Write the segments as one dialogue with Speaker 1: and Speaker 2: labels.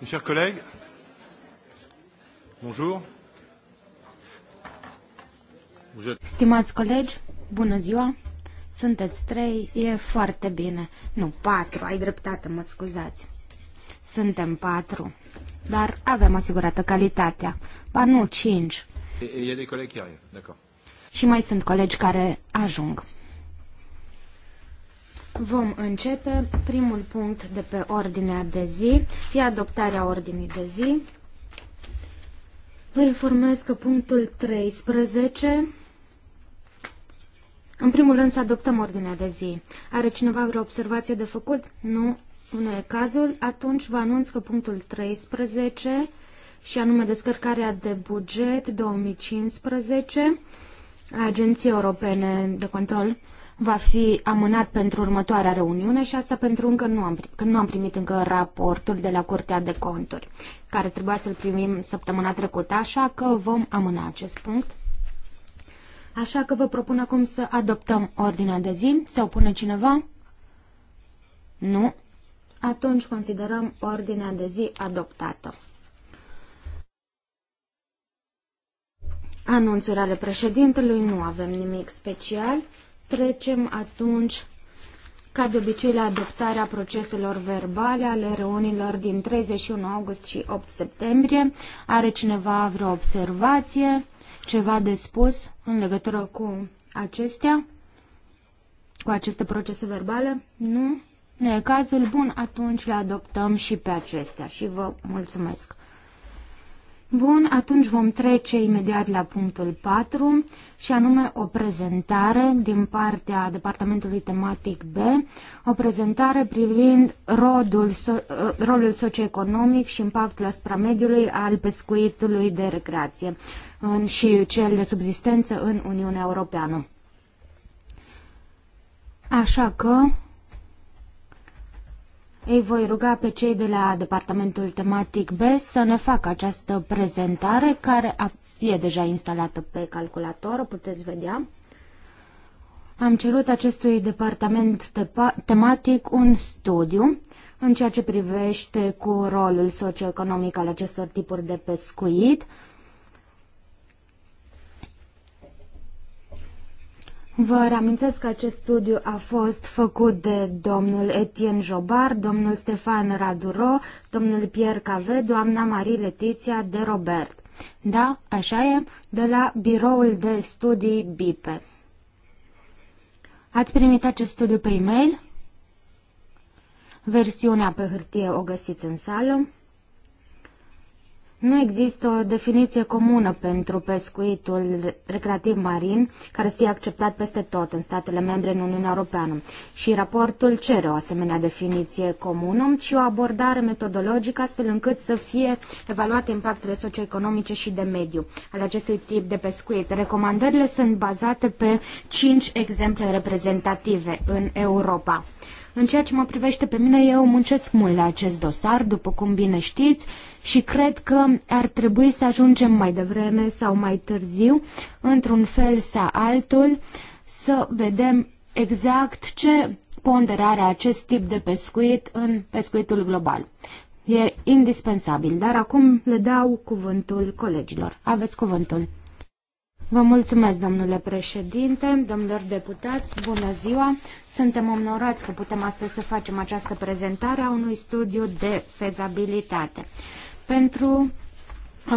Speaker 1: Mes chers collègues, bonjour.
Speaker 2: Stimați colegi, bună ziua! Sunteți trei, e foarte bine. Nu, patru, ai dreptate, mă scuzați. Suntem patru, dar avem asigurată calitatea. Ba nu, cinci.
Speaker 3: E, e de colegi d'accord.
Speaker 2: Și mai sunt colegi care ajung. Vom începe primul punct de pe ordinea de zi, e adoptarea ordinii de zi. Vă informez că punctul 13, în primul rând să adoptăm ordinea de zi. Are cineva vreo observație de făcut? Nu, nu e cazul. Atunci vă anunț că punctul 13 și anume descărcarea de buget 2015 a Agenției Europene de Control va fi amânat pentru următoarea reuniune și asta pentru că nu am, că nu am primit încă raportul de la Curtea de Conturi, care trebuia să-l primim săptămâna trecută, așa că vom amâna acest punct. Așa că vă propun acum să adoptăm ordinea de zi. Se opune cineva? Nu. Atunci considerăm ordinea de zi adoptată. Anunțurile președintelui, nu avem nimic special. Trecem atunci, ca de obicei, la adoptarea proceselor verbale ale reunilor din 31 august și 8 septembrie. Are cineva vreo observație, ceva de spus în legătură cu acestea, cu aceste procese verbale? Nu? Nu e cazul? Bun, atunci le adoptăm și pe acestea și vă mulțumesc. Bun, atunci vom trece imediat la punctul 4 și anume o prezentare din partea departamentului tematic B, o prezentare privind rodul, so, rolul socioeconomic și impactul asupra mediului al pescuitului de recreație în, și cel de subsistență în Uniunea Europeană. Așa că ei voi ruga pe cei de la departamentul tematic B să ne facă această prezentare care a, e deja instalată pe calculator, o puteți vedea. Am cerut acestui departament tematic un studiu în ceea ce privește cu rolul socioeconomic al acestor tipuri de pescuit Vă reamintesc că acest studiu a fost făcut de domnul Etienne Jobar, domnul Stefan Raduro, domnul Pierre Cave, doamna Marie Letiția de Robert. Da, așa e, de la biroul de studii BIPE. Ați primit acest studiu pe e-mail? Versiunea pe hârtie o găsiți în sală. Nu există o definiție comună pentru pescuitul recreativ marin care să fie acceptat peste tot în statele membre în Uniunea Europeană și raportul cere o asemenea definiție comună și o abordare metodologică astfel încât să fie evaluate impactele socioeconomice și de mediu ale acestui tip de pescuit. Recomandările sunt bazate pe cinci exemple reprezentative în Europa. În ceea ce mă privește pe mine, eu muncesc mult la acest dosar, după cum bine știți, și cred că ar trebui să ajungem mai devreme sau mai târziu, într-un fel sau altul, să vedem exact ce ponderare acest tip de pescuit în pescuitul global. E indispensabil, dar acum le dau cuvântul colegilor. Aveți cuvântul. Vă mulțumesc, domnule președinte, domnilor deputați, bună ziua! Suntem onorați că putem astăzi să facem această prezentare a unui studiu de fezabilitate. Pentru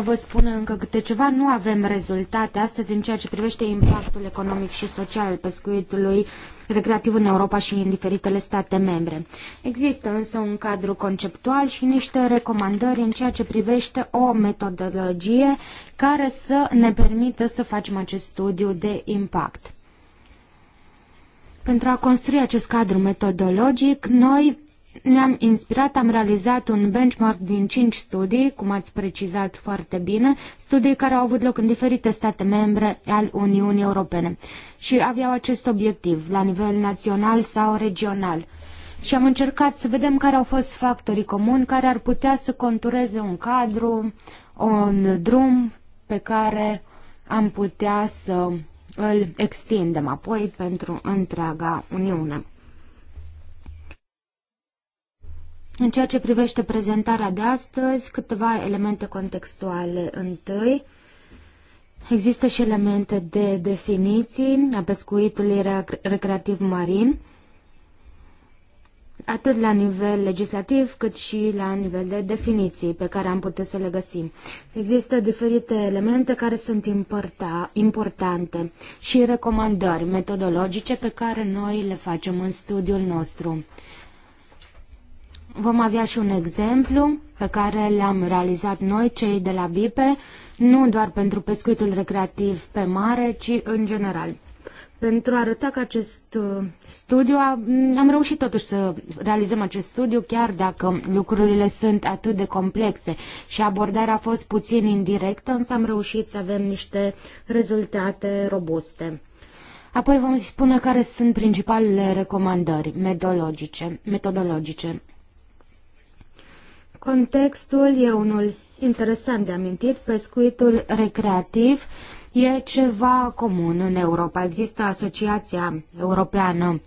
Speaker 2: Vă spun încă câte ceva, nu avem rezultate astăzi în ceea ce privește impactul economic și social al pescuitului recreativ în Europa și în diferitele state membre. Există însă un cadru conceptual și niște recomandări în ceea ce privește o metodologie care să ne permită să facem acest studiu de impact. Pentru a construi acest cadru metodologic, noi ne-am inspirat, am realizat un benchmark din cinci studii, cum ați precizat foarte bine, studii care au avut loc în diferite state membre al Uniunii Europene și aveau acest obiectiv la nivel național sau regional. Și am încercat să vedem care au fost factorii comuni care ar putea să contureze un cadru, un drum pe care am putea să îl extindem apoi pentru întreaga Uniune. În ceea ce privește prezentarea de astăzi, câteva elemente contextuale întâi. Există și elemente de definiții a pescuitului recreativ marin, atât la nivel legislativ cât și la nivel de definiții pe care am putut să le găsim. Există diferite elemente care sunt importa, importante și recomandări metodologice pe care noi le facem în studiul nostru. Vom avea și un exemplu pe care l-am realizat noi, cei de la BIPE, nu doar pentru pescuitul recreativ pe mare, ci în general. Pentru a arăta că acest uh, studiu, am reușit totuși să realizăm acest studiu, chiar dacă lucrurile sunt atât de complexe și abordarea a fost puțin indirectă, însă am reușit să avem niște rezultate robuste. Apoi vom spune care sunt principalele recomandări metodologice. metodologice. Contextul e unul interesant de amintit, pescuitul recreativ e ceva comun în Europa. Există Asociația Europeană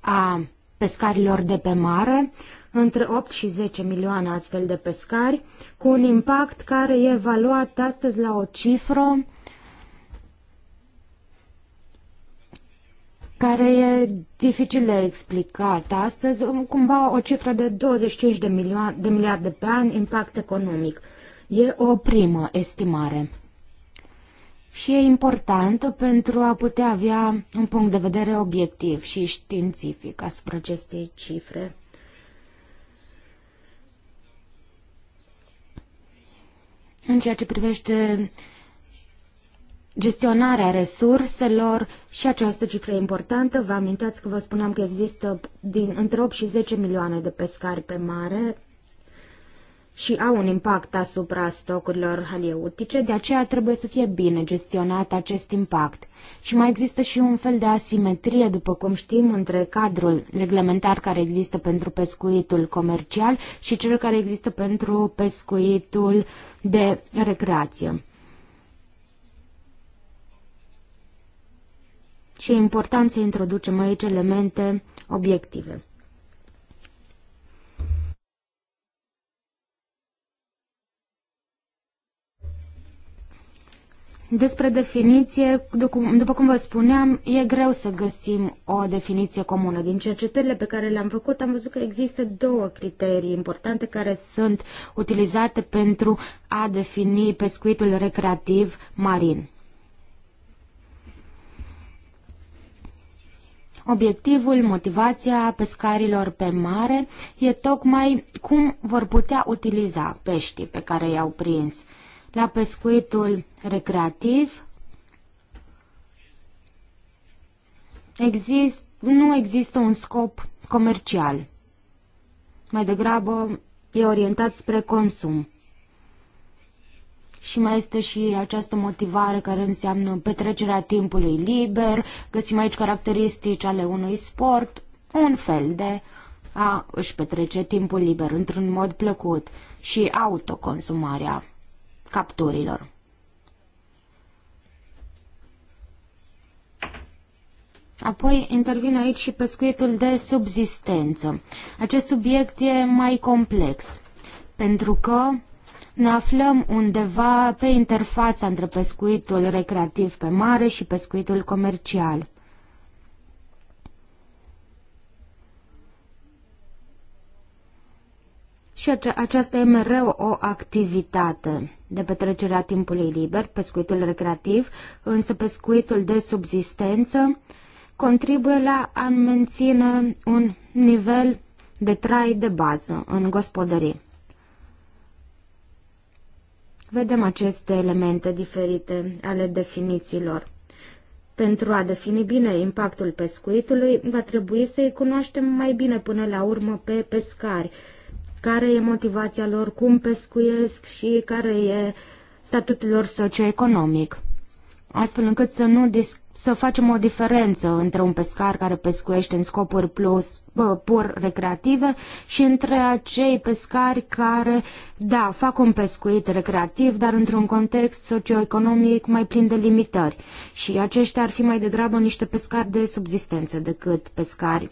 Speaker 2: a Pescarilor de pe mare, între 8 și 10 milioane astfel de pescari, cu un impact care e evaluat astăzi la o cifră care e dificil de explicat astăzi, um, cumva o cifră de 25 de, milioane, de miliarde pe an impact economic. E o primă estimare. Și e importantă pentru a putea avea un punct de vedere obiectiv și științific asupra acestei cifre. În ceea ce privește uh, gestionarea resurselor și această cifră importantă. Vă amintați că vă spuneam că există din, între 8 și 10 milioane de pescari pe mare și au un impact asupra stocurilor halieutice, de aceea trebuie să fie bine gestionat acest impact. Și mai există și un fel de asimetrie, după cum știm, între cadrul reglementar care există pentru pescuitul comercial și cel care există pentru pescuitul de recreație. și e important să introducem aici elemente obiective. Despre definiție, după cum vă spuneam, e greu să găsim o definiție comună. Din cercetările pe care le-am făcut, am văzut că există două criterii importante care sunt utilizate pentru a defini pescuitul recreativ marin. Obiectivul, motivația pescarilor pe mare e tocmai cum vor putea utiliza peștii pe care i-au prins. La pescuitul recreativ exist, nu există un scop comercial. Mai degrabă e orientat spre consum. Și mai este și această motivare care înseamnă petrecerea timpului liber, găsim aici caracteristici ale unui sport, un fel de a își petrece timpul liber într-un mod plăcut și autoconsumarea capturilor. Apoi intervine aici și pescuitul de subzistență. Acest subiect e mai complex, pentru că ne aflăm undeva pe interfața între pescuitul recreativ pe mare și pescuitul comercial. Și ace aceasta e mereu o activitate de petrecerea timpului liber, pescuitul recreativ, însă pescuitul de subsistență contribuie la a menține un nivel de trai de bază în gospodărie vedem aceste elemente diferite ale definițiilor. Pentru a defini bine impactul pescuitului, va trebui să-i cunoaștem mai bine până la urmă pe pescari, care e motivația lor, cum pescuiesc și care e statutul lor socioeconomic astfel încât să, nu să facem o diferență între un pescar care pescuiește în scopuri plus, pur recreative și între acei pescari care, da, fac un pescuit recreativ, dar într-un context socioeconomic mai plin de limitări. Și aceștia ar fi mai degrabă niște pescari de subzistență decât pescari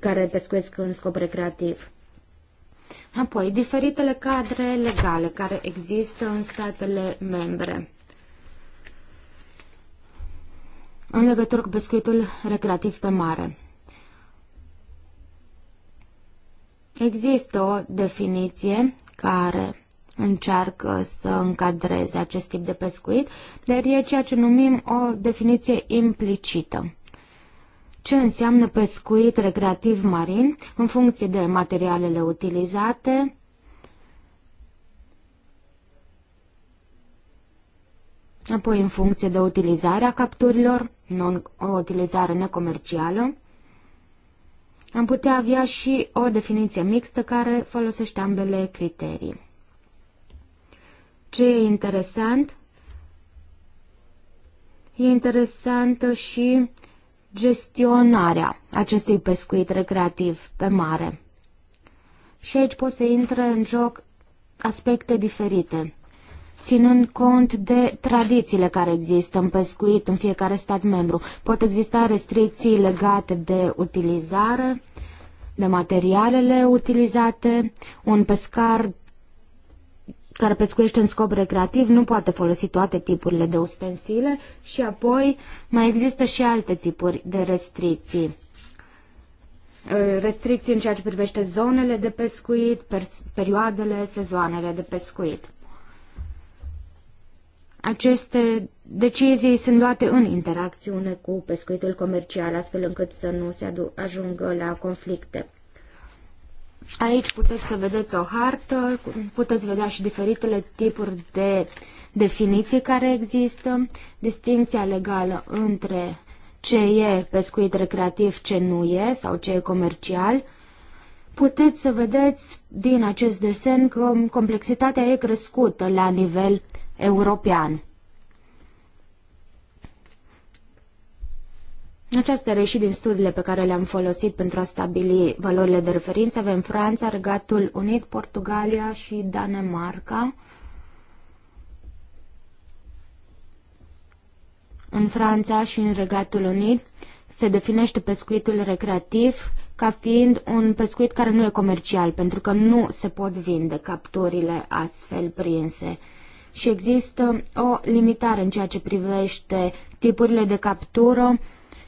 Speaker 2: care pescuiesc în scop recreativ. Apoi, diferitele cadre legale care există în statele membre. în legătură cu pescuitul recreativ pe mare. Există o definiție care încearcă să încadreze acest tip de pescuit, dar e ceea ce numim o definiție implicită. Ce înseamnă pescuit recreativ marin în funcție de materialele utilizate, apoi în funcție de utilizarea capturilor, non, o utilizare necomercială, am putea avea și o definiție mixtă care folosește ambele criterii. Ce e interesant? E interesantă și gestionarea acestui pescuit recreativ pe mare. Și aici pot să intre în joc aspecte diferite ținând cont de tradițiile care există în pescuit în fiecare stat membru. Pot exista restricții legate de utilizare, de materialele utilizate. Un pescar care pescuiește în scop recreativ nu poate folosi toate tipurile de ustensile și apoi mai există și alte tipuri de restricții ă, restricții în ceea ce privește zonele de pescuit, perioadele, sezoanele de pescuit. Aceste decizii sunt luate în interacțiune cu pescuitul comercial, astfel încât să nu se ajungă la conflicte. Aici puteți să vedeți o hartă, puteți vedea și diferitele tipuri de definiții care există, distinția legală între ce e pescuit recreativ, ce nu e sau ce e comercial. Puteți să vedeți din acest desen că complexitatea e crescută la nivel european. această reși din studiile pe care le-am folosit pentru a stabili valorile de referință. Avem Franța, Regatul Unit, Portugalia și Danemarca. În Franța și în Regatul Unit se definește pescuitul recreativ ca fiind un pescuit care nu e comercial, pentru că nu se pot vinde capturile astfel prinse și există o limitare în ceea ce privește tipurile de captură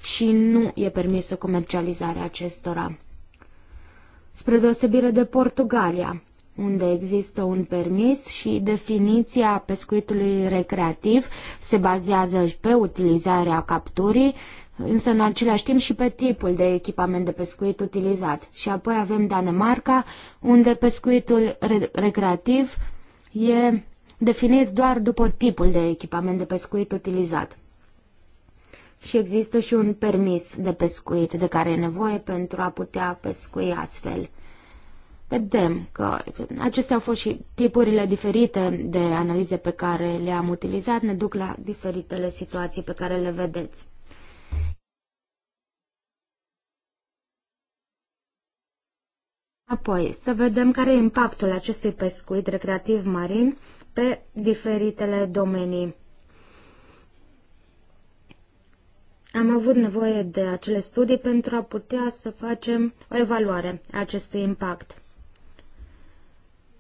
Speaker 2: și nu e permisă comercializarea acestora. Spre deosebire de Portugalia, unde există un permis și definiția pescuitului recreativ se bazează pe utilizarea capturii, însă în același timp și pe tipul de echipament de pescuit utilizat. Și apoi avem Danemarca, unde pescuitul re- recreativ e definit doar după tipul de echipament de pescuit utilizat. Și există și un permis de pescuit de care e nevoie pentru a putea pescui astfel. Vedem că acestea au fost și tipurile diferite de analize pe care le-am utilizat, ne duc la diferitele situații pe care le vedeți. Apoi, să vedem care e impactul acestui pescuit recreativ marin pe diferitele domenii. Am avut nevoie de acele studii pentru a putea să facem o evaluare a acestui impact.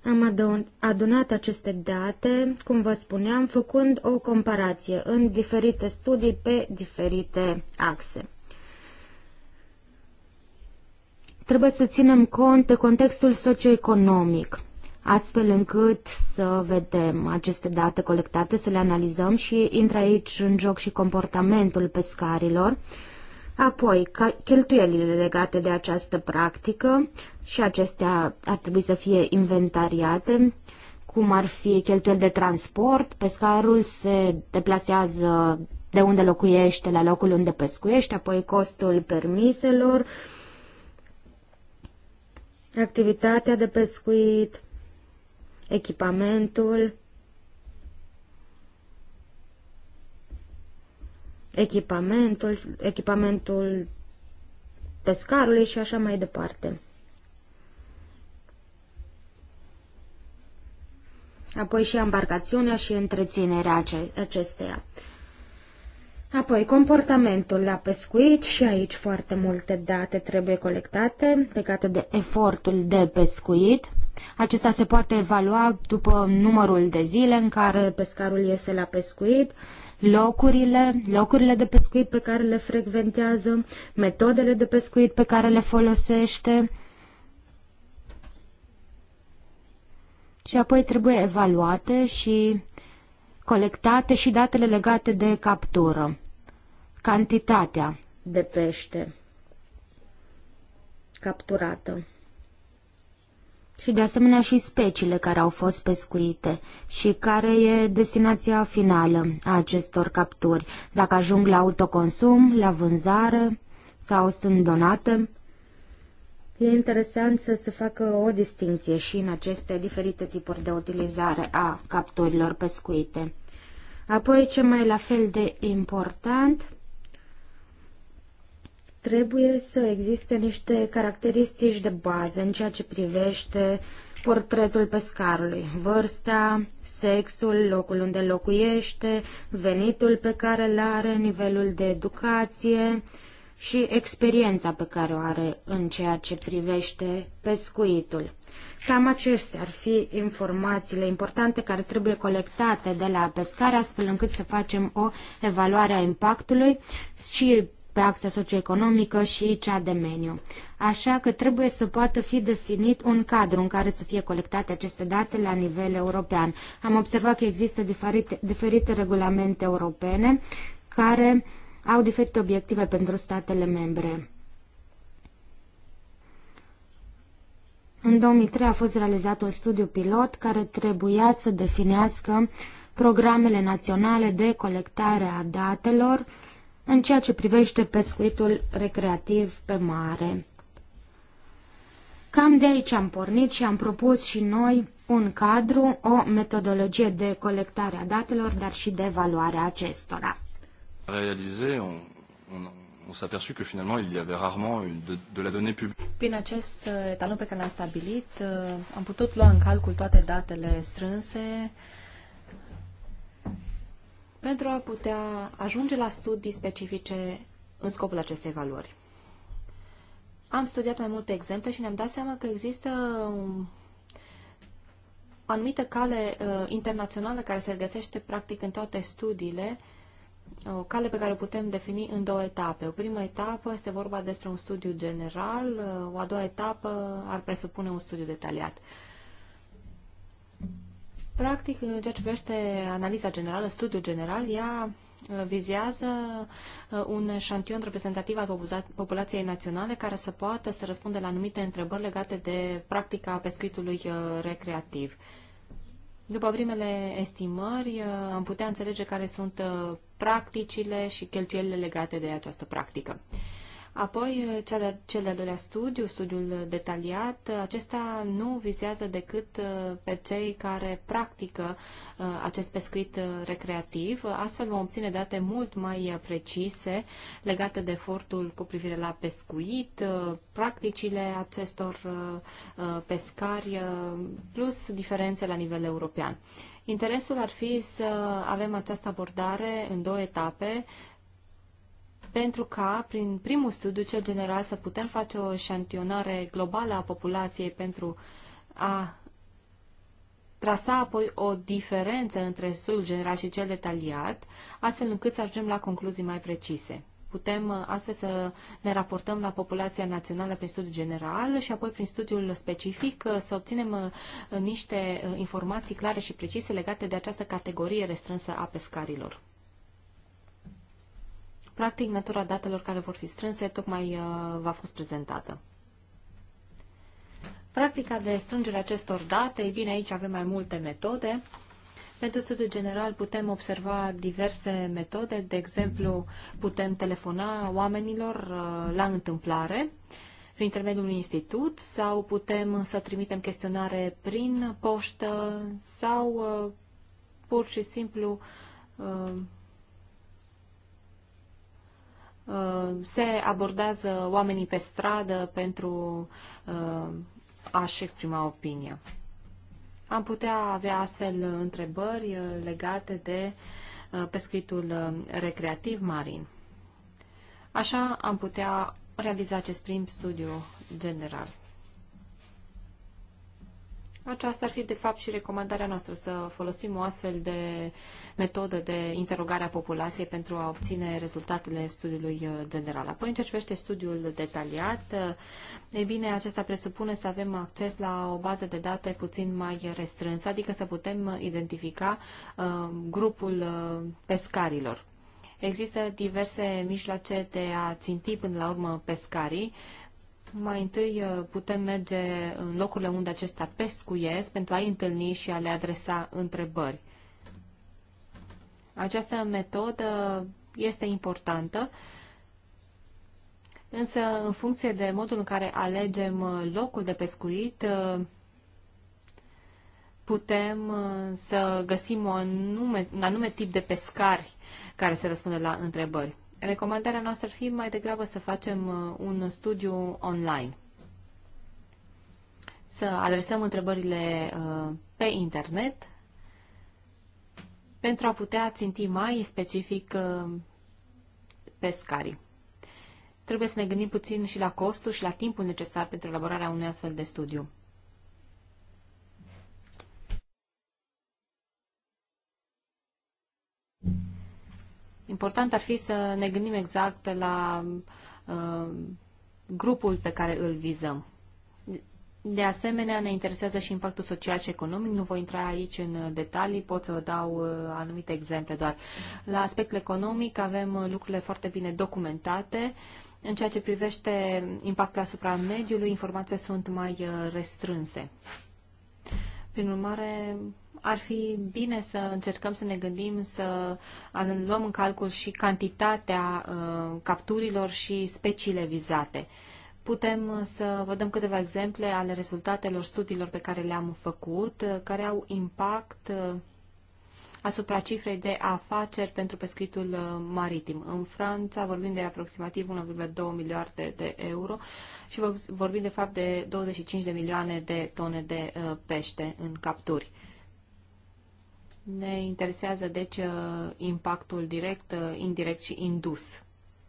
Speaker 2: Am adunat aceste date, cum vă spuneam, făcând o comparație în diferite studii pe diferite axe. Trebuie să ținem cont de contextul socioeconomic astfel încât să vedem aceste date colectate, să le analizăm și intră aici în joc și comportamentul pescarilor, apoi cheltuielile legate de această practică și acestea ar trebui să fie inventariate, cum ar fi cheltuieli de transport, pescarul se deplasează de unde locuiește la locul unde pescuiește, apoi costul permiselor, activitatea de pescuit, echipamentul, echipamentul, echipamentul pescarului și așa mai departe. Apoi și embarcațiunea și întreținerea acesteia. Apoi, comportamentul la pescuit și aici foarte multe date trebuie colectate legate de efortul de pescuit. Acesta se poate evalua după numărul de zile în care pescarul iese la pescuit, locurile, locurile de pescuit pe care le frecventează, metodele de pescuit pe care le folosește. Și apoi trebuie evaluate și colectate și datele legate de captură, cantitatea de pește capturată și de asemenea și speciile care au fost pescuite și care e destinația finală a acestor capturi, dacă ajung la autoconsum, la vânzare sau sunt donate. E interesant să se facă o distinție și în aceste diferite tipuri de utilizare a capturilor pescuite. Apoi, ce mai e la fel de important, Trebuie să existe niște caracteristici de bază în ceea ce privește portretul pescarului, vârsta, sexul, locul unde locuiește, venitul pe care îl are, nivelul de educație și experiența pe care o are în ceea ce privește pescuitul. Cam acestea ar fi informațiile importante care trebuie colectate de la pescare, astfel încât să facem o evaluare a impactului și pe axa socioeconomică și cea de mediu. Așa că trebuie să poată fi definit un cadru în care să fie colectate aceste date la nivel european. Am observat că există diferite, diferite regulamente europene care au diferite obiective pentru statele membre. În 2003 a fost realizat un studiu pilot care trebuia să definească programele naționale de colectare a datelor în ceea ce privește pescuitul recreativ pe mare. Cam de aici am pornit și am propus și noi un cadru, o metodologie de colectare a datelor, dar și de evaluare a acestora.
Speaker 3: Realize, on, on, on că finalement il y avait rarement de, de la donnée publică.
Speaker 1: Prin acest uh, etalon pe care l-am stabilit, uh, am putut lua în calcul toate datele strânse, uh, pentru a putea ajunge la studii specifice în scopul acestei valori. Am studiat mai multe exemple și ne-am dat seama că există o anumită cale uh, internațională care se găsește practic în toate studiile, o cale pe care o putem defini în două etape. O primă etapă este vorba despre un studiu general, uh, o a doua etapă ar presupune un studiu detaliat. Uh, Practic, în ceea ce privește analiza generală, studiul general, ea uh, vizează uh, un șantion reprezentativ al populației naționale care să poată să răspundă la anumite întrebări legate de practica pescuitului uh, recreativ. După primele estimări, am putea înțelege care sunt practicile și cheltuielile legate de această practică. Apoi, cel de-al doilea studiu, studiul detaliat, acesta nu vizează decât uh, pe cei care practică uh, acest pescuit uh, recreativ. Astfel vom obține date mult mai precise legate de efortul cu privire la pescuit, practicile acestor pescari, plus diferențe la nivel european. Interesul ar fi să avem această abordare în două etape, pentru ca, prin primul studiu cel general, să putem face o șantionare globală a populației pentru a trasa apoi o diferență între studiul general și cel detaliat, astfel încât să ajungem la concluzii mai precise. Putem uh, astfel să ne raportăm la populația națională prin studiul general și apoi prin studiul specific uh, să obținem uh, niște informații clare și precise legate de această categorie restrânsă a pescarilor. Practic, natura datelor care vor fi strânse tocmai uh, va fost prezentată. Practica de strângere acestor date, ei bine, aici avem mai multe metode. Pentru studiul general putem observa diverse metode, de exemplu, putem telefona oamenilor uh, la întâmplare, prin intermediul unui institut sau putem să trimitem chestionare prin poștă sau uh, pur și simplu Uh, se abordează oamenii pe stradă pentru uh, a-și exprima opinia. Am putea avea astfel întrebări uh, legate de pescuitul recreativ marin. Așa am putea realiza acest prim studiu general. Aceasta ar fi, de fapt, și recomandarea noastră, să folosim o astfel de metodă de interogare a populației pentru a obține rezultatele studiului uh, general. Apoi, în ce privește studiul detaliat, uh, e bine, acesta presupune să avem acces la o bază de date puțin mai restrânsă, adică să putem identifica uh, grupul pescarilor. Există diverse mijloace de a ținti până la urmă pescarii, mai întâi uh, putem merge în locurile unde acestea pescuiesc pentru a-i întâlni și a le adresa întrebări. Această metodă este importantă, însă în funcție de modul în care alegem uh, locul de pescuit, uh, putem să găsim un anume, un anume tip de pescari care se răspunde la întrebări. Recomandarea noastră ar fi mai degrabă să facem uh, un studiu online. Să adresăm întrebările uh, pe internet pentru a putea ținti mai specific uh, pescarii. Trebuie să ne gândim puțin și la costul și la timpul necesar pentru elaborarea unui astfel de studiu. Important ar fi să ne gândim exact la uh, grupul pe care îl vizăm. De asemenea, ne interesează și impactul social și economic. Nu voi intra aici în detalii, pot să vă dau uh, anumite exemple doar. La aspectul economic avem uh, lucrurile foarte bine documentate. În ceea ce privește impactul asupra mediului, informațiile sunt mai uh, restrânse. Prin urmare, ar fi bine să încercăm să ne gândim să luăm în calcul și cantitatea uh, capturilor și speciile vizate. Putem uh, să vă dăm câteva exemple ale rezultatelor studiilor pe care le-am făcut, uh, care au impact asupra cifrei de afaceri pentru pescuitul maritim. În Franța vorbim de aproximativ 1,2 miliarde de euro și vorbim de fapt de 25 de milioane de tone de pește în capturi. Ne interesează, deci, uh, impactul direct, uh, indirect și indus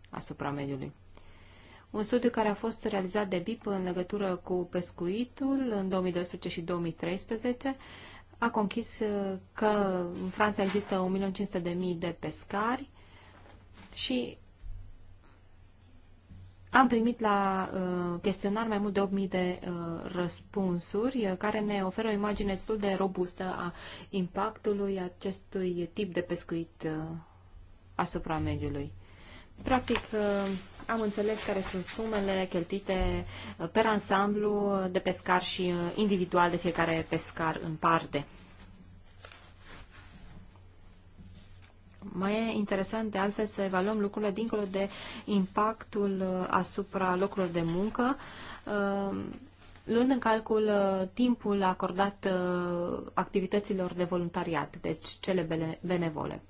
Speaker 1: asupra mediului. Un studiu care a fost realizat de BIP în legătură cu pescuitul în 2012 și 2013 a conchis uh, că în Franța există 1.500.000 de pescari și am primit la uh, chestionar mai mult de 8000 de uh, răspunsuri uh, care ne oferă o imagine destul de robustă a impactului acestui tip de pescuit uh, asupra mediului. Practic, uh, am înțeles care sunt sumele cheltuite uh, per ansamblu de pescar și individual de fiecare pescar în parte. Mai e interesant de altfel să evaluăm lucrurile dincolo de impactul uh, asupra locurilor de muncă, uh, luând în calcul uh, timpul acordat activităților de voluntariat, deci cele benevole.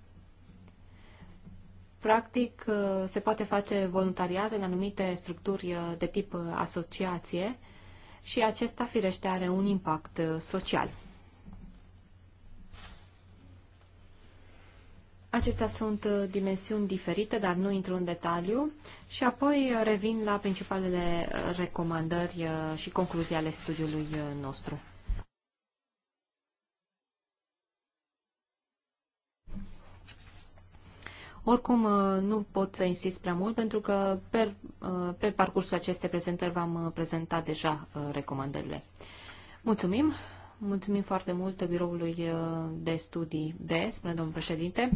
Speaker 1: Practic, se poate face voluntariat în anumite structuri de tip asociație și acesta, firește, are un impact social. Acestea sunt uh, dimensiuni diferite, dar nu intru în detaliu. Și apoi uh, revin la principalele uh, recomandări și concluzii ale studiului nostru. Oricum, nu pot să insist prea mult, pentru că pe, pe parcursul acestei prezentări v-am prezentat deja recomandările. Mulțumim! Mulțumim foarte mult biroului uh, de studii B, spune domnul președinte.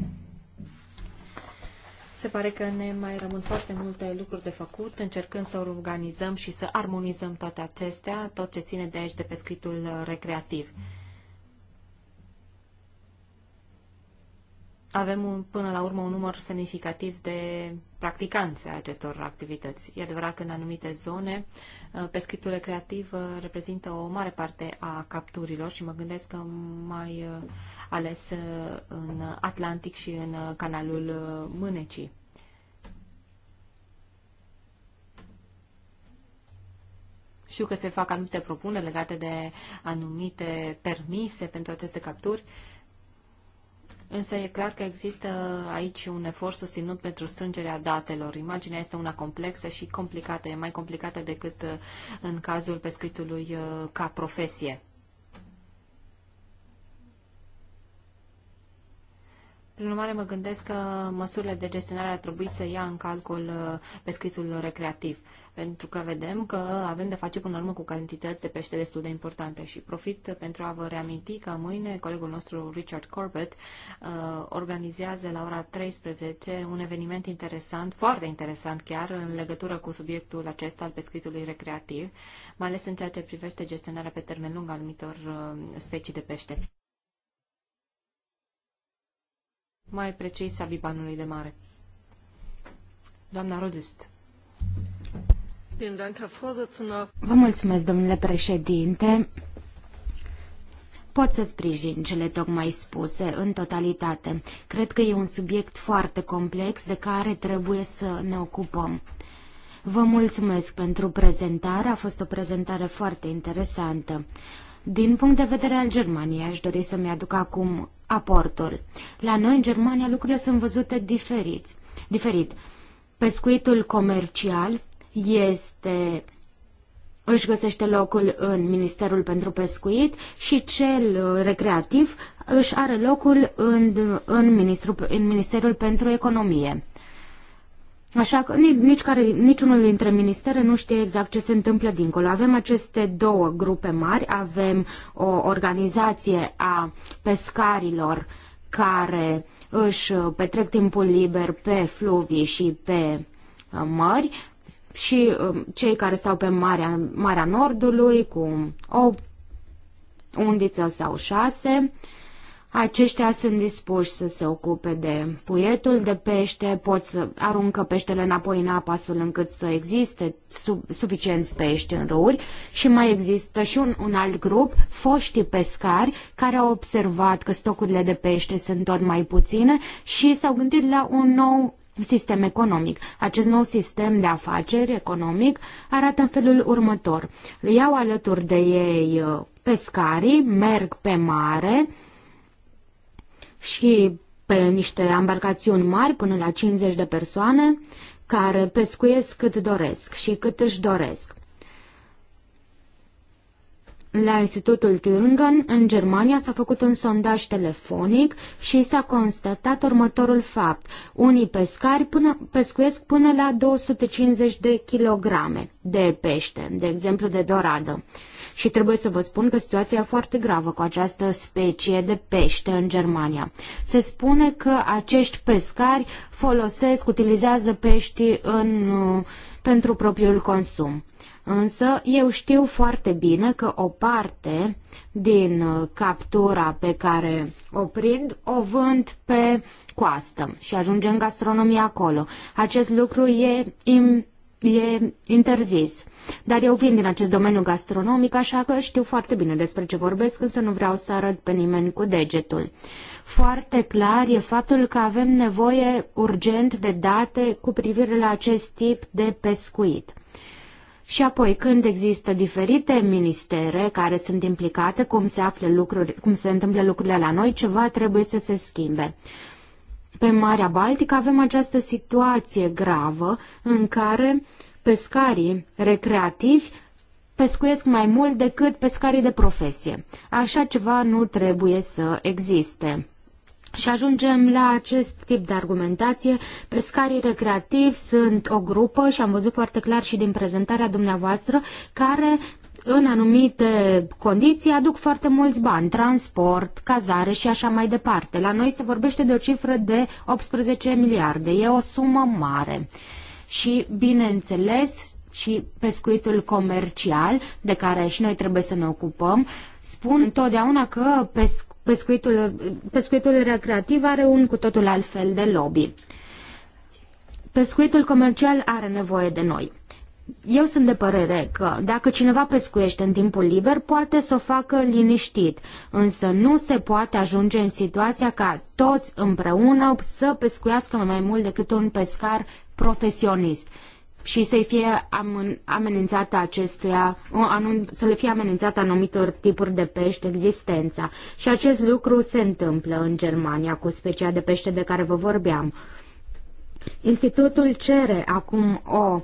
Speaker 1: Se pare că ne mai rămân foarte multe lucruri de făcut, încercând să organizăm și să armonizăm toate acestea, tot ce ține de aici de pescuitul recreativ. avem un, până la urmă un număr semnificativ de practicanți a acestor activități. E adevărat că în anumite zone uh, pescuitul recreativ uh, reprezintă o mare parte a capturilor și mă gândesc că mai uh, ales în Atlantic și în canalul Mânecii. Știu că se fac anumite propuneri legate de anumite permise pentru aceste capturi. Uh, Însă e clar că există aici un efort susținut pentru strângerea datelor. Imaginea este una complexă și complicată, e mai complicată decât uh, în cazul pescuitului uh, ca profesie. Prin urmare, mă gândesc că măsurile de gestionare ar trebui să ia în calcul uh, pescuitul recreativ pentru că vedem că avem de face până la urmă cu cantități de pește destul de importante și profit pentru a vă reaminti că mâine colegul nostru Richard Corbett uh, organizează la ora 13 un eveniment interesant, foarte interesant chiar, în legătură cu subiectul acesta al pescuitului recreativ, mai ales în ceea ce privește gestionarea pe termen lung a anumitor uh, specii de pește. Mai precis a bibanului de mare. Doamna
Speaker 2: Rodust. Vă mulțumesc, domnule președinte. Pot să sprijin cele tocmai spuse în totalitate. Cred că e un subiect foarte complex de care trebuie să ne ocupăm. Vă mulțumesc pentru prezentare, a fost o prezentare foarte interesantă. Din punct de vedere al Germaniei, aș dori să-mi aduc acum aportul. La noi, în Germania, lucrurile sunt văzute diferiți, diferit. Pescuitul comercial este își găsește locul în Ministerul pentru Pescuit și cel uh, recreativ își are locul în, în, ministru, în Ministerul pentru Economie. Așa că nici care, niciunul dintre ministere nu știe exact ce se întâmplă dincolo. Avem aceste două grupe mari, avem o organizație a pescarilor care își uh, petrec timpul liber pe fluvii și pe uh, mări, și um, cei care stau pe Marea, Marea Nordului cu o undiță sau șase. Aceștia sunt dispuși să se ocupe de puietul de pește, pot să aruncă peștele înapoi în apă astfel încât să existe sub, suficienți pești în râuri și mai există și un, un alt grup, foștii pescari, care au observat că stocurile de pește sunt tot mai puține și s-au gândit la un nou sistem economic. Acest nou sistem de afaceri economic arată în felul următor. Iau alături de ei uh, pescarii, merg pe mare și pe niște embarcațiuni mari, până la 50 de persoane, care pescuiesc cât doresc și cât își doresc la Institutul Thüringen, în Germania, s-a făcut un sondaj telefonic și s-a constatat următorul fapt. Unii pescari până, pescuiesc până la 250 de kilograme de pește, de exemplu de doradă. Și trebuie să vă spun că situația e foarte gravă cu această specie de pește în Germania. Se spune că acești pescari folosesc, utilizează pești în, uh, pentru propriul consum. Însă eu știu foarte bine că o parte din uh, captura pe care o prind o vând pe coastă și ajunge în gastronomie acolo. Acest lucru e, e interzis. Dar eu vin din acest domeniu gastronomic, așa că știu foarte bine despre ce vorbesc, însă nu vreau să arăt pe nimeni cu degetul foarte clar e faptul că avem nevoie urgent de date cu privire la acest tip de pescuit. Și apoi, când există diferite ministere care sunt implicate, cum se, află lucruri, cum se întâmplă lucrurile la noi, ceva trebuie să se schimbe. Pe Marea Baltică avem această situație gravă în care pescarii recreativi pescuiesc mai mult decât pescarii de profesie. Așa ceva nu trebuie să existe. Și ajungem la acest tip de argumentație. Pescarii recreativi sunt o grupă și am văzut foarte clar și din prezentarea dumneavoastră care în anumite condiții aduc foarte mulți bani, transport, cazare și așa mai departe. La noi se vorbește de o cifră de 18 miliarde. E o sumă mare. Și, bineînțeles, și pescuitul comercial, de care și noi trebuie să ne ocupăm, spun întotdeauna că pesc pescuitul, pescuitul recreativ are un cu totul alt fel de lobby. Pescuitul comercial are nevoie de noi. Eu sunt de părere că dacă cineva pescuiește în timpul liber, poate să o facă liniștit, însă nu se poate ajunge în situația ca toți împreună să pescuiască mai mult decât un pescar profesionist și să-i fie amenințată acestuia, să le fie amenințată anumitor tipuri de pești existența. Și acest lucru se întâmplă în Germania cu specia de pește de care vă vorbeam. Institutul cere acum o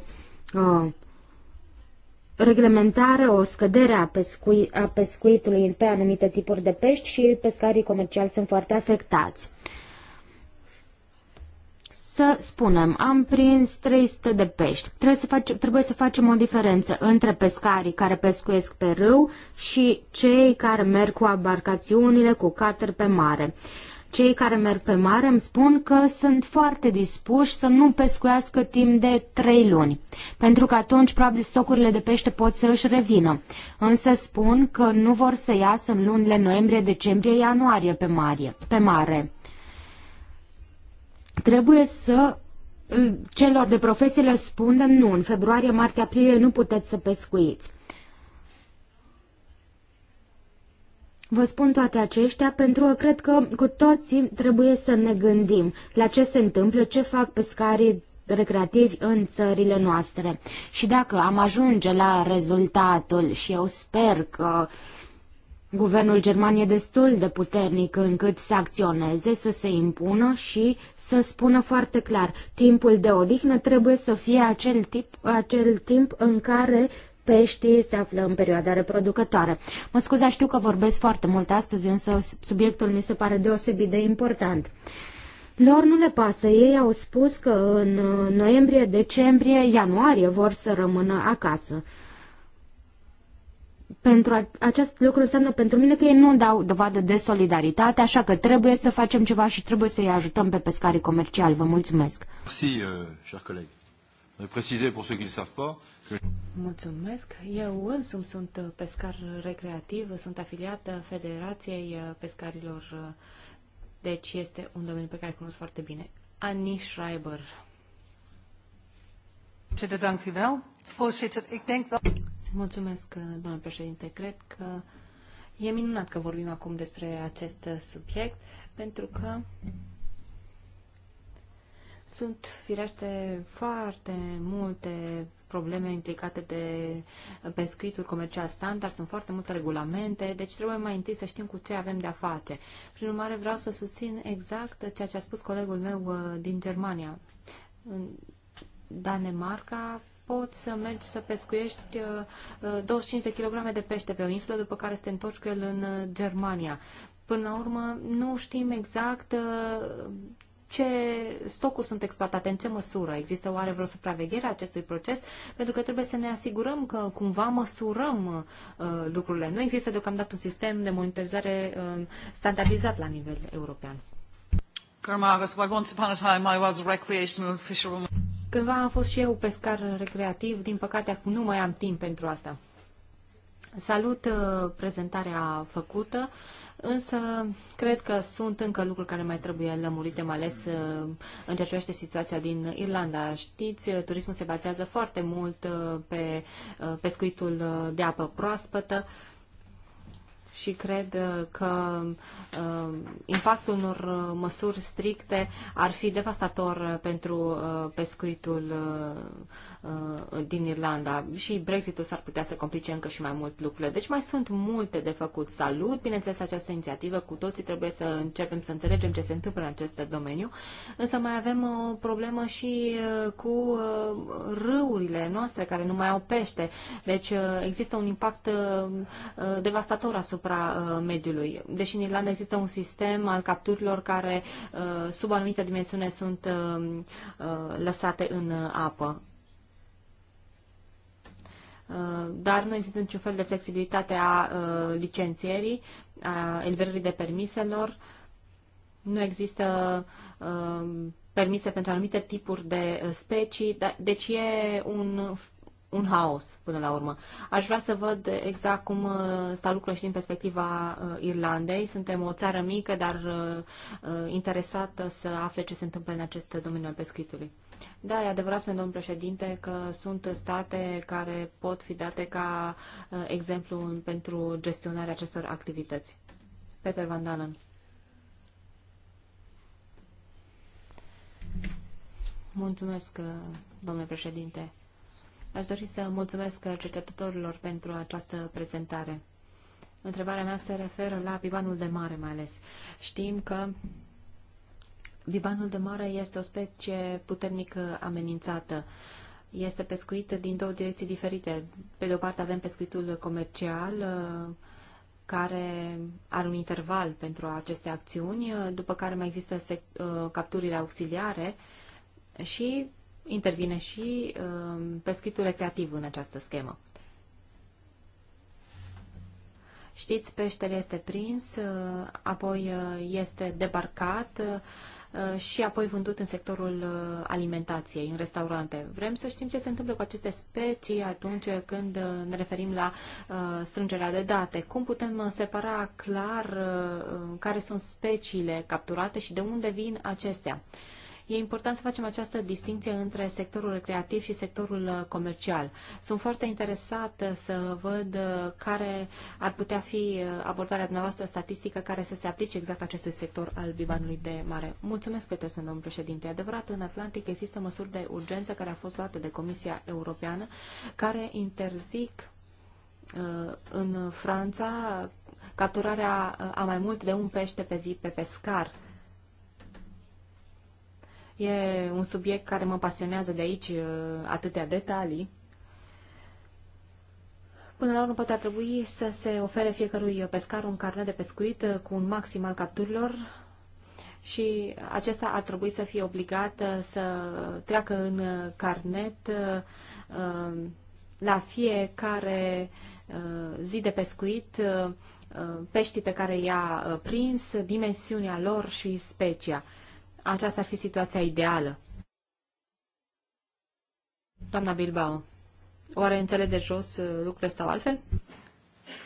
Speaker 2: reglementare, o scădere a, pescui, a pescuitului pe anumite tipuri de pești și pescarii comerciali sunt foarte afectați. Să spunem, am prins 300 de pești. Trebuie să, face, trebuie să facem o diferență între pescarii care pescuiesc pe râu și cei care merg cu abarcațiunile, cu cater pe mare. Cei care merg pe mare îmi spun că sunt foarte dispuși să nu pescuiască timp de trei luni, pentru că atunci probabil stocurile de pește pot să își revină. Însă spun că nu vor să iasă în lunile noiembrie, decembrie, ianuarie pe mare. Pe mare. Trebuie să uh, celor de profesie le spună nu, în februarie, martie, aprilie nu puteți să pescuiți. Vă spun toate aceștia pentru că cred că cu toții trebuie să ne gândim la ce se întâmplă, ce fac pescarii recreativi în țările noastre. Și dacă am ajunge la rezultatul, și eu sper că uh, Guvernul german e destul de puternic încât să acționeze, să se impună și să spună foarte clar, timpul de odihnă trebuie să fie acel, tip, acel timp în care peștii se află în perioada reproducătoare. Mă scuza, știu că vorbesc foarte mult astăzi, însă subiectul mi se pare deosebit de important. Lor nu le pasă. Ei au spus că în uh, noiembrie, decembrie, ianuarie vor să rămână acasă pentru acest lucru înseamnă pentru mine că ei nu dau dovadă de solidaritate, așa că trebuie să facem ceva și trebuie să-i ajutăm pe pescarii comerciali. Vă mulțumesc!
Speaker 3: Merci, euh, cher coleg.
Speaker 2: Mulțumesc.
Speaker 1: Eu însumi sunt pescar recreativ, sunt afiliată Federației Pescarilor, deci este un domeniu pe care îl cunosc foarte bine. Annie Schreiber. Voorzitter, dank u wel. Voorzitter, ik denk wel... Mulțumesc, doamnă președinte. Cred că e minunat că vorbim acum despre acest subiect, pentru că sunt, firește, foarte multe probleme implicate de pescuituri comercial standard, sunt foarte multe regulamente, deci trebuie mai întâi să știm cu ce avem de-a face. Prin urmare, vreau să susțin exact ceea ce a spus colegul meu uh, din Germania. În Danemarca poți să mergi să pescuiești 25 de kilograme de pește pe o insulă, după care să te întorci cu el în Germania. Până la urmă, nu știm exact ce stocuri sunt exploatate, în ce măsură? Există oare vreo supraveghere a acestui proces? Pentru că trebuie să ne asigurăm că cumva măsurăm uh, lucrurile. Nu există deocamdată un sistem de monitorizare uh, standardizat la nivel european.
Speaker 3: Once upon a time I was a recreational fisherwoman.
Speaker 1: Cândva am fost și eu pescar recreativ, din păcate acum nu mai am timp pentru asta. Salut uh, prezentarea făcută, însă cred că sunt încă lucruri care mai trebuie lămurite, mai ales uh, în ceea ce privește situația din Irlanda. Știți, uh, turismul se bazează foarte mult pe pescuitul de apă proaspătă, și cred uh, că uh, impactul unor uh, măsuri stricte ar fi devastator pentru pescuitul Uh, din Irlanda și Brexitul s-ar putea să complice încă și mai mult lucrurile. Deci mai sunt multe de făcut. Salut, bineînțeles, această inițiativă. Cu toții trebuie să începem să înțelegem ce se întâmplă în acest domeniu. Însă mai avem o problemă și uh, cu uh, râurile noastre care nu mai au pește. Deci există un impact devastator asupra mediului. Deși în Irlanda există un sistem al capturilor care sub anumite dimensiune sunt lăsate în apă. Uh, dar nu există niciun fel de flexibilitate a uh, licențierii, a eliberării de permiselor, nu există uh, permise pentru anumite tipuri de specii, da, deci e un un haos până la urmă. Aș vrea să văd exact cum stau lucrurile și din perspectiva Irlandei. Suntem o țară mică, dar interesată să afle ce se întâmplă în acest domeniu al pescuitului. Da, e adevărat, spune domnul președinte, că sunt state care pot fi date ca uh, exemplu pentru gestionarea acestor activități. Peter Van Dalen. Mulțumesc, uh, domnule președinte. Aș dori să mulțumesc uh, cercetătorilor pentru această prezentare. Întrebarea mea se referă la pivanul de mare, mai ales. Știm că Bibanul de mare este o specie puternic amenințată. Este pescuit din două direcții diferite. Pe de o parte avem pescuitul comercial, uh, care are un interval pentru aceste acțiuni, uh, după care mai există uh, capturile auxiliare și intervine și pescuitul recreativ în această schemă. Știți, peștele este prins, apoi este debarcat, Uh, și apoi vândut în sectorul uh, alimentației, în restaurante. Vrem să știm ce se întâmplă cu aceste specii atunci când uh, ne referim la strângerea de date. Cum putem separa clar care sunt speciile capturate și de unde vin acestea? E important să facem această distinție între sectorul recreativ și sectorul uh, comercial. Sunt foarte interesat uh, să văd uh, care ar putea fi abordarea dumneavoastră statistică care să se aplice exact acestui sector al bibanului de mare. Mulțumesc, Cătescu, domnul președinte. E adevărat, în Atlantic există măsuri de urgență care au fost luate de Comisia Europeană care interzic în Franța capturarea a mai mult de un pește pe zi pe pescar. E un subiect care mă pasionează de aici uh, atâtea detalii. Până la urmă, poate ar trebui să se ofere fiecărui pescar un carnet de pescuit uh, cu un maxim al capturilor și acesta ar trebui să fie obligat uh, să treacă în carnet la fiecare zi de pescuit peștii pe care i-a prins, dimensiunea lor și specia. Aceasta ar fi situația ideală. Doamna Bilbao, oare în de jos uh, lucrurile stau altfel?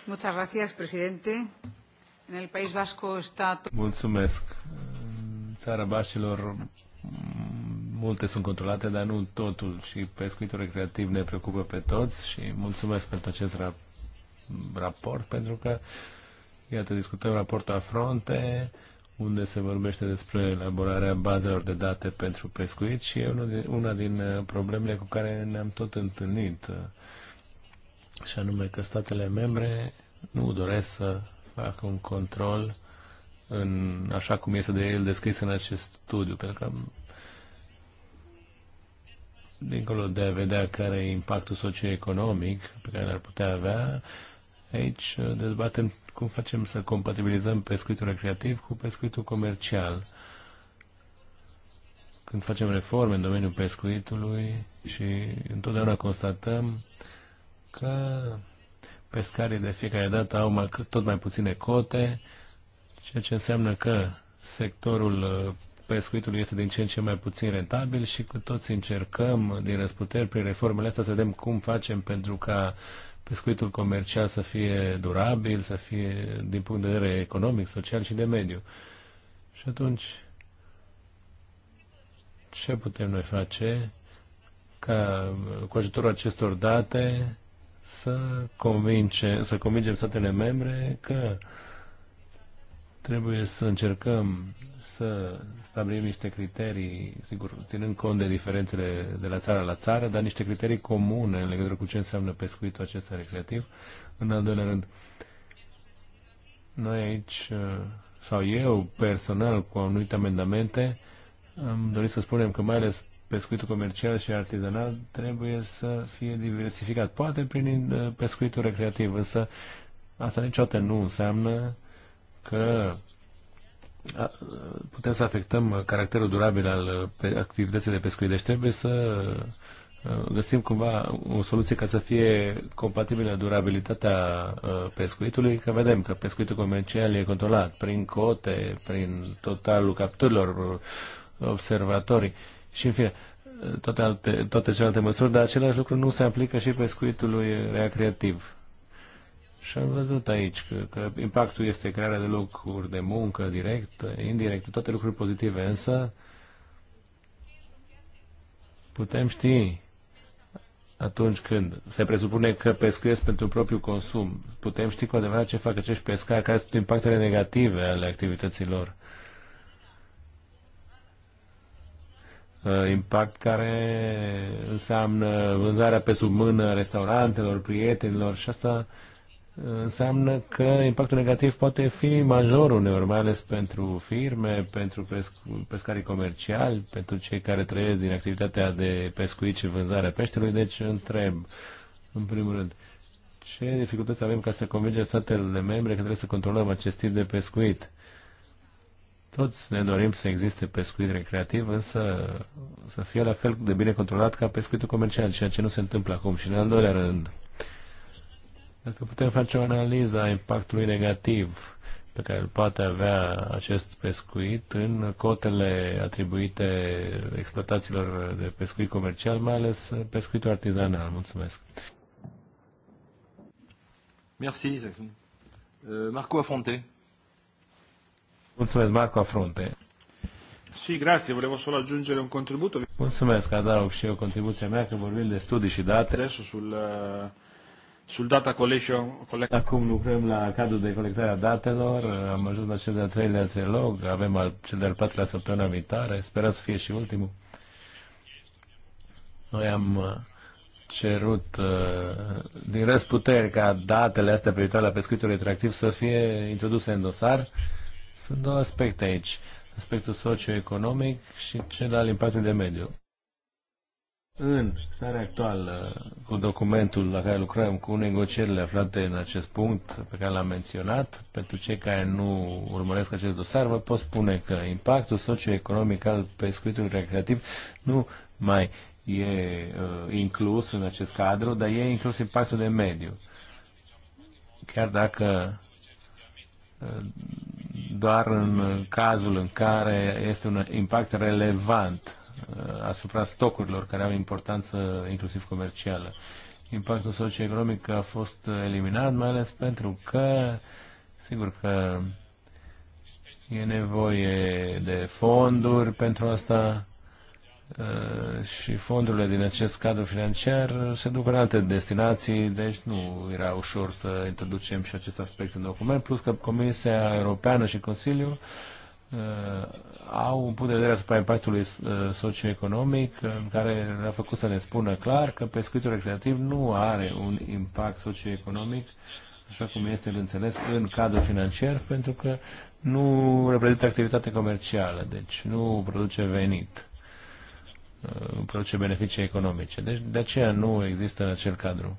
Speaker 1: Muchas gracias, presidente. En el País Vasco
Speaker 2: está...
Speaker 3: Mulțumesc. În țara Bașilor multe sunt controlate, dar nu totul. Și pescuitul recreativ ne preocupă pe toți și mulțumesc pentru acest ra raport, pentru că, iată, discutăm raportul a Afronte, unde se vorbește despre elaborarea bazelor de date pentru pescuit și e una din uh, problemele cu care ne-am tot întâlnit, uh, și anume că statele membre nu doresc să facă un control în, așa cum este de el descris în acest studiu, pentru că dincolo de a vedea care e impactul socioeconomic pe care l-ar putea avea, aici uh, dezbatem cum facem să compatibilizăm pescuitul recreativ cu pescuitul comercial. Când facem reforme în domeniul pescuitului și întotdeauna constatăm că pescarii de fiecare dată au tot mai puține cote, ceea ce înseamnă că sectorul uh, pescuitului este din ce în ce mai puțin rentabil și cu toți încercăm din răsputeri prin reformele astea să vedem cum facem pentru ca pescuitul comercial să fie durabil, să fie din punct de vedere economic, social și de mediu. Și atunci, ce putem noi face ca cu ajutorul acestor date să, convince, să convingem statele membre că trebuie să încercăm să stabilim niște criterii, sigur, ținând cont de diferențele de la țară la țară, dar niște criterii comune în legătură cu ce înseamnă pescuitul acesta recreativ. În al doilea rând, noi aici, sau eu personal, cu anumite amendamente, am dorit să spunem că mai ales pescuitul comercial și artizanal trebuie să fie diversificat, poate prin uh, pescuitul recreativ, însă asta niciodată nu înseamnă că putem să afectăm caracterul durabil al activității de pescuit. Deci trebuie să găsim cumva o soluție ca să fie compatibilă durabilitatea pescuitului, că vedem că pescuitul comercial e controlat prin cote, prin totalul capturilor uh, observatorii și în fine toate, alte, toate celelalte măsuri, dar același lucru nu se aplică și pescuitului recreativ. Și am văzut aici că, că impactul este crearea de locuri de muncă direct, indirect, toate lucruri pozitive, însă putem ști atunci când se presupune că pescuiesc pentru propriul consum, putem ști cu adevărat ce fac acești pescari, care sunt impactele negative ale activităților. Uh, impact care înseamnă vânzarea pe sub mână restaurantelor, prietenilor și asta uh, înseamnă că impactul negativ poate fi major uneori, mai ales pentru firme, pentru pesc- pescarii comerciali, pentru cei care trăiesc din activitatea de pescuit și vânzare peștelui. Deci întreb, în primul rând, ce dificultăți avem ca să convingem statele membre că trebuie să controlăm acest tip de pescuit? Toți ne dorim să existe pescuit recreativ, însă să fie la fel de bine controlat ca pescuitul comercial, ceea ce nu se întâmplă acum. Și în al doilea rând, dacă putem face o analiză a impactului negativ pe care îl poate avea acest pescuit în cotele atribuite exploatațiilor de pescuit comercial, mai ales pescuitul artizanal. Mulțumesc. Merci, euh, Marco Afronte. Mulțumesc, Marco Afronte. Sì, grazie, volevo solo aggiungere un contributo. Mulțumesc, adaug și eu contribuția mea că vorbim de studii și date. Adesso sul Sul data collection... Acum lucrăm la cadrul de colectare a datelor, am ajuns la cel de-al treilea trilog, avem al, cel de-al patrulea săptămână viitoare, sperăm să fie și ultimul. Noi am uh, cerut uh, din răsputeri ca datele astea viitoare la pescuitul retractiv să fie introduse în dosar. Sunt două aspecte aici, aspectul socioeconomic și cel al impactului de mediu. În starea actuală, cu documentul la care lucrăm, cu negocierile aflate în acest punct pe care l-am menționat, pentru cei care nu urmăresc acest dosar, vă pot spune că impactul socioeconomic al pescuitului recreativ nu mai e uh, inclus în acest cadru, dar e inclus impactul de mediu. Chiar dacă uh, doar în cazul în care este un impact relevant Uh, asupra stocurilor care au importanță inclusiv comercială. Impactul socioeconomic a fost eliminat, mai ales pentru că, sigur că e nevoie de fonduri pentru asta uh, și fondurile din acest cadru financiar se duc în alte destinații, deci nu era ușor să introducem și acest aspect în document, plus că Comisia Europeană și Consiliul Uh, au un punct de vedere asupra impactului uh, socioeconomic în care ne-a făcut să ne spună clar că pescuitul recreativ nu are un impact socioeconomic așa cum este el înțeles în cadrul financiar pentru că nu reprezintă activitate comercială, deci nu produce venit, uh, produce beneficii economice. Deci de aceea nu există în acel cadru.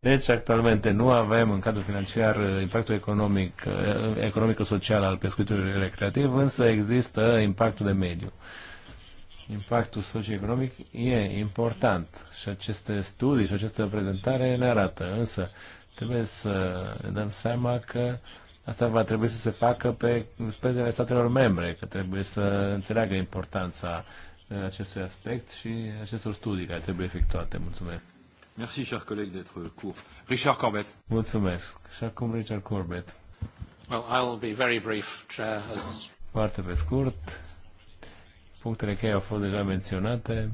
Speaker 3: Deci, actualmente nu avem în cadrul financiar uh, impactul economic, uh, economico-social al pescuitului recreativ, însă există impactul de mediu. Impactul socioeconomic e important și aceste studii și această prezentare ne arată, însă trebuie să ne dăm seama că asta va trebui să se facă pe spezele statelor membre, că trebuie să înțeleagă importanța uh, acestui aspect și acestor studii care trebuie efectuate. Mulțumesc! Merci, cher collègue, d'être court. Richard Corbett. Mulțumesc. Și acum Richard Corbett. Well, I'll be very brief, Chair, as... Foarte pe scurt. Punctele cheie au fost deja menționate.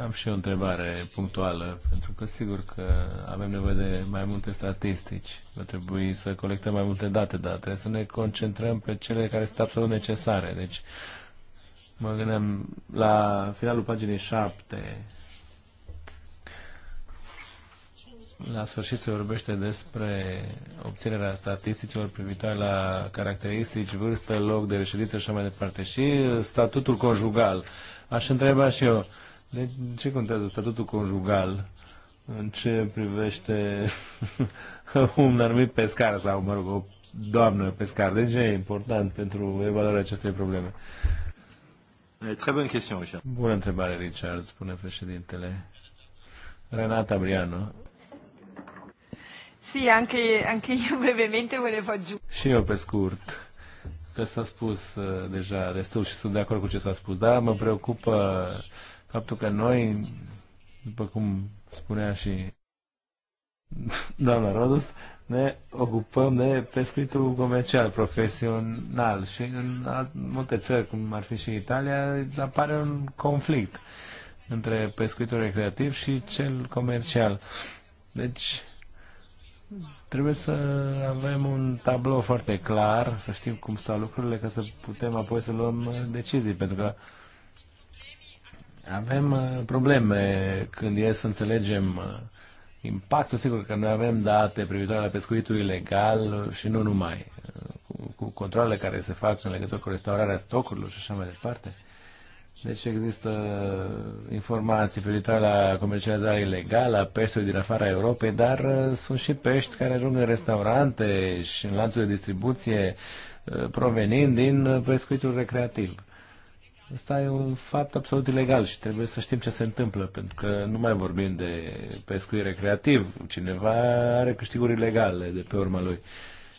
Speaker 3: Am și o întrebare punctuală, pentru că sigur că avem nevoie de mai multe statistici. Va trebui să colectăm mai multe date, dar trebuie să ne concentrăm pe cele care sunt absolut necesare. Deci, mă gândeam la finalul paginii 7, La sfârșit se vorbește despre obținerea statisticilor privitoare la caracteristici, vârstă, loc de reședință și așa mai departe. Și statutul conjugal. Aș întreba și eu, de ce contează statutul conjugal în ce privește un anumit pescar sau, mă rog, o doamnă pescar? De ce e important pentru evaluarea acestei probleme? Eh, Bună întrebare, Richard, spune președintele. Renata Briano.
Speaker 1: Sì, anche, anche io brevemente volevo aggiungere.
Speaker 3: Și eu pe scurt că s-a spus uh, deja destul și sunt de acord cu ce s-a spus, dar mă preocupă faptul că noi, după cum spunea și doamna Rodus, ne ocupăm de pescuitul comercial, profesional și în multe țări, cum ar fi și Italia, apare un conflict între pescuitul recreativ și cel comercial. Deci, Trebuie să avem un tablou foarte clar, să știm cum stau lucrurile, ca să putem apoi să luăm uh, decizii, pentru că avem uh, probleme când e să înțelegem uh, impactul. Sigur că noi avem date privitoare la pescuitul ilegal și nu numai, cu, cu controlele care se fac în legătură cu restaurarea stocurilor și așa mai departe. Deci există informații privitoare la comercializarea ilegală a peștilor din afara Europei, dar uh, sunt și pești care ajung în restaurante și în lanțuri de distribuție uh, provenind din uh, pescuitul recreativ. Asta e un fapt absolut ilegal și trebuie să știm ce se întâmplă, pentru că nu mai vorbim de pescuit recreativ. Cineva are câștiguri ilegale de pe urma lui.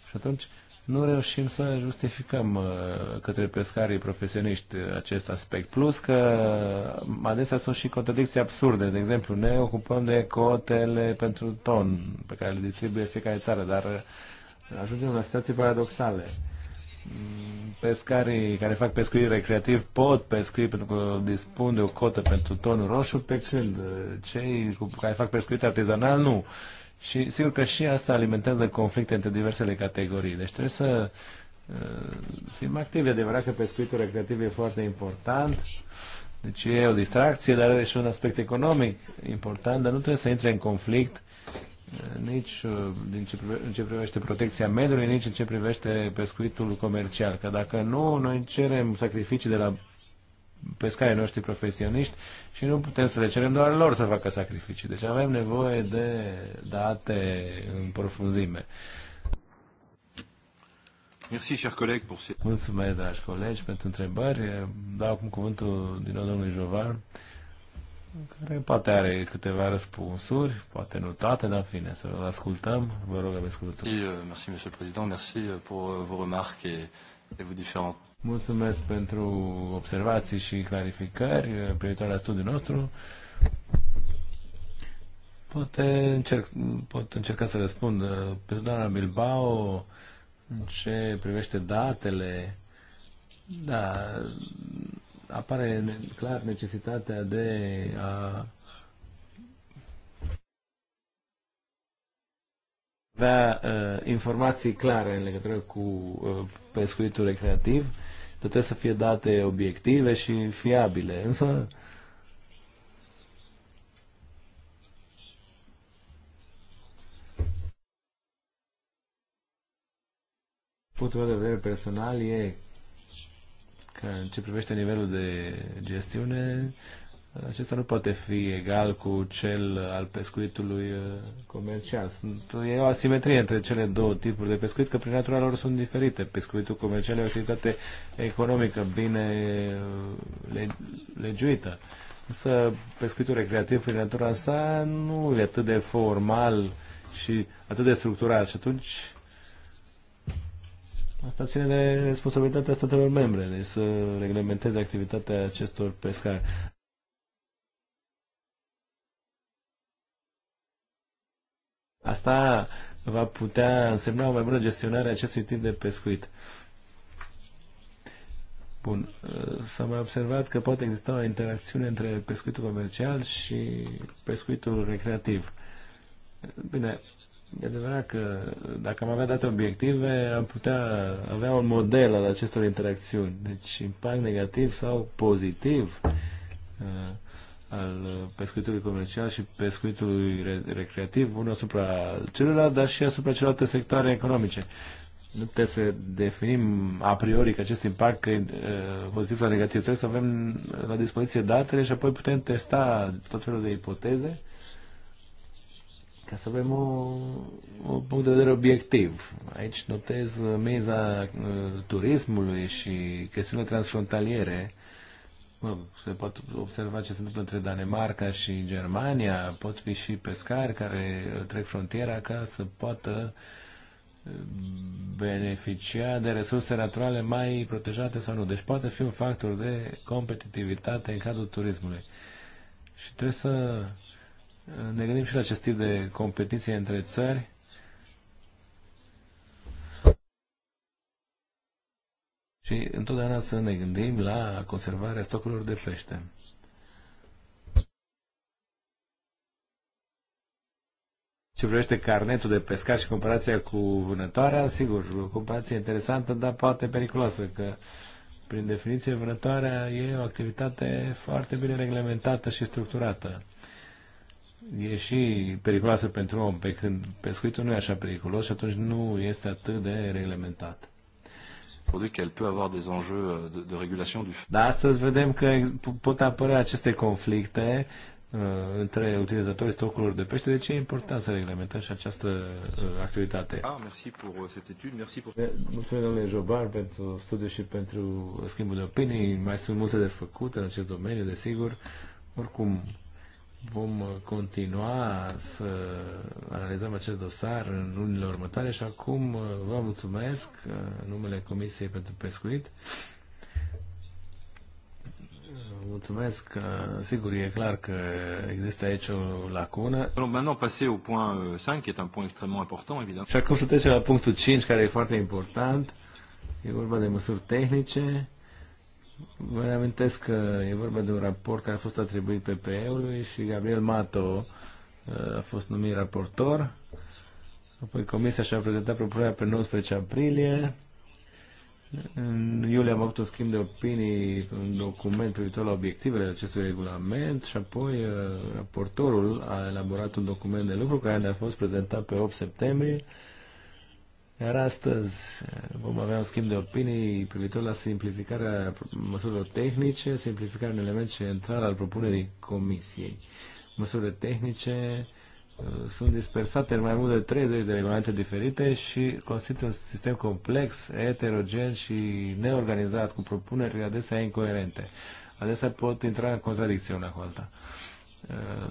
Speaker 3: Și atunci nu reușim să justificăm uh, către pescarii profesioniști uh, acest aspect. Plus că uh, adesea sunt și contradicții absurde. De exemplu, ne ocupăm de cotele pentru ton pe care le distribuie fiecare țară, dar ajungem la situații paradoxale mm, pescarii care fac pescuit recreativ pot pescui pentru că dispun de o cotă pentru tonul roșu, pe când cei care fac pescuit artizanal nu. Și sigur că și asta alimentează conflicte între diversele categorii. Deci trebuie să uh, fim activi. adevărat că pescuitul recreativ e foarte important. Deci e o distracție, dar are și un aspect economic important, dar nu trebuie să intre în conflict uh, nici uh, din ce privește, în ce privește protecția mediului, nici în ce privește pescuitul comercial. Că dacă nu, noi cerem sacrificii de la pescarii noștri profesioniști și nu putem să le cerem doar lor să facă sacrificii. Deci avem nevoie de date în profunzime. Merci, chers pour Mulțumesc, dragi colegi, pentru întrebări. Dau acum cuvântul din nou domnului Jovan, care poate are câteva răspunsuri, poate nu toate, dar în fine, să-l ascultăm. Vă rog, aveți cuvântul. Mulțumesc, euh, monsieur le président, merci euh, pour euh, vos remarques et Mulțumesc pentru observații și clarificări eh, privitoare la studiul nostru. Poate încerc, pot încerca să răspund. Eh, pe doamna Bilbao, în ce privește datele, da, apare clar necesitatea de a avea uh, informații clare în legătură cu uh, pescuitul recreativ, trebuie să fie date obiective și fiabile. Însă, punctul de vedere personal e că în ce privește nivelul de gestiune, acesta nu poate fi egal cu cel al pescuitului uh, comercial. Sunt, e o asimetrie între cele două tipuri de pescuit, că prin natura lor sunt diferite. Pescuitul comercial e o activitate economică bine uh, legiuită. Însă pescuitul recreativ, prin natura sa, nu e atât de formal și atât de structurat. Și atunci Asta ține de responsabilitatea statelor membre, de să reglementeze activitatea acestor pescari. Asta va putea însemna o mai bună gestionare a acestui tip de pescuit. Bun, s-a mai observat că poate exista o interacțiune între pescuitul comercial și pescuitul recreativ. Bine, e adevărat că dacă am avea date obiective, am putea avea un model al acestor interacțiuni. Deci impact negativ sau pozitiv uh, al pescuitului comercial și pescuitului recreativ, unul asupra celuilalt, dar și asupra celorlalte sectoare economice. Nu trebuie să definim a priori că acest impact că e uh, pozitiv sau negativ. Trebuie să avem la dispoziție datele și apoi putem testa tot felul de ipoteze ca să avem o, punct de vedere obiectiv. Aici notez miza uh, turismului și chestiunile transfrontaliere mă, se pot observa ce se întâmplă între Danemarca și Germania, pot fi și pescari care trec frontiera ca să poată eh, beneficia de resurse naturale mai protejate sau nu. Deci poate fi un factor de competitivitate în cadrul turismului. Și trebuie să eh, ne gândim și la acest tip de competiție între țări și întotdeauna să ne gândim la conservarea stocurilor de pește. Ce privește carnetul de pescar și comparația cu vânătoarea, sigur, o comparație interesantă, dar poate periculoasă, că prin definiție vânătoarea e o activitate foarte bine reglementată și structurată. E și periculoasă pentru om, pe când pescuitul nu e așa periculos și atunci nu este atât de reglementat des enjeux euh, de, de du Dar astăzi vedem că pot apărea aceste conflicte uh, între utilizatorii stocurilor de pește. De ce e important să reglementăm și această uh, activitate? Ah, merci pour uh, cette étude, merci pour... Eh, Mulțumesc, domnule Jobar, pentru studiu și pentru schimbul de opinii. Mai sunt multe de făcut în acest domeniu, desigur. Oricum, Vom uh, continua să analizăm acest dosar în lunile următoare și acum uh, vă mulțumesc uh, în numele Comisiei pentru Pescuit. Mulțumesc. Sigur, e clar că există aici o lacună. Euh, Vom Și acum să trecem la punctul 5, care e foarte important. E vorba de măsuri tehnice Vă reamintesc că e vorba de un raport care a fost atribuit PPE-ului și Gabriel Mato uh, a fost numit raportor. Apoi comisia și-a prezentat propunerea pe 19 aprilie. În iulie am avut un schimb de opinii, un document privitor la obiectivele acestui regulament și apoi uh, raportorul a elaborat un document de lucru care ne-a fost prezentat pe 8 septembrie iar astăzi eh, vom avea un schimb de opinii privitor la simplificarea măsurilor tehnice, simplificarea în element central al propunerii Comisiei. Măsurile tehnice eh, sunt dispersate în mai mult de 30 de regulamente diferite și constituie un sistem complex, heterogen și neorganizat, cu propuneri adesea incoerente. Adesea pot intra în contradicție una cu alta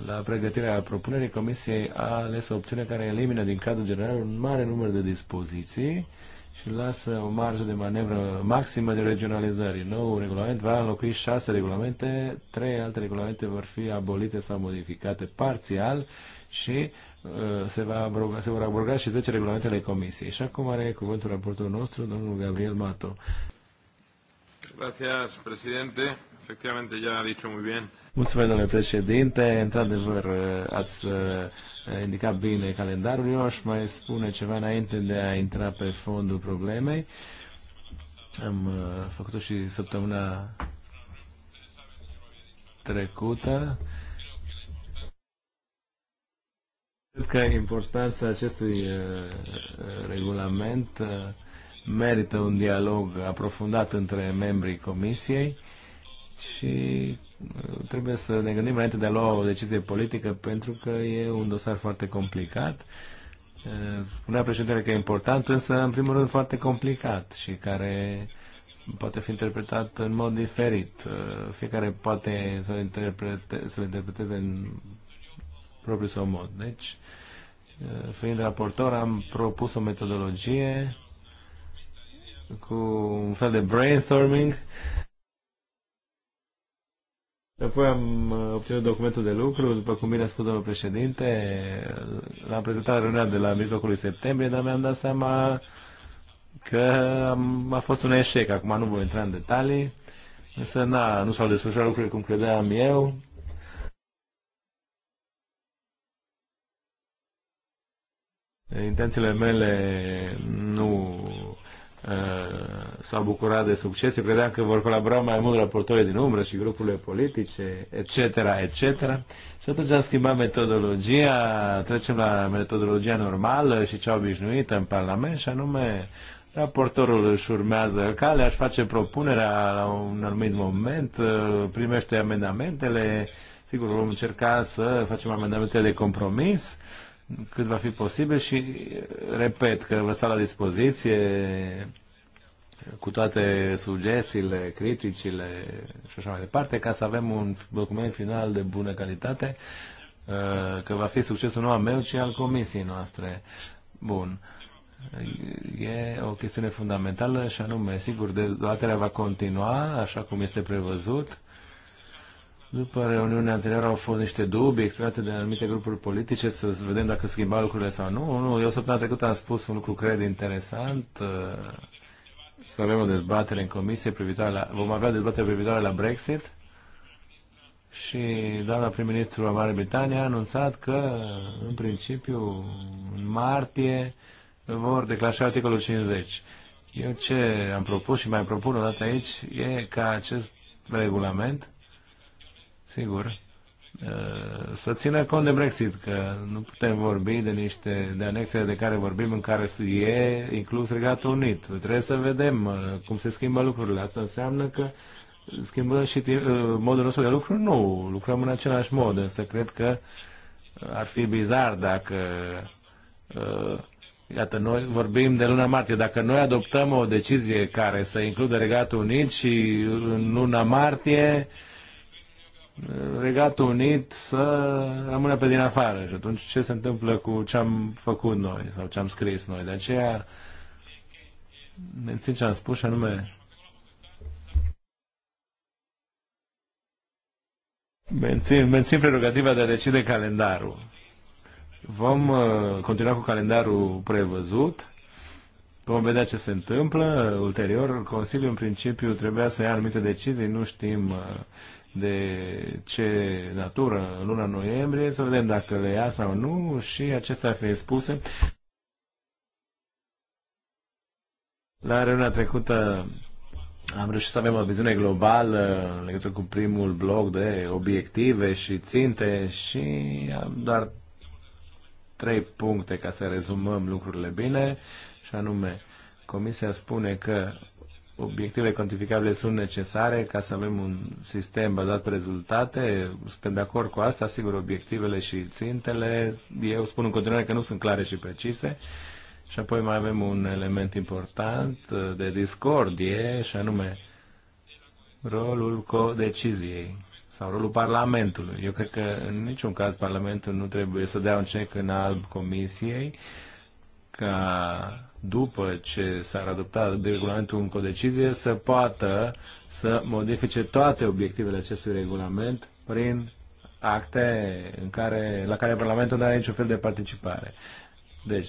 Speaker 3: la pregătirea propunerii, Comisiei a ales o opțiune care elimină din cadrul general un mare număr de dispoziții și lasă o marjă de manevră maximă de regionalizare. Noul regulament va înlocui șase regulamente, trei alte regulamente vor fi abolite sau modificate parțial și uh, se, va abroga, se vor abroga și 10 regulamentele Comisiei. Și acum are cuvântul raportul nostru, domnul Gabriel Mato. Gracias, presidente. Efectivamente, ya ha dicho muy bien. Mulțumesc, domnule președinte. Într-adevăr, ați uh, indicat bine calendarul. Eu aș mai spune ceva înainte de a intra pe fondul problemei. Am uh, făcut-o și săptămâna trecută. Cred că importanța acestui uh, regulament merită un dialog aprofundat între membrii Comisiei și uh, trebuie să ne gândim înainte de a lua o decizie politică pentru că e un dosar foarte complicat. Uh, spunea președintele că e important, însă în primul rând foarte complicat și care poate fi interpretat în mod diferit. Uh, fiecare poate să-l interprete, să interpreteze în propriul său mod. Deci, fiind raportor, am propus o metodologie cu un fel de brainstorming Apoi am uh, obținut documentul de lucru, după cum bine a spus domnul președinte, l-am prezentat la reunia de la mijlocul lui septembrie, dar mi-am dat seama că a fost un eșec. Acum nu voi intra în detalii, însă na, nu s-au desfășurat lucrurile cum credeam eu. Intențiile mele nu s-au bucurat de succes. Eu credeam că vor colabora mai mult raportorii din umbră și grupurile politice, etc., etc. Și atunci am schimbat metodologia, trecem la metodologia normală și cea obișnuită în Parlament, și anume raportorul își urmează calea, își face propunerea la un anumit moment, uh, primește amendamentele, sigur vom încerca să facem amendamentele de compromis, cât va fi posibil și repet că vă stau la dispoziție cu toate sugestiile, criticile și așa mai departe, ca să avem un document final de bună calitate, uh, că va fi succesul nu al meu, ci al comisiei noastre. Bun. E o chestiune fundamentală și anume, sigur, dezbaterea va continua așa cum este prevăzut după reuniunea anterioară au fost niște dubii exprimate de anumite grupuri politice să vedem dacă schimba lucrurile sau nu. nu. Eu săptămâna trecută am spus un lucru, cred, interesant. Uh, să avem o dezbatere în comisie privitoare la... Vom avea dezbatere privitoare la Brexit și doamna prim-ministru a Marii Britanie a anunțat că, în principiu, în martie vor declanșa articolul 50. Eu ce am propus și mai propun o dată aici e ca acest regulament sigur, să țină cont de Brexit, că nu putem vorbi de niște de anexe de care vorbim în care e inclus Regatul Unit. Trebuie să vedem cum se schimbă lucrurile. Asta înseamnă că schimbăm și modul nostru de lucru? Nu, lucrăm în același mod, însă cred că ar fi bizar dacă Iată, noi vorbim de luna martie. Dacă noi adoptăm o decizie care să includă Regatul Unit și în luna martie uh, Regatul Unit să rămână pe din afară și atunci ce se întâmplă cu ce am făcut noi sau ce am scris noi. De aceea mențin ce am spus și anume mențin, mențin prerogativa de a decide calendarul. Vom uh, continua cu calendarul prevăzut. Vom vedea ce se întâmplă ulterior. Consiliul, în principiu, trebuia să ia anumite decizii. Nu știm uh, de ce natură în luna noiembrie, să vedem dacă le ia sau nu și acestea fiind spuse. La reuniunea trecută am reușit să avem o viziune globală în legătură cu primul bloc de obiective și ținte și am doar trei puncte ca să rezumăm lucrurile bine și anume Comisia spune că obiectivele cuantificabile sunt necesare ca să avem un sistem bazat pe rezultate. Suntem de acord cu asta, sigur, obiectivele și țintele. Eu spun în continuare că nu sunt clare și precise. Și apoi mai avem un element important de discordie, și anume rolul deciziei sau rolul Parlamentului. Eu cred că în niciun caz Parlamentul nu trebuie să dea un cec în alb Comisiei ca după ce s-ar adopta de regulamentul în codecizie, să poată să modifice toate obiectivele acestui regulament prin acte în care, la care Parlamentul nu are niciun fel de participare. Deci,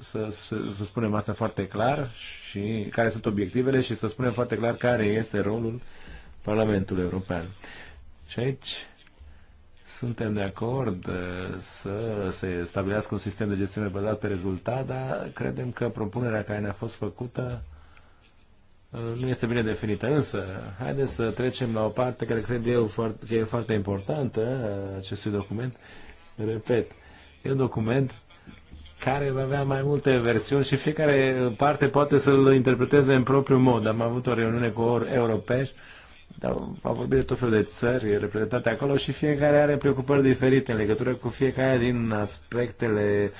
Speaker 3: să, să, să spunem asta foarte clar și care sunt obiectivele și să spunem foarte clar care este rolul Parlamentului European. Și aici suntem de acord uh, să se stabilească un sistem de gestiune bazat pe rezultat, dar credem că propunerea care ne-a fost făcută uh, nu este bine definită. Însă, haideți să trecem la o parte care cred eu că e foarte importantă uh, acestui document. Repet, e un document care va avea mai multe versiuni și fiecare parte poate să-l interpreteze în propriul mod. Am avut o reuniune cu ori europești dar a vorbit de tot felul de țări reprezentate acolo și fiecare are preocupări diferite în legătură cu fiecare din aspectele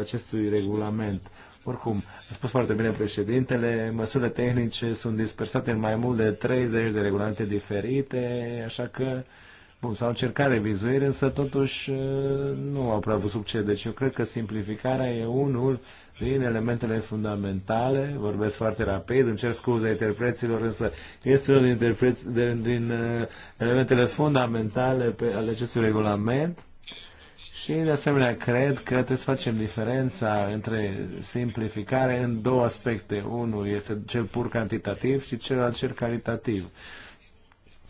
Speaker 3: acestui regulament. Oricum, a spus foarte bine președintele, măsurile tehnice sunt dispersate în mai mult de 30 de regulamente diferite, așa că Bun, s-au încercat revizuiri, însă totuși nu au prea avut succes. Deci eu cred că simplificarea e unul prin elementele fundamentale. Vorbesc foarte rapid, îmi cer scuze interpreților, însă este unul din, din, uh, din elementele fundamentale pe, ale acestui regulament. Și, de asemenea, cred că trebuie să facem diferența între simplificare în două aspecte. Unul este cel pur cantitativ și celălalt cel calitativ.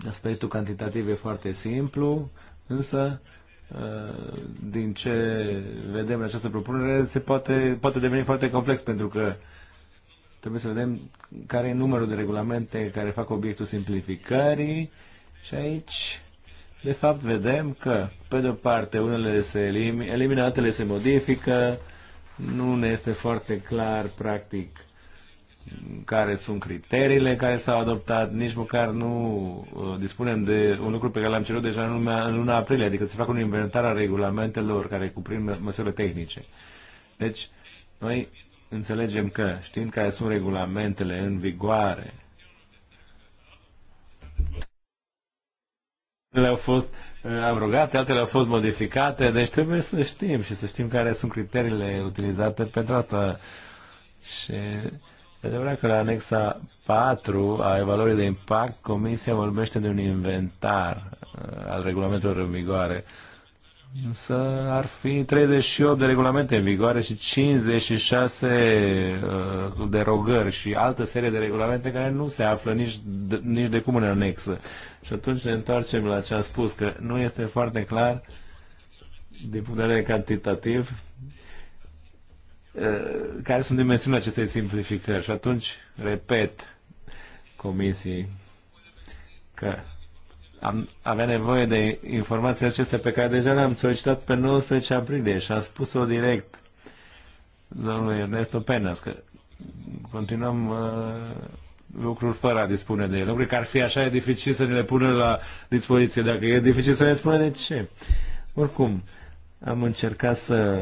Speaker 3: Aspectul cantitativ e foarte simplu, însă din ce vedem în această propunere, se poate, poate deveni foarte complex pentru că trebuie să vedem care e numărul de regulamente care fac obiectul simplificării și aici, de fapt, vedem că, pe de-o parte, unele se elimină, altele se modifică, nu ne este foarte clar, practic, care sunt criteriile care s-au adoptat, nici măcar nu uh, dispunem de un lucru pe care l-am cerut deja în luna, în luna aprilie, adică să facă un inventar al regulamentelor care cuprind măsurile tehnice. Deci, noi înțelegem că, știind care sunt regulamentele în vigoare, unele au fost uh, abrogate, altele au fost modificate, deci trebuie să știm și să știm care sunt criteriile utilizate pentru asta. Și E adevărat că la anexa 4 a evaluării de impact, Comisia vorbește de un inventar uh, al regulamentelor în vigoare. Însă ar fi 38 de regulamente în vigoare și 56 uh, derogări și altă serie de regulamente care nu se află nici de, nici de cum în anexă. Și atunci ne întoarcem la ce am spus, că nu este foarte clar din punct de vedere cantitativ Eh, care sunt dimensiunile acestei simplificări. Și atunci, repet, comisiei că am avea nevoie de informații acestea pe care deja le-am solicitat pe 19 aprilie și am spus-o direct domnului Ernesto Penas că continuăm uh, lucruri fără a dispune de ele. care ar fi așa de dificil să ne le pună la dispoziție. Dacă e dificil să ne spune de ce. Oricum, am încercat să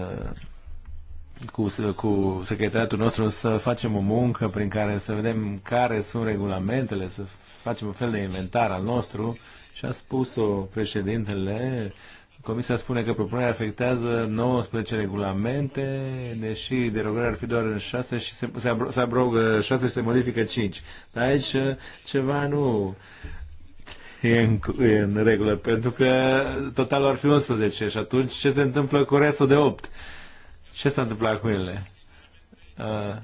Speaker 3: cu, cu secretariatul nostru să facem o muncă prin care să vedem care sunt regulamentele, să facem un fel de inventar al nostru și a spus-o președintele. Comisia spune că propunerea afectează 19 regulamente, deși derogarea ar fi doar în 6 și se, se, abro, se abrogă 6 și se modifică 5. Dar aici ceva nu e în, e în regulă, pentru că totalul ar fi 11 și atunci ce se întâmplă cu restul de 8? Ce s-a întâmplat cu ele? Uh,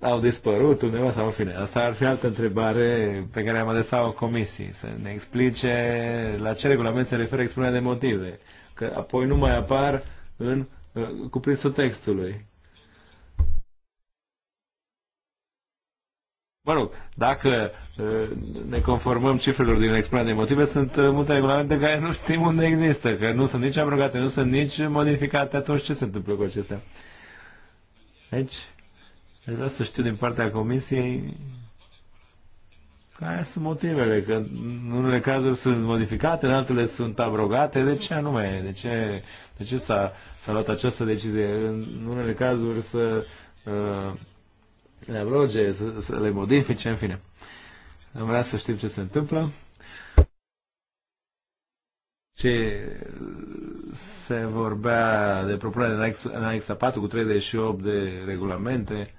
Speaker 3: au dispărut undeva sau în fine. Asta ar fi altă întrebare pe care am adresat-o comisiei. să ne explice la ce regulament se referă expunerea de motive, că apoi nu mai apar în uh, cuprinsul textului. Mă rog, dacă uh, ne conformăm cifrelor din expunerea de motive, sunt uh, multe regulamente care nu știm unde există, că nu sunt nici abrogate, nu sunt nici modificate. Atunci ce se întâmplă cu acestea? Aici, deci, aș vrea să știu din partea Comisiei care sunt motivele, că în unele cazuri sunt modificate, în altele sunt abrogate. De ce anume? De ce, de ce s-a, s-a luat această decizie? În unele cazuri să uh, le abroge, să, să le modifice, în fine. Am vrea să știm ce se întâmplă, ce se vorbea de propunere în anexa, în anexa 4 cu 38 de regulamente.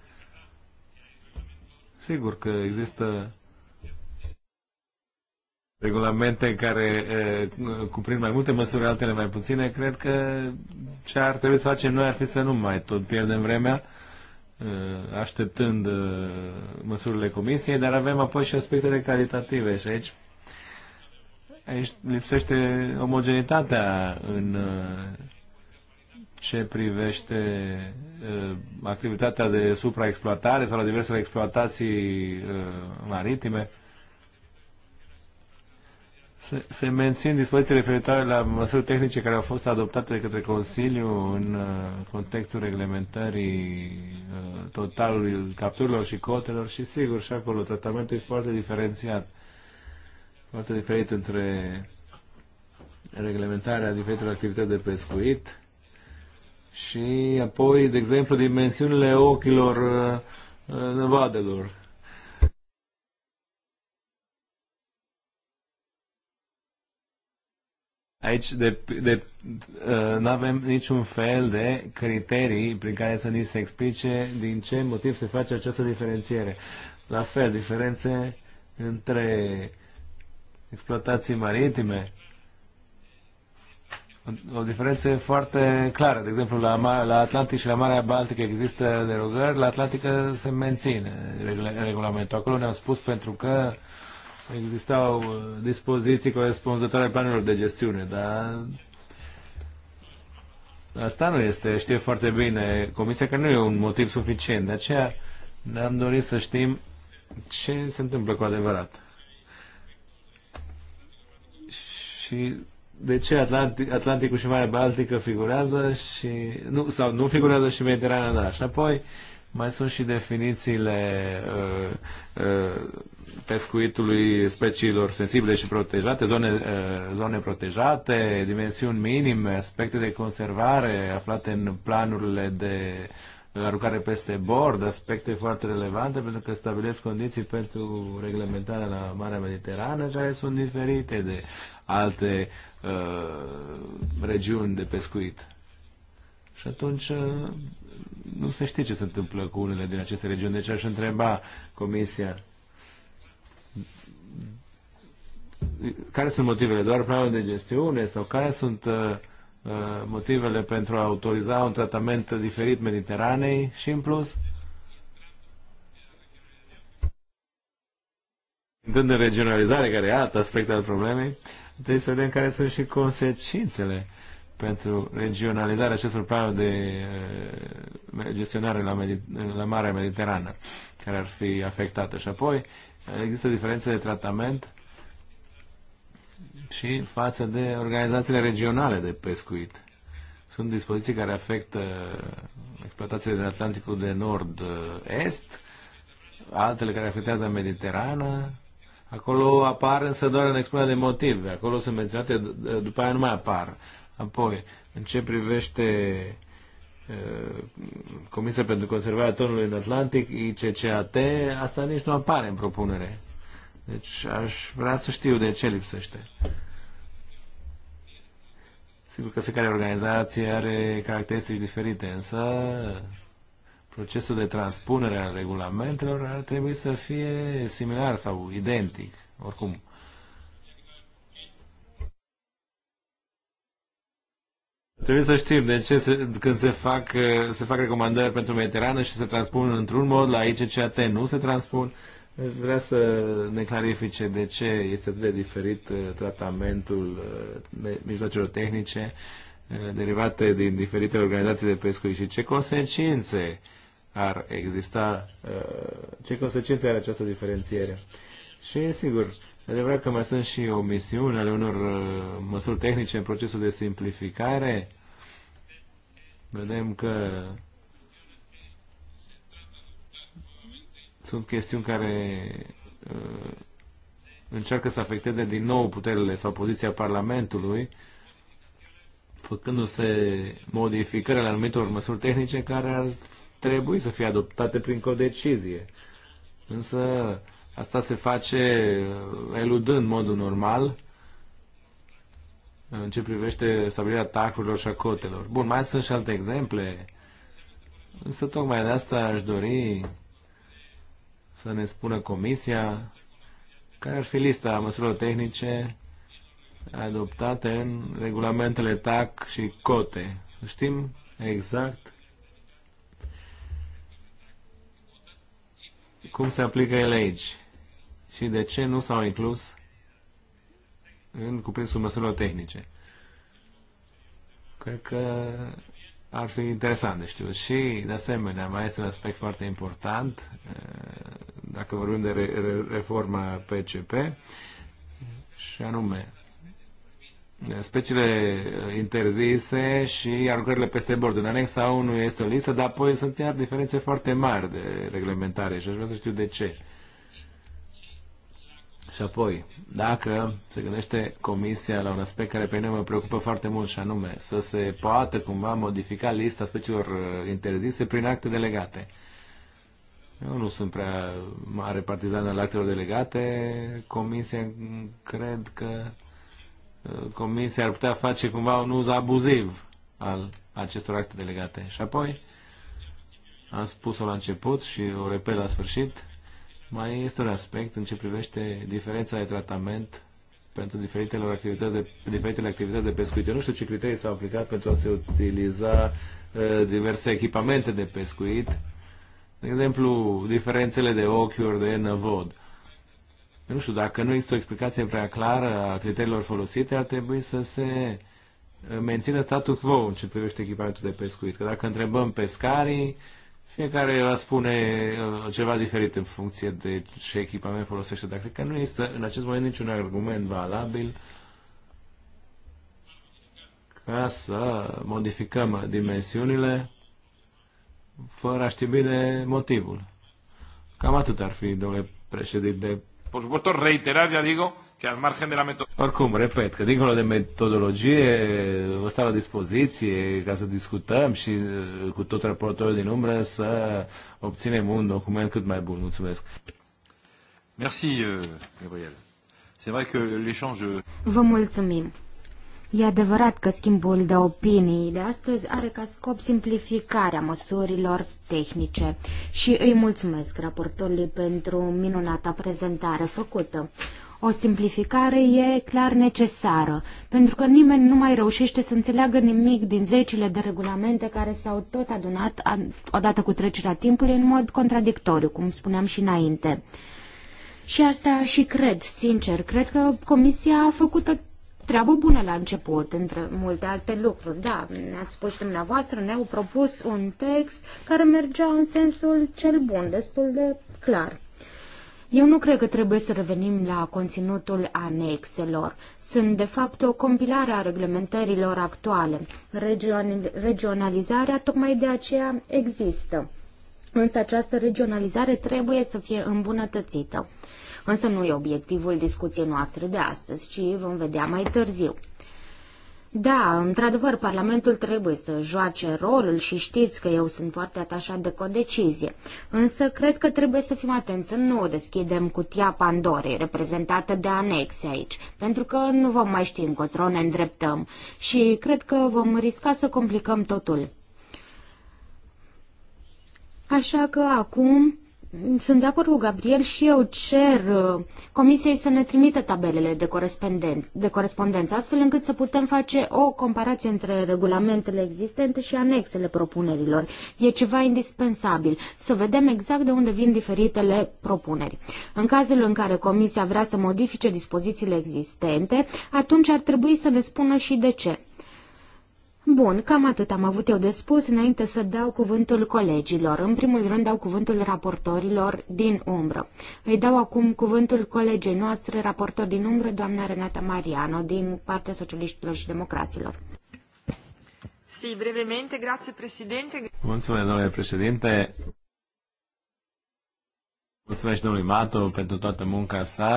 Speaker 3: Sigur că există regulamente care e, cuprind mai multe măsuri, altele mai puține, cred că ce ar trebui să facem noi ar fi să nu mai tot pierdem vremea Uh, așteptând uh, măsurile comisiei, dar avem apoi și aspectele calitative și aici aici lipsește omogenitatea în uh, ce privește activitatea de supraexploatare sau la diversele exploatații maritime. Se, se mențin dispoziții referitoare la măsuri tehnice care au fost adoptate de către Consiliu în uh, contextul reglementării uh, totalului capturilor și cotelor și sigur și acolo tratamentul e foarte diferențiat, foarte diferit între reglementarea diferitelor activități de pescuit și apoi, de exemplu, dimensiunile ochilor nevadelor uh, Aici de, de, uh, nu avem niciun fel de criterii prin care să ni se explice din ce motiv se face această diferențiere. La fel, diferențe între exploatații maritime, o diferență foarte clară. De exemplu, la, la Atlantic și la Marea Baltică există derogări, la Atlantică se menține regulamentul. Acolo ne-au spus pentru că uh, existau uh, dispoziții corespunzătoare planurilor de gestiune, dar asta nu este, știe foarte bine Comisia că nu e un motiv suficient. De aceea ne-am dorit să știm ce se întâmplă cu adevărat. Și de ce Atlantic, Atlanticul și Marea Baltică figurează și nu, sau nu figurează și Mediterana, da. Și apoi mai sunt și definițiile uh, uh, pescuitului speciilor sensibile și protejate, zone, eh, zone protejate, dimensiuni minime, aspecte de conservare aflate în planurile de aruncare peste bord, aspecte foarte relevante pentru că stabilesc condiții pentru reglementarea la Marea Mediterană care sunt diferite de alte uh, regiuni de pescuit. Și atunci eh, nu se știe ce se întâmplă cu unele din aceste regiuni. Deci aș întreba Comisia care sunt motivele? Doar probleme de gestiune sau care sunt uh, uh, motivele pentru a autoriza un tratament diferit Mediteranei și în plus Dând de regionalizare, care e alt aspect al problemei, trebuie să vedem care sunt și consecințele pentru regionalizarea acestor planuri de uh, gestionare la, Medi- la Marea Mediterană, care ar fi afectată. Și apoi există diferențe de tratament și față de organizațiile regionale de pescuit. Sunt dispoziții care afectă exploatațiile din Atlanticul de Nord-Est, altele care afectează Mediterana. Acolo apar însă doar în expunerea de motive. Acolo sunt menționate, după aia nu mai apar. Apoi, în ce privește Comisia pentru Conservarea Tonului în Atlantic, ICCAT, asta nici nu apare în propunere. Deci aș vrea să știu de ce lipsește. Sigur că fiecare organizație are caracteristici diferite, însă procesul de transpunere a regulamentelor ar trebui să fie similar sau identic, oricum. Trebuie să știm de ce se, când se fac, se fac recomandări pentru Mediterană și se transpun într-un mod la ICCAT, nu se transpun vrea să ne clarifice de ce este atât de diferit uh, tratamentul uh, mijloacelor tehnice uh, derivate din diferite organizații de pescuit și ce consecințe ar exista, ce consecințe are această diferențiere. Și, sigur, adevărat că mai sunt și omisiuni ale unor măsuri tehnice în procesul de simplificare. Vedem că sunt chestiuni care uh, încearcă să afecteze din nou puterile sau poziția Parlamentului, făcându-se modificări la anumitor măsuri tehnice care ar trebui să fie adoptate prin codecizie. Însă asta se face uh, eludând modul normal uh, în ce privește stabilirea tacurilor și a cotelor. Bun, mai sunt și alte exemple, însă tocmai de asta aș dori să ne spună Comisia care ar fi lista măsurilor tehnice adoptate în regulamentele TAC și COTE. Știm exact cum se aplică ele aici și de ce nu s-au inclus în cuprinsul măsurilor tehnice. Cred că ar fi interesant de știut. Și, de asemenea, mai este un aspect foarte important, dacă vorbim de reforma PCP, și anume speciile interzise și aruncările peste bord. În anexa 1 este o listă, dar apoi sunt iar diferențe foarte mari de reglementare și aș vrea să știu de ce. Și apoi, dacă se gândește Comisia la un aspect care pe mine mă preocupă foarte mult, și anume să se poată cumva modifica lista speciilor uh, interzise prin acte delegate. Eu nu sunt prea mare partizan al actelor delegate. Comisia cred că uh, Comisia ar putea face cumva un uz abuziv al acestor acte delegate. Și apoi, am spus-o la început și o repet la sfârșit, mai este un aspect în ce privește diferența de tratament pentru diferitele activități de, diferitele activități de pescuit. Eu nu știu ce criterii s-au aplicat pentru a se utiliza uh, diverse echipamente de pescuit, de exemplu, diferențele de ochiuri, de năvod. Eu nu știu, dacă nu există o explicație prea clară a criteriilor folosite, ar trebui să se ă, mențină statul quo în ce privește echipamentul de pescuit. Că dacă întrebăm pescarii, uh, fiecare va spune uh, ceva diferit în funcție de ce echipament folosește, dar cred că nu este în acest moment niciun argument valabil ca să modificăm dimensiunile fără a ști bine motivul. Cam atât ar fi, domnule președinte. Por supuesto, reiterar, ya digo, Că al margen de la metodologie... Oricum, repet, că dincolo de metodologie vă stau la dispoziție ca să discutăm și uh, cu tot raportorul din umbră să obținem un document cât mai bun. Mulțumesc! Merci, uh, Gabriel. C'est vrai que l'échange...
Speaker 2: Vă mulțumim! E adevărat că schimbul de opinii de astăzi are ca scop simplificarea măsurilor tehnice și îi mulțumesc raportorului pentru minunata prezentare făcută. O simplificare e clar necesară, pentru că nimeni nu mai reușește să înțeleagă nimic din zecile de regulamente care s-au tot adunat odată cu trecerea timpului în mod contradictoriu, cum spuneam și înainte. Și asta și cred, sincer, cred că Comisia a făcut o treabă bună la început, între multe alte lucruri. Da, ne-ați spus dumneavoastră, ne-au propus un text care mergea în sensul cel bun, destul de clar. Eu nu cred că trebuie să revenim la conținutul anexelor. Sunt, de fapt, o compilare a reglementărilor actuale. Regionalizarea tocmai de aceea există. Însă această regionalizare trebuie să fie îmbunătățită. Însă nu e obiectivul discuției noastre de astăzi, ci vom vedea mai târziu. Da, într-adevăr, Parlamentul trebuie să joace rolul și știți că eu sunt foarte atașat de codecizie. Însă cred că trebuie să fim atenți să nu o deschidem cutia Pandorei, reprezentată de anexe aici, pentru că nu vom mai ști încotro ne îndreptăm și cred că vom risca să complicăm totul. Așa că acum sunt de acord cu Gabriel și eu cer uh, comisiei să ne trimită tabelele de, corespondenț, de corespondență, astfel încât să putem face o comparație între regulamentele existente și anexele propunerilor. E ceva indispensabil, să vedem exact de unde vin diferitele propuneri. În cazul în care comisia vrea să modifice dispozițiile existente, atunci ar trebui să ne spună și de ce. Bun, cam atât am avut eu de spus înainte să dau cuvântul colegilor. În primul rând dau cuvântul raportorilor din umbră. Îi dau acum cuvântul colegei noastre, raportor din umbră, doamna Renata Mariano, din partea socialiștilor și
Speaker 3: democraților.
Speaker 1: Si, brevemente, grazie președinte.
Speaker 3: Mulțumesc, domnule președinte. Mulțumesc domnului Matu, pentru toată munca sa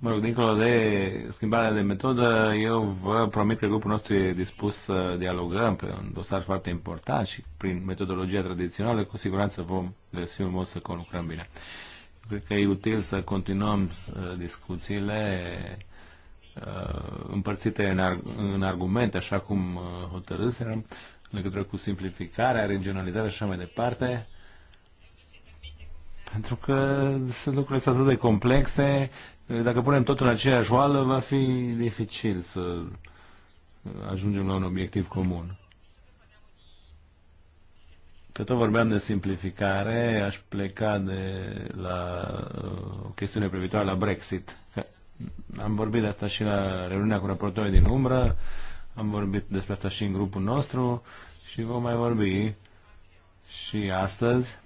Speaker 3: Mă rog, dincolo de schimbarea de metodă, eu vă promit că grupul nostru e dispus să dialogăm pe un dosar foarte important și prin metodologia tradițională, cu siguranță vom găsi un mod să conlucrăm bine. Cred că e util să continuăm uh, discuțiile uh, împărțite în, arg- în argumente, așa cum uh, hotărâserăm, în legătură cu simplificarea, regionalizarea și așa mai departe. Pentru că sunt lucrurile atât de complexe dacă punem totul în aceeași oală, va fi dificil să ajungem la un obiectiv comun. Că tot vorbeam de simplificare, aș pleca de la uh, o chestiune privitoare la Brexit. Am vorbit de asta și la reuniunea cu raportorii din umbră, am vorbit despre asta și în grupul nostru și vom mai vorbi și astăzi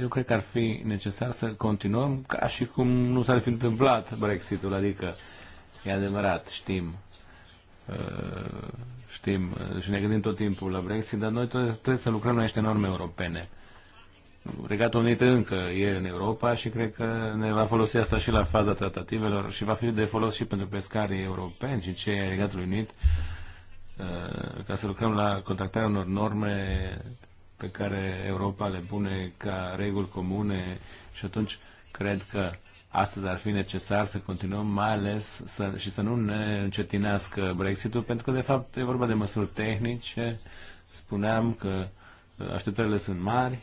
Speaker 3: eu cred că ar fi necesar să continuăm ca și cum nu s-ar fi întâmplat Brexitul, adică e adevărat, știm, uh, știm uh, și ne gândim tot timpul la Brexit, dar noi trebuie să lucrăm la niște norme europene. Regatul Unit încă e în Europa și cred că ne va folosi asta și la faza tratativelor și va fi de folos și pentru pescarii europeni și cei ai Regatului Unit uh, ca să lucrăm la contactarea unor norme pe care Europa le pune ca reguli comune și atunci cred că astăzi ar fi necesar să continuăm, mai ales să, și să nu ne încetinească Brexitul, pentru că de fapt e vorba de măsuri tehnice. Spuneam că uh, așteptările sunt mari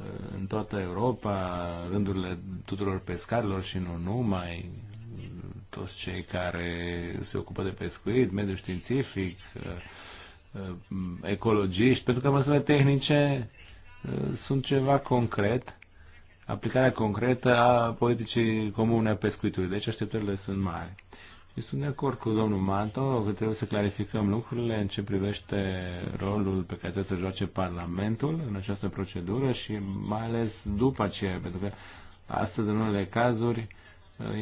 Speaker 3: uh, în toată Europa, rândurile tuturor pescarilor și nu numai, uh, toți cei care se ocupă de pescuit, mediul științific, Uh, ecologiști, pentru că măsurile tehnice uh, sunt ceva concret, aplicarea concretă a politicii comune a pescuitului. Deci așteptările sunt mari. Eu sunt de acord cu domnul Manto, că trebuie să clarificăm lucrurile în ce privește rolul pe care trebuie să joace Parlamentul în această procedură și mai ales după aceea, pentru că astăzi, în unele cazuri,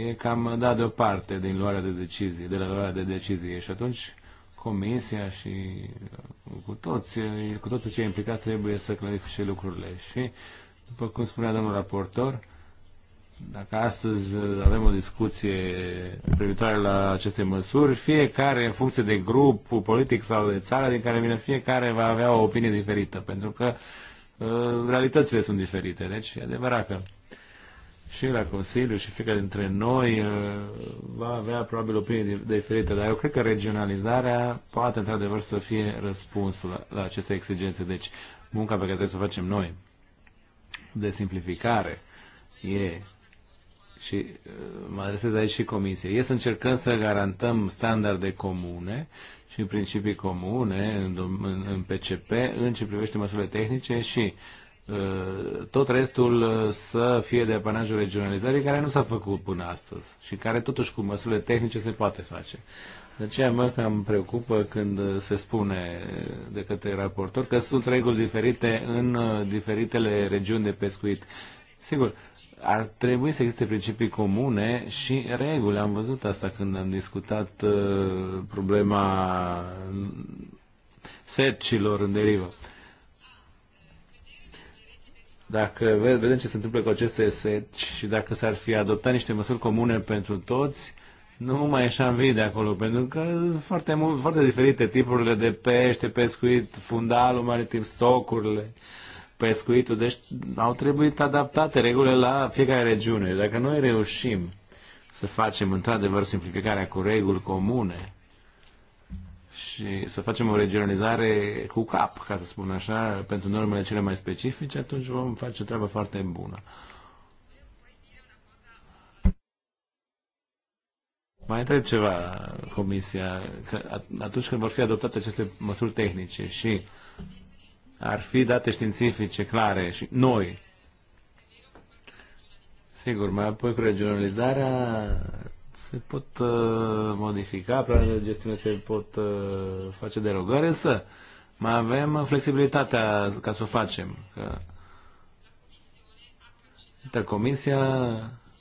Speaker 3: e cam dat deoparte din luarea de decizie, de la luarea de decizie și atunci Comisia și uh, cu toți, uh, cu toți cei implicați trebuie să clarifice lucrurile. Și, după cum spunea domnul raportor, dacă astăzi uh, avem o discuție privitoare la aceste măsuri, fiecare, în funcție de grup politic sau de țară din care vine fiecare, va avea o opinie diferită, pentru că realitățile sunt diferite. Deci, e adevărat că și la Consiliu și fiecare dintre noi uh, va avea probabil opinii diferite, dar eu cred că regionalizarea poate într-adevăr să fie răspunsul la, la aceste exigențe. Deci munca pe care trebuie să o facem noi de simplificare e și uh, mă adresez aici și comisie, e să încercăm să garantăm standarde comune și principii comune în, în, în PCP în ce privește măsurile tehnice și uh, Uh, tot restul uh, să fie de apanajul regionalizării care nu s-a făcut până astăzi și care totuși cu măsurile tehnice se poate face. De aceea mă cam preocupă când uh, se spune de către raportor că sunt reguli diferite în diferitele regiuni de pescuit. Sigur, ar trebui să existe principii comune și reguli. Am văzut asta când am discutat problema mm, sercilor în derivă. Dacă vedem ce se întâmplă cu aceste seci și dacă s-ar fi adoptat niște măsuri comune pentru toți, nu mai așa în de acolo, pentru că foarte, mult, foarte diferite tipurile de pește, pescuit, fundalul maritim, stocurile, pescuitul, deci au trebuit adaptate regulile la fiecare regiune. Dacă noi reușim să facem într-adevăr simplificarea cu reguli comune, și să facem o regionalizare cu cap, ca să spun așa, pentru normele cele mai specifice, atunci vom face o treabă foarte bună. Mai întreb ceva, Comisia, că atunci când vor fi adoptate aceste măsuri tehnice și ar fi date științifice clare și noi, sigur, mai apoi cu regionalizarea se pot uh, modifica, planurile de gestiune se pot uh, face derogări, însă mai avem flexibilitatea ca să o facem. Că Comisia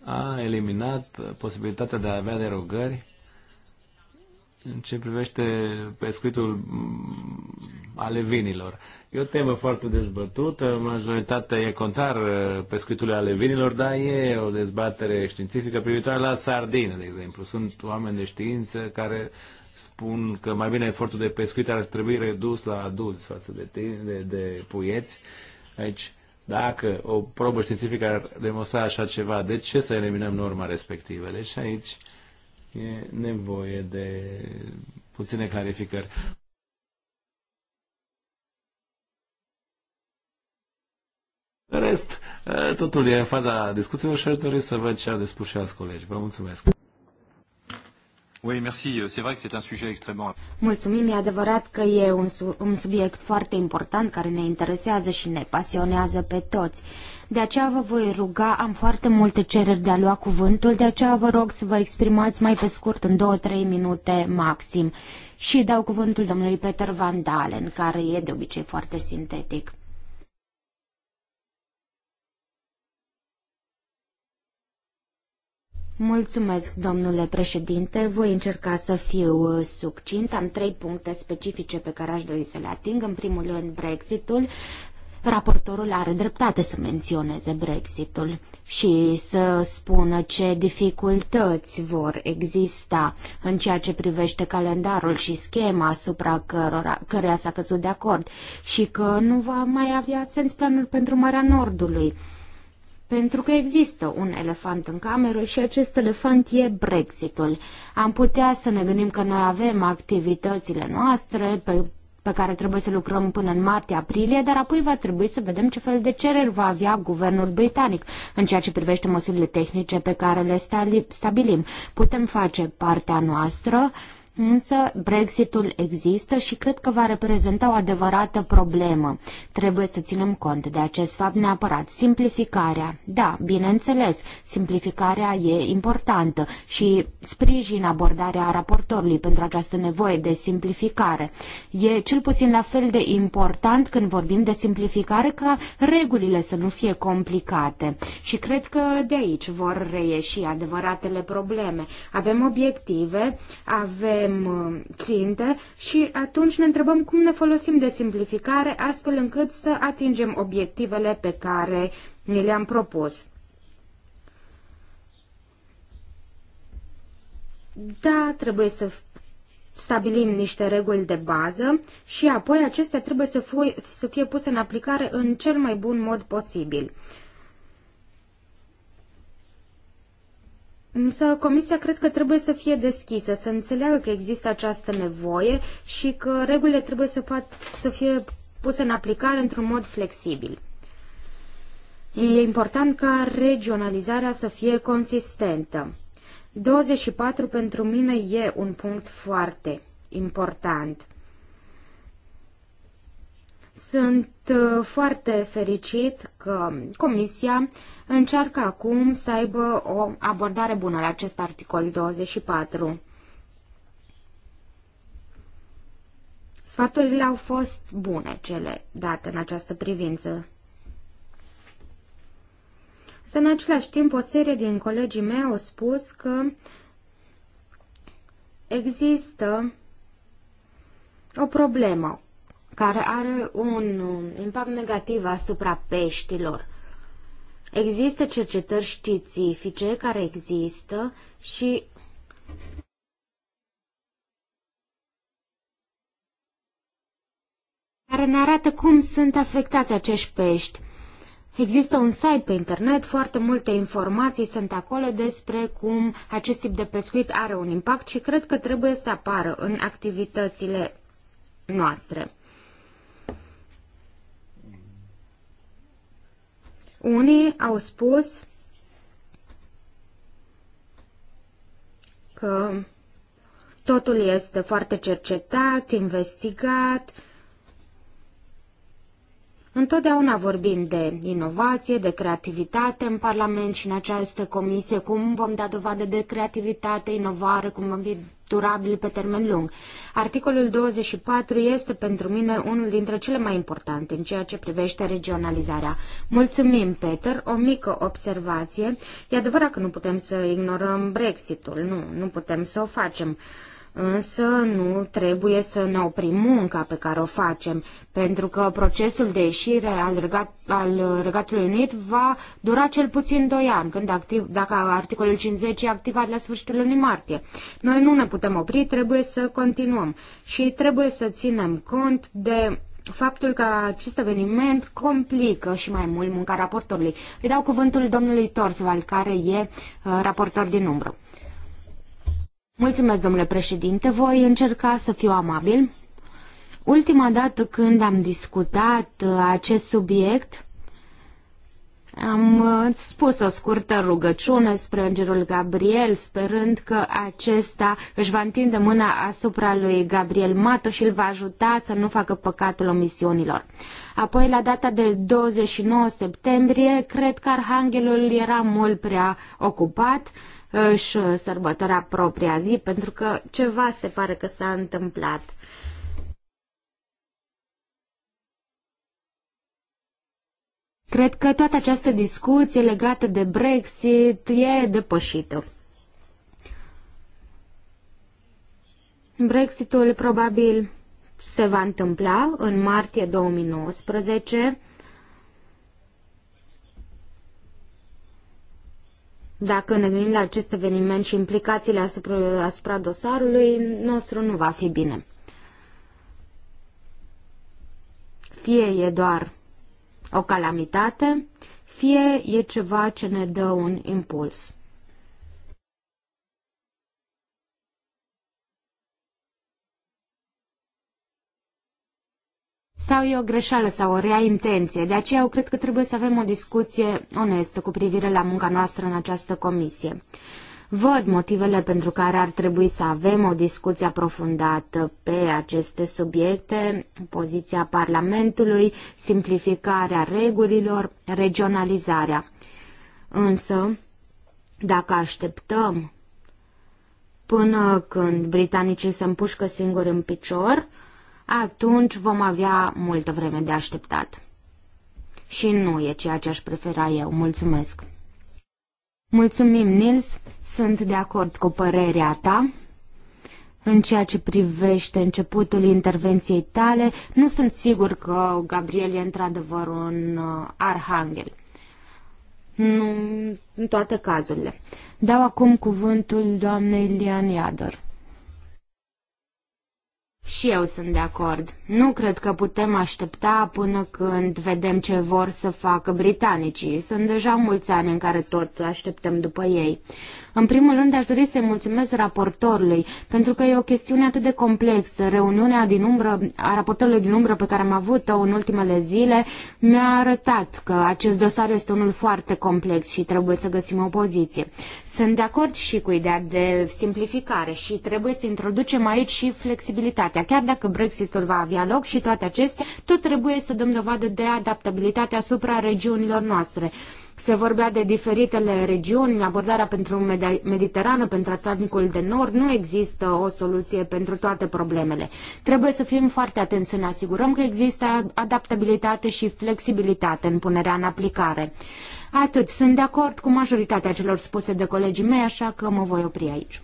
Speaker 3: a eliminat posibilitatea de a avea derogări în ce privește pescuitul mm, alevinilor. E o temă foarte dezbătută, majoritatea e contrar uh, pescuitului alevinilor, dar e o dezbatere științifică privitoare la sardine, de exemplu. Sunt oameni de știință care spun că mai bine efortul de pescuit ar trebui redus la adulți față de, de, de puieți. Aici, dacă o probă științifică ar demonstra așa ceva, de ce să eliminăm norma respectivă? Deci aici e nevoie de puține clarificări. În rest, totul e în faza discuțiilor și aș dori să văd ce au de spus și alți colegi. Vă mulțumesc! Oui, merci. C'est vrai que c'est un sujet extrêmement...
Speaker 2: Mulțumim, e adevărat că e un, su- un subiect foarte important care ne interesează și ne pasionează pe toți. De aceea vă voi ruga, am foarte multe cereri de a lua cuvântul, de aceea vă rog să vă exprimați mai pe scurt, în 2-3 minute maxim. Și dau cuvântul domnului Peter Van Dalen, care e de obicei foarte sintetic. Mulțumesc, domnule președinte. Voi încerca să fiu uh, succint. Am trei puncte specifice pe care aș dori să le ating. În primul rând, Brexitul. Raportorul are dreptate să menționeze Brexitul și să spună ce dificultăți vor exista în ceea ce privește calendarul și schema asupra cărora, căreia s-a căzut de acord și că nu va mai avea sens planul pentru Marea Nordului. Pentru că există un elefant în cameră și acest elefant e Brexitul. Am putea să ne gândim că noi avem activitățile noastre pe, pe care trebuie să lucrăm până în martie-aprilie, dar apoi va trebui să vedem ce fel de cereri va avea guvernul britanic în ceea ce privește măsurile tehnice pe care le stabilim. Putem face partea noastră. Însă Brexitul există și cred că va reprezenta o adevărată problemă. Trebuie să ținem cont de acest fapt neapărat. Simplificarea. Da, bineînțeles, simplificarea e importantă și sprijin abordarea raportorului pentru această nevoie de simplificare. E cel puțin la fel de important când vorbim de simplificare ca regulile să nu fie complicate. Și cred că de aici vor reieși adevăratele probleme. Avem obiective, avem avem uh, ținte și atunci ne întrebăm cum ne folosim de simplificare astfel încât să atingem obiectivele pe care ni le-am propus. Da, trebuie să stabilim niște reguli de bază și apoi acestea trebuie să fie, să fie puse în aplicare în cel mai bun mod posibil. Însă comisia cred că trebuie să fie deschisă, să înțeleagă că există această nevoie și că regulile trebuie să, să fie puse în aplicare într-un mod flexibil. E important ca regionalizarea să fie consistentă. 24 pentru mine e un punct foarte important. Sunt uh, foarte fericit că Comisia încearcă acum să aibă o abordare bună la acest articol 24. Sfaturile au fost bune cele date în această privință. Să în același timp o serie din colegii mei au spus că există o problemă care are un impact negativ asupra peștilor. Există cercetări științifice care există și care ne arată cum sunt afectați acești pești. Există un site pe internet, foarte multe informații sunt acolo despre cum acest tip de pescuit are un impact și cred că trebuie să apară în activitățile noastre. Unii au spus că totul este foarte cercetat, investigat. Întotdeauna vorbim de inovație, de creativitate în Parlament și în această comisie, cum vom da dovadă de creativitate, inovare, cum vom durabil pe termen lung. Articolul 24 este pentru mine unul dintre cele mai importante în ceea ce privește regionalizarea. Mulțumim, Peter. O mică observație. E adevărat că nu putem să ignorăm Brexitul. Nu, nu putem să o facem însă nu trebuie să ne oprim munca pe care o facem, pentru că procesul de ieșire al, regat, al Regatului Unit va dura cel puțin doi ani, când activ, dacă articolul 50 e activat la sfârșitul lunii martie. Noi nu ne putem opri, trebuie să continuăm și trebuie să ținem cont de faptul că acest eveniment complică și mai mult munca raportorului. Îi dau cuvântul domnului Torsval, care e uh, raportor din umbră. Mulțumesc, domnule președinte. Voi încerca să fiu amabil. Ultima dată când am discutat uh, acest subiect, am uh, spus o scurtă rugăciune spre Îngerul Gabriel, sperând că acesta își va întinde mâna asupra lui Gabriel Mato și îl va ajuta să nu facă păcatul omisiunilor. Apoi, la data de 29 septembrie, cred că Arhanghelul era mult prea ocupat, își sărbătora propria zi, pentru că ceva se pare că s-a întâmplat. Cred că toată această discuție legată de Brexit e depășită. Brexitul probabil se va întâmpla în martie 2019 Dacă ne gândim la acest eveniment și implicațiile asupra, asupra dosarului nostru, nu va fi bine. Fie e doar o calamitate, fie e ceva ce ne dă un impuls. sau e o greșeală sau o rea intenție. De aceea eu cred că trebuie să avem o discuție onestă cu privire la munca noastră în această comisie. Văd motivele pentru care ar trebui să avem o discuție aprofundată pe aceste subiecte, poziția Parlamentului, simplificarea regulilor, regionalizarea. Însă, dacă așteptăm până când britanicii se împușcă singuri în picior, atunci vom avea multă vreme de așteptat. Și nu e ceea ce aș prefera eu. Mulțumesc! Mulțumim, Nils! Sunt de acord cu părerea ta. În ceea ce privește începutul intervenției tale, nu sunt sigur că Gabriel e într-adevăr un uh, arhanghel. Nu, în toate cazurile. Dau acum cuvântul doamnei Lian Iadăr. Și eu sunt de acord. Nu cred că putem aștepta până când vedem ce vor să facă britanicii. Sunt deja mulți ani în care tot așteptăm după ei. În primul rând, aș dori să-i mulțumesc raportorului, pentru că e o chestiune atât de complexă. Reuniunea din umbră, a raportorului din umbră pe care am avut-o în ultimele zile mi-a arătat că acest dosar este unul foarte complex și trebuie să găsim o poziție. Sunt de acord și cu ideea de simplificare și trebuie să introducem aici și flexibilitatea. Chiar dacă Brexitul va avea loc și toate acestea, tot trebuie să dăm dovadă de adaptabilitate asupra regiunilor noastre. Se vorbea de diferitele regiuni, abordarea pentru Mediterană, pentru Atlanticul de Nord. Nu există o soluție pentru toate problemele. Trebuie să fim foarte atenți să ne asigurăm că există adaptabilitate și flexibilitate în punerea în aplicare. Atât, sunt de acord cu majoritatea celor spuse de colegii mei, așa că mă voi opri aici.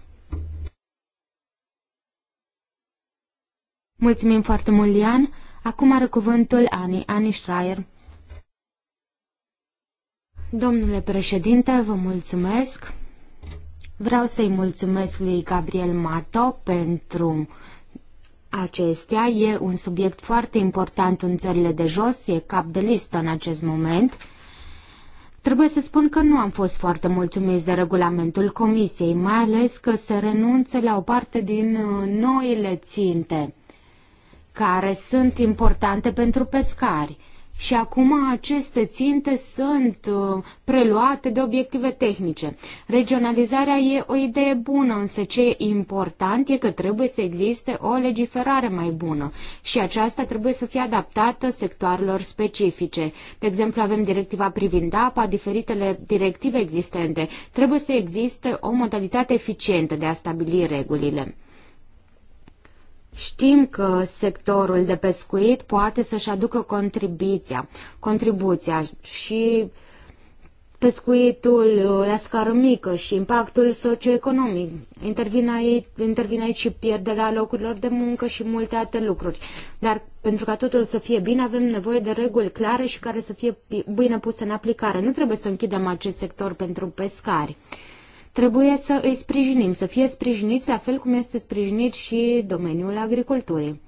Speaker 2: Mulțumim foarte mult, Lian. Acum are cuvântul Ani, Ani Schreier. Domnule președinte, vă mulțumesc. Vreau să-i mulțumesc lui Gabriel Mato pentru acestea. E un subiect foarte important în țările de jos, e cap de listă în acest moment. Trebuie să spun că nu am fost foarte mulțumiți de regulamentul comisiei, mai ales că se renunță la o parte din uh, noile ținte care sunt importante pentru pescari și acum aceste ținte sunt uh, preluate de obiective tehnice. Regionalizarea e o idee bună, însă ce e important e că trebuie să existe o legiferare mai bună și aceasta trebuie să fie adaptată sectoarelor specifice. De exemplu, avem directiva privind apa, diferitele directive existente. Trebuie să existe o modalitate eficientă de a stabili regulile. Știm că sectorul de pescuit poate să-și aducă contribuția, contribuția și pescuitul la scară mică și impactul socioeconomic. Intervine aici, intervine aici și pierderea locurilor de muncă și multe alte lucruri. Dar pentru ca totul să fie bine, avem nevoie de reguli clare și care să fie bine puse în aplicare. Nu trebuie să închidem acest sector pentru pescari. Trebuie să îi sprijinim, să fie sprijiniți la fel cum este sprijinit și domeniul agriculturii.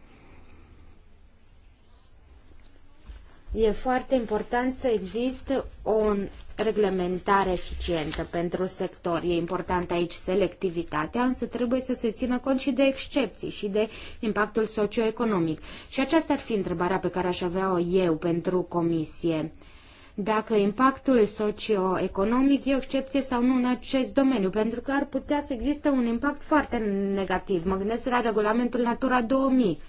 Speaker 2: E foarte important să existe o reglementare eficientă pentru sector. E important aici selectivitatea, însă trebuie să se țină cont și de excepții și de impactul socioeconomic. Și aceasta ar fi întrebarea pe care aș avea-o eu pentru comisie dacă impactul socioeconomic e o excepție sau nu în acest domeniu, pentru că ar putea să existe un impact foarte negativ. Mă gândesc la regulamentul Natura 2000.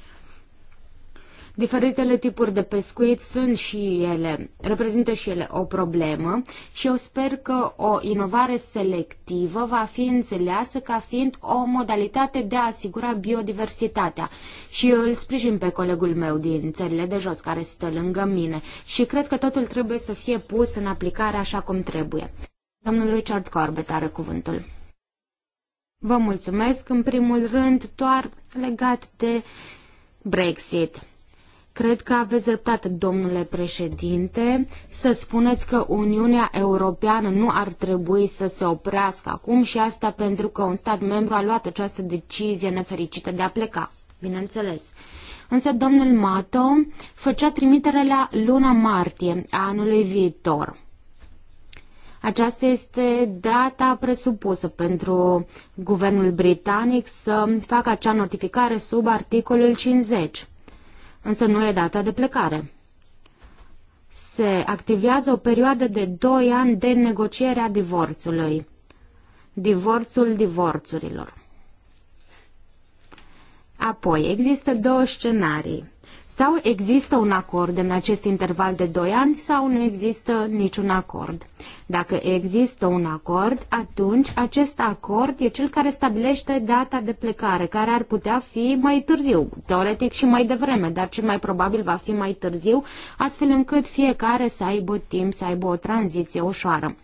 Speaker 2: Diferitele tipuri de pescuit sunt și ele, reprezintă și ele o problemă și eu sper că o inovare selectivă va fi înțeleasă ca fiind o modalitate de a asigura biodiversitatea. Și eu îl sprijin pe colegul meu din țările de jos care stă lângă mine și cred că totul trebuie să fie pus în aplicare așa cum trebuie. Domnul Richard Corbett are cuvântul. Vă mulțumesc în primul rând doar legat de Brexit. Cred că aveți dreptate, domnule președinte, să spuneți că Uniunea Europeană nu ar trebui să se oprească acum și asta pentru că un stat membru a luat această decizie nefericită de a pleca, bineînțeles. Însă domnul Mato făcea trimitere la luna martie a anului viitor. Aceasta este data presupusă pentru guvernul britanic să facă acea notificare sub articolul 50 însă nu e data de plecare. Se activează o perioadă de 2 ani de negociere a divorțului. Divorțul divorțurilor. Apoi, există două scenarii. Sau există un acord în acest interval de 2 ani sau nu există niciun acord. Dacă există un acord, atunci acest acord e cel care stabilește data de plecare, care ar putea fi mai târziu, teoretic și mai devreme, dar cel mai probabil va fi mai târziu, astfel încât fiecare să aibă timp, să aibă o tranziție ușoară.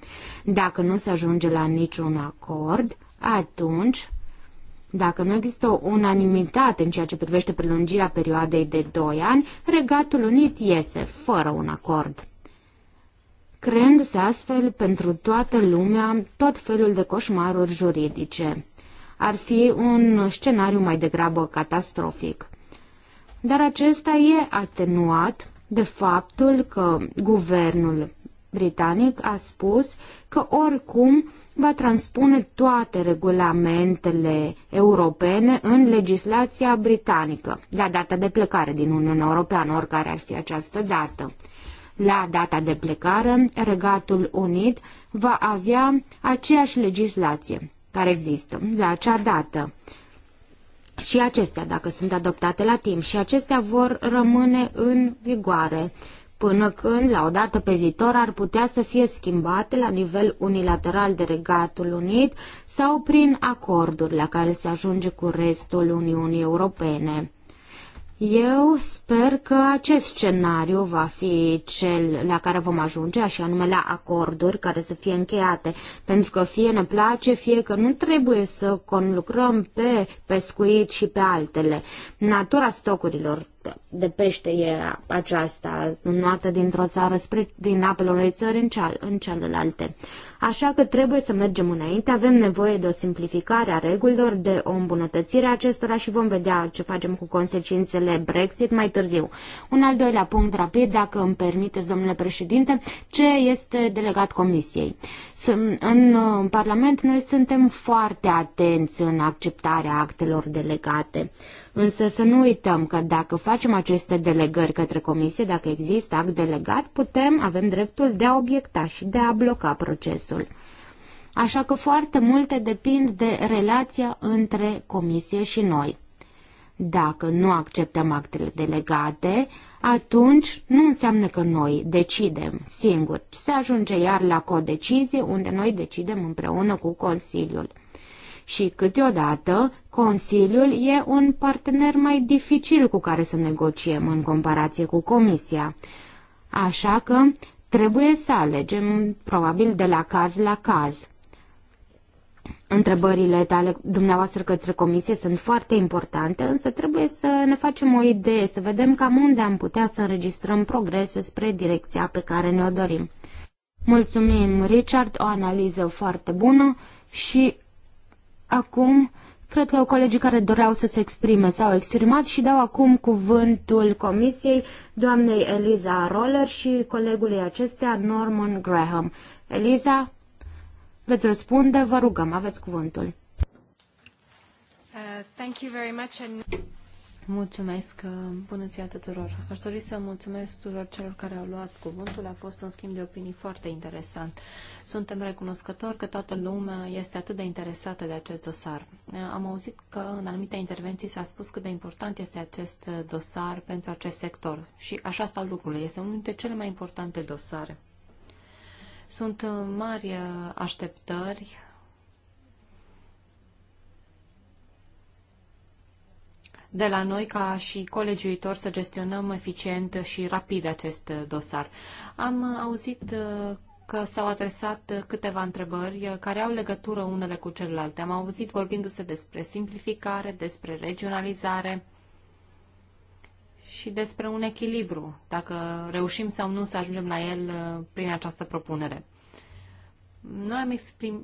Speaker 2: Dacă nu se ajunge la niciun acord, atunci dacă nu există o unanimitate în ceea ce privește prelungirea perioadei de 2 ani, Regatul Unit iese fără un acord creându-se astfel pentru toată lumea tot felul de coșmaruri juridice. Ar fi un scenariu mai degrabă catastrofic. Dar acesta e atenuat de faptul că guvernul britanic a spus că oricum va transpune toate regulamentele europene în legislația britanică, la data de plecare din Uniunea Europeană, oricare ar fi această dată. La data de plecare, Regatul Unit va avea aceeași legislație care există la acea dată. Și acestea, dacă sunt adoptate la timp, și acestea vor rămâne în vigoare până când, la o dată pe viitor, ar putea să fie schimbate la nivel unilateral de Regatul Unit sau prin acorduri la care se ajunge cu restul Uniunii Europene. Eu sper că acest scenariu va fi cel la care vom ajunge, așa anume la acorduri care să fie încheiate, pentru că fie ne place, fie că nu trebuie să conlucrăm pe pescuit și pe altele. Natura stocurilor de pește e aceasta, înnoată dintr-o țară spre, din apele unei țări în, ceal, în celelalte. Așa că trebuie să mergem înainte, avem nevoie de o simplificare a regulilor, de o îmbunătățire a acestora și vom vedea ce facem cu consecințele Brexit mai târziu. Un al doilea punct rapid, dacă îmi permiteți, domnule președinte, ce este delegat Comisiei. În Parlament noi suntem foarte atenți în acceptarea actelor delegate. Însă să nu uităm că dacă facem aceste delegări către comisie, dacă există act delegat, putem, avem dreptul de a obiecta și de a bloca procesul. Așa că foarte multe depind de relația între comisie și noi. Dacă nu acceptăm actele delegate, atunci nu înseamnă că noi decidem singuri. Se ajunge iar la codecizie, unde noi decidem împreună cu Consiliul. Și câteodată Consiliul e un partener mai dificil cu care să negociem în comparație cu Comisia. Așa că trebuie să alegem probabil de la caz la caz. Întrebările tale dumneavoastră către comisie sunt foarte importante, însă trebuie să ne facem o idee, să vedem cam unde am putea să înregistrăm progrese spre direcția pe care ne-o dorim. Mulțumim, Richard, o analiză foarte bună și acum Cred că colegii care doreau să se exprime s-au exprimat și dau acum cuvântul comisiei doamnei Eliza Roller și colegului acestea Norman Graham. Eliza, veți răspunde, vă rugăm, aveți cuvântul.
Speaker 1: Uh, thank you very much and... Mulțumesc, uh, bună ziua tuturor. Aș dori să mulțumesc tuturor celor care au luat cuvântul. A fost un schimb de opinii foarte interesant. Suntem recunoscători că toată lumea este atât de interesată de acest dosar. Uh, am auzit că în anumite intervenții s-a spus cât de important este acest uh, dosar pentru acest sector. Și așa stau lucrurile. Este unul dintre cele mai importante dosare. Sunt mari așteptări de la noi ca și colegii colegiuitor să gestionăm eficient și rapid acest dosar. Am auzit uh, că s-au adresat câteva întrebări uh, care au legătură unele cu celelalte. Am auzit vorbindu-se despre simplificare, despre regionalizare și despre un echilibru, dacă reușim sau nu să ajungem la el uh, prin această propunere. Noi am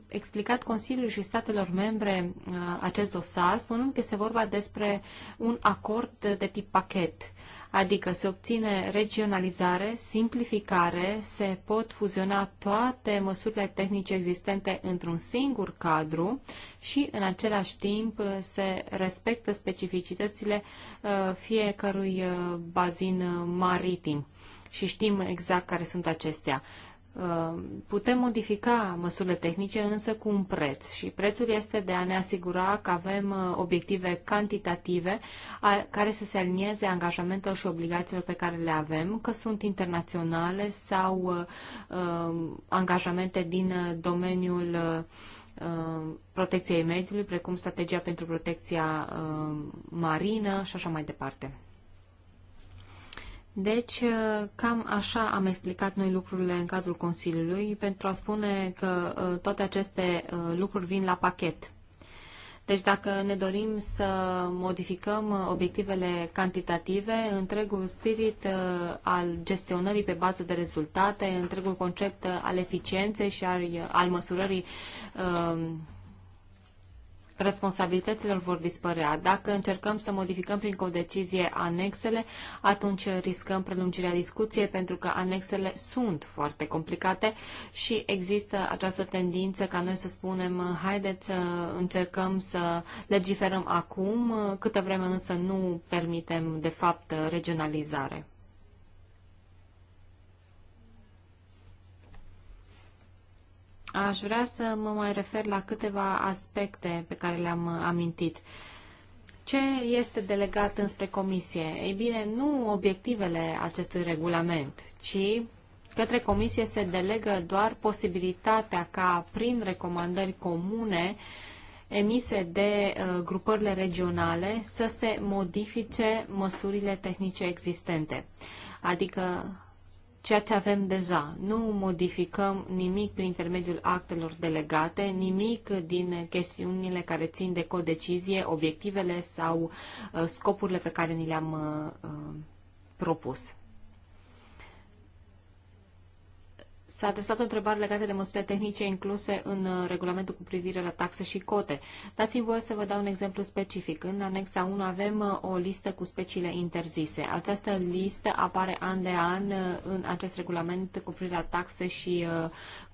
Speaker 1: explicat Consiliului și statelor membre uh, acest dosar, spunând că este vorba despre un acord de tip pachet, adică se obține regionalizare, simplificare, se pot fuziona toate măsurile tehnice existente într-un singur cadru și în același timp se respectă specificitățile uh, fiecărui uh, bazin maritim și știm exact care sunt acestea. Uh, putem modifica măsurile tehnice, însă cu un preț și prețul este de a ne asigura că avem uh, obiective cantitative care să se alinieze angajamentelor și obligațiilor pe care le avem, că sunt internaționale sau uh, angajamente din domeniul protecției mediului, precum strategia pentru protecția marină și așa mai departe. Deci, uh, cam așa am explicat noi lucrurile în cadrul Consiliului pentru a spune că uh, toate aceste uh, lucruri vin la pachet. Deci dacă ne dorim să modificăm obiectivele cantitative, întregul spirit al gestionării pe bază de rezultate, întregul concept al eficienței și al, al măsurării responsabilităților vor dispărea. Dacă încercăm să modificăm prin codecizie anexele, atunci riscăm prelungirea discuției pentru că anexele sunt foarte complicate și există această tendință ca noi să spunem haideți să încercăm să legiferăm acum, câtă vreme însă nu permitem de fapt regionalizare. Aș vrea să mă mai refer la câteva aspecte pe care le-am amintit. Ce este delegat înspre comisie? Ei bine, nu obiectivele acestui regulament, ci către comisie se delegă doar posibilitatea ca prin recomandări comune emise de uh, grupările regionale să se modifice măsurile tehnice existente. Adică ceea ce avem deja. Nu modificăm nimic prin intermediul actelor delegate, nimic din chestiunile care țin de codecizie, obiectivele sau uh, scopurile pe care ni le-am uh, uh, propus. S-a adresat o întrebare legată de măsurile tehnice incluse în uh, regulamentul cu privire la taxe și cote. Dați-mi voie să vă dau un exemplu specific. În anexa 1 avem uh, o listă cu speciile interzise. Această listă apare an de an uh, în acest regulament cu privire la taxe și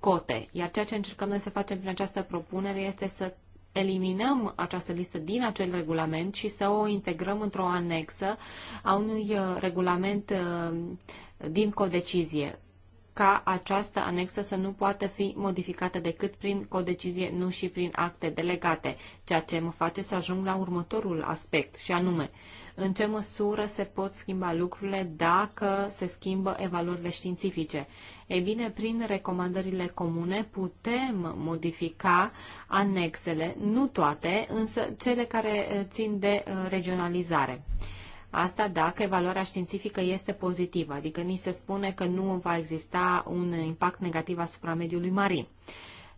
Speaker 1: cote. Iar ceea ce încercăm noi să facem prin această propunere este să eliminăm această listă din acel regulament și să o integrăm într-o anexă a unui regulament din codecizie ca această anexă să nu poată fi modificată decât prin codecizie, nu și prin acte delegate, ceea ce mă face să ajung la următorul aspect, și anume, în ce măsură se pot schimba lucrurile dacă se schimbă evaluările științifice. Ei bine, prin recomandările comune putem modifica anexele, nu toate, însă cele care țin de uh, regionalizare. Asta dacă evaluarea științifică este pozitivă, adică ni se spune că nu va exista un impact negativ asupra mediului marin.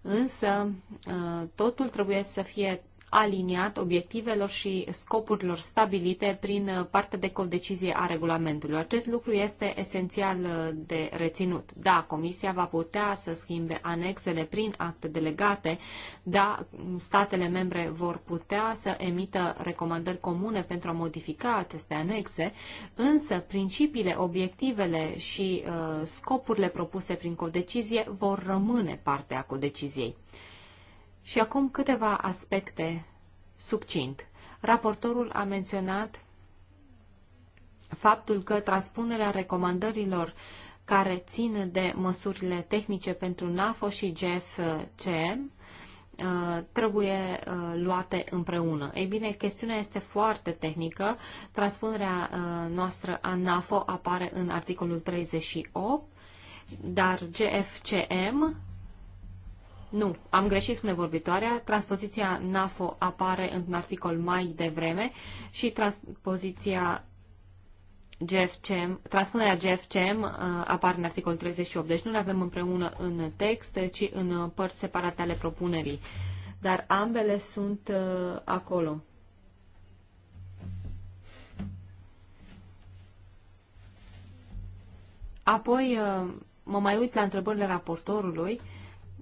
Speaker 1: Însă, ă, totul trebuie să fie aliniat obiectivelor și scopurilor stabilite prin uh, partea de codecizie a regulamentului. Acest lucru este esențial uh, de reținut. Da, Comisia va putea să schimbe anexele prin acte delegate, da, statele membre vor putea să emită recomandări comune pentru a modifica aceste anexe, însă principiile, obiectivele și uh, scopurile propuse prin codecizie vor rămâne parte a codeciziei. Și acum câteva aspecte succint. Raportorul a menționat faptul că transpunerea recomandărilor care țin de măsurile tehnice pentru NAFO și GFCM uh, trebuie uh, luate împreună. Ei bine, chestiunea este foarte tehnică. Transpunerea uh, noastră a NAFO apare în articolul 38, dar GFCM nu, am greșit, spune vorbitoarea. Transpoziția NAFO apare într-un articol mai devreme și transpoziția GFCM, transpunerea GFCM uh, apare în articolul 38, deci nu le avem împreună în text, ci în uh, părți separate ale propunerii. Dar ambele sunt uh, acolo. Apoi mă mai uit la întrebările raportorului.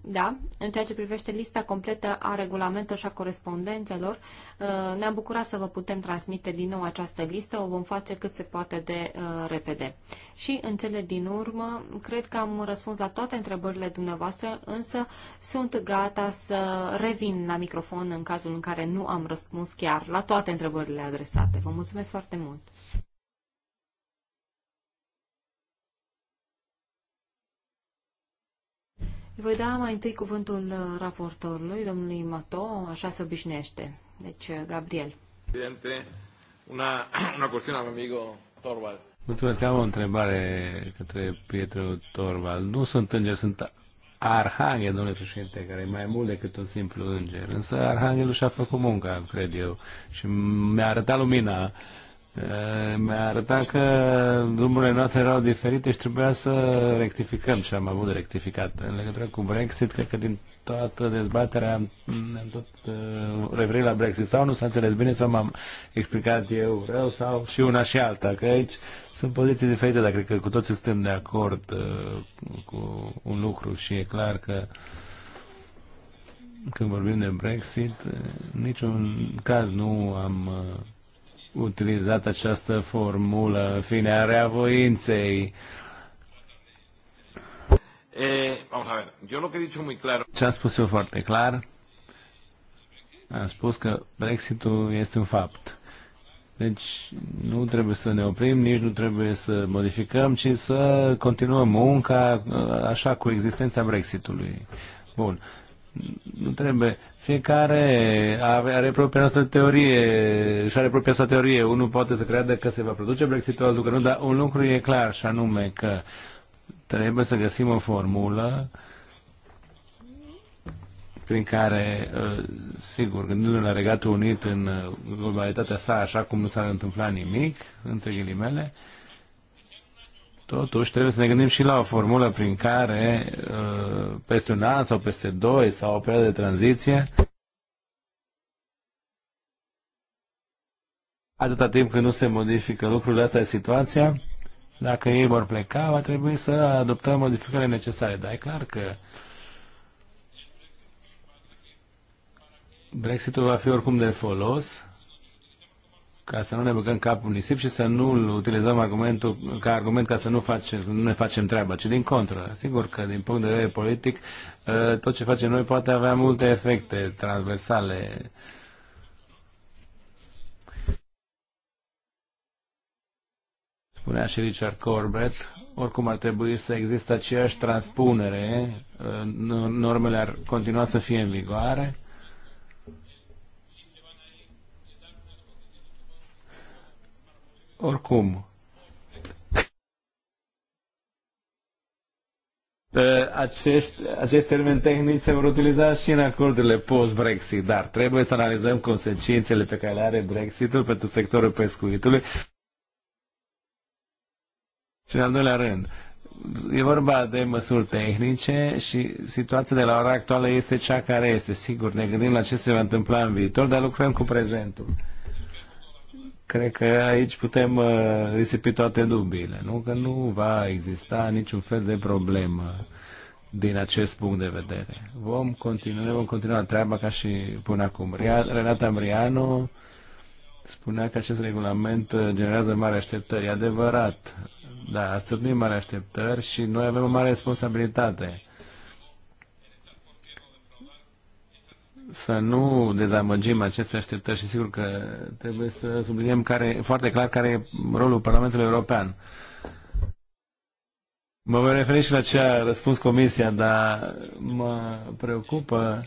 Speaker 1: Da, în ceea ce privește lista completă a regulamentelor și a corespondențelor, uh, ne-am bucurat să vă putem transmite din nou această listă, o vom face cât se poate de uh, repede. Și în cele din urmă, cred că am răspuns la toate întrebările dumneavoastră, însă sunt gata să revin la microfon în cazul în care nu am răspuns chiar la toate întrebările adresate. Vă mulțumesc foarte mult! Voi da mai întâi cuvântul uh, raportorului, domnului Mato, așa se obișnuiește. Deci, uh, Gabriel.
Speaker 3: Presidente, una, una cuestión al amigo Torvald. Mulțumesc, am o întrebare către prietenul Torvald. Nu sunt înger, sunt arhanghel, domnule președinte, care e mai mult decât un simplu înger. Însă arhanghelul și-a făcut munca, cred eu, și mi-a arătat lumina mi-a arătat că drumurile noastre erau diferite și trebuia să rectificăm și am avut de rectificat. În legătură cu Brexit, cred că din toată dezbaterea am, tot uh, referit la Brexit sau nu s-a înțeles bine sau m-am explicat eu rău sau și una și alta, că aici sunt poziții diferite, dar cred că cu toții suntem de acord uh, cu un lucru și e clar că când vorbim de Brexit, niciun caz nu am uh, utilizat această formulă, în fine, a reavoinței. Ce am spus eu foarte clar, am spus că Brexitul este un fapt. Deci nu trebuie să ne oprim, nici nu trebuie să modificăm, ci să continuăm munca uh, așa cu existența Brexitului. Bun nu trebuie. Fiecare are, are propria noastră teorie și are propria sa teorie. Unul poate să creadă că se va produce Brexit-ul, altul că nu, dar un lucru e clar și anume că trebuie să găsim o formulă prin care, uh, sigur, gândindu-ne la Regatul Unit în uh, globalitatea sa, așa cum nu s a întâmplat nimic, între ghilimele, Totuși, trebuie să ne gândim și la o formulă prin care, uh, peste un an sau peste doi sau o perioadă de tranziție, atâta timp când nu se modifică lucrurile, astea, situația, dacă ei vor pleca, va trebui să adoptăm modificările necesare. Dar e clar că Brexitul va fi oricum de folos ca să nu ne băgăm capul în nisip și să nu utilizăm argumentul ca argument ca să nu, facem, nu ne facem treaba, ci din contră. Sigur că din punct de vedere politic ă, tot ce facem noi poate avea multe efecte transversale. Spunea și Richard Corbett, oricum ar trebui să existe aceeași transpunere, ă, normele ar continua să fie în vigoare Oricum, ă, acest, acest termen tehnic se vor utiliza și în acordurile post-Brexit, dar trebuie să analizăm consecințele pe care le are Brexitul pentru sectorul pescuitului. Și în al doilea rând, e vorba de măsuri tehnice și situația de la ora actuală este cea care este. Sigur, ne gândim la ce se va întâmpla în viitor, dar lucrăm cu prezentul cred că aici putem uh, risipi toate dubiile, nu? Că nu va exista niciun fel de problemă din acest punct de vedere. Vom continua, ne vom continua treaba ca și până acum. Renata Mriano spunea că acest regulament uh, generează mari așteptări. E adevărat, da, a stârnit mari așteptări și noi avem o mare responsabilitate să nu dezamăgim aceste așteptări și sigur că trebuie să subliniem care, foarte clar care e rolul Parlamentului European. Mă voi referi și la ce a răspuns Comisia, dar mă preocupă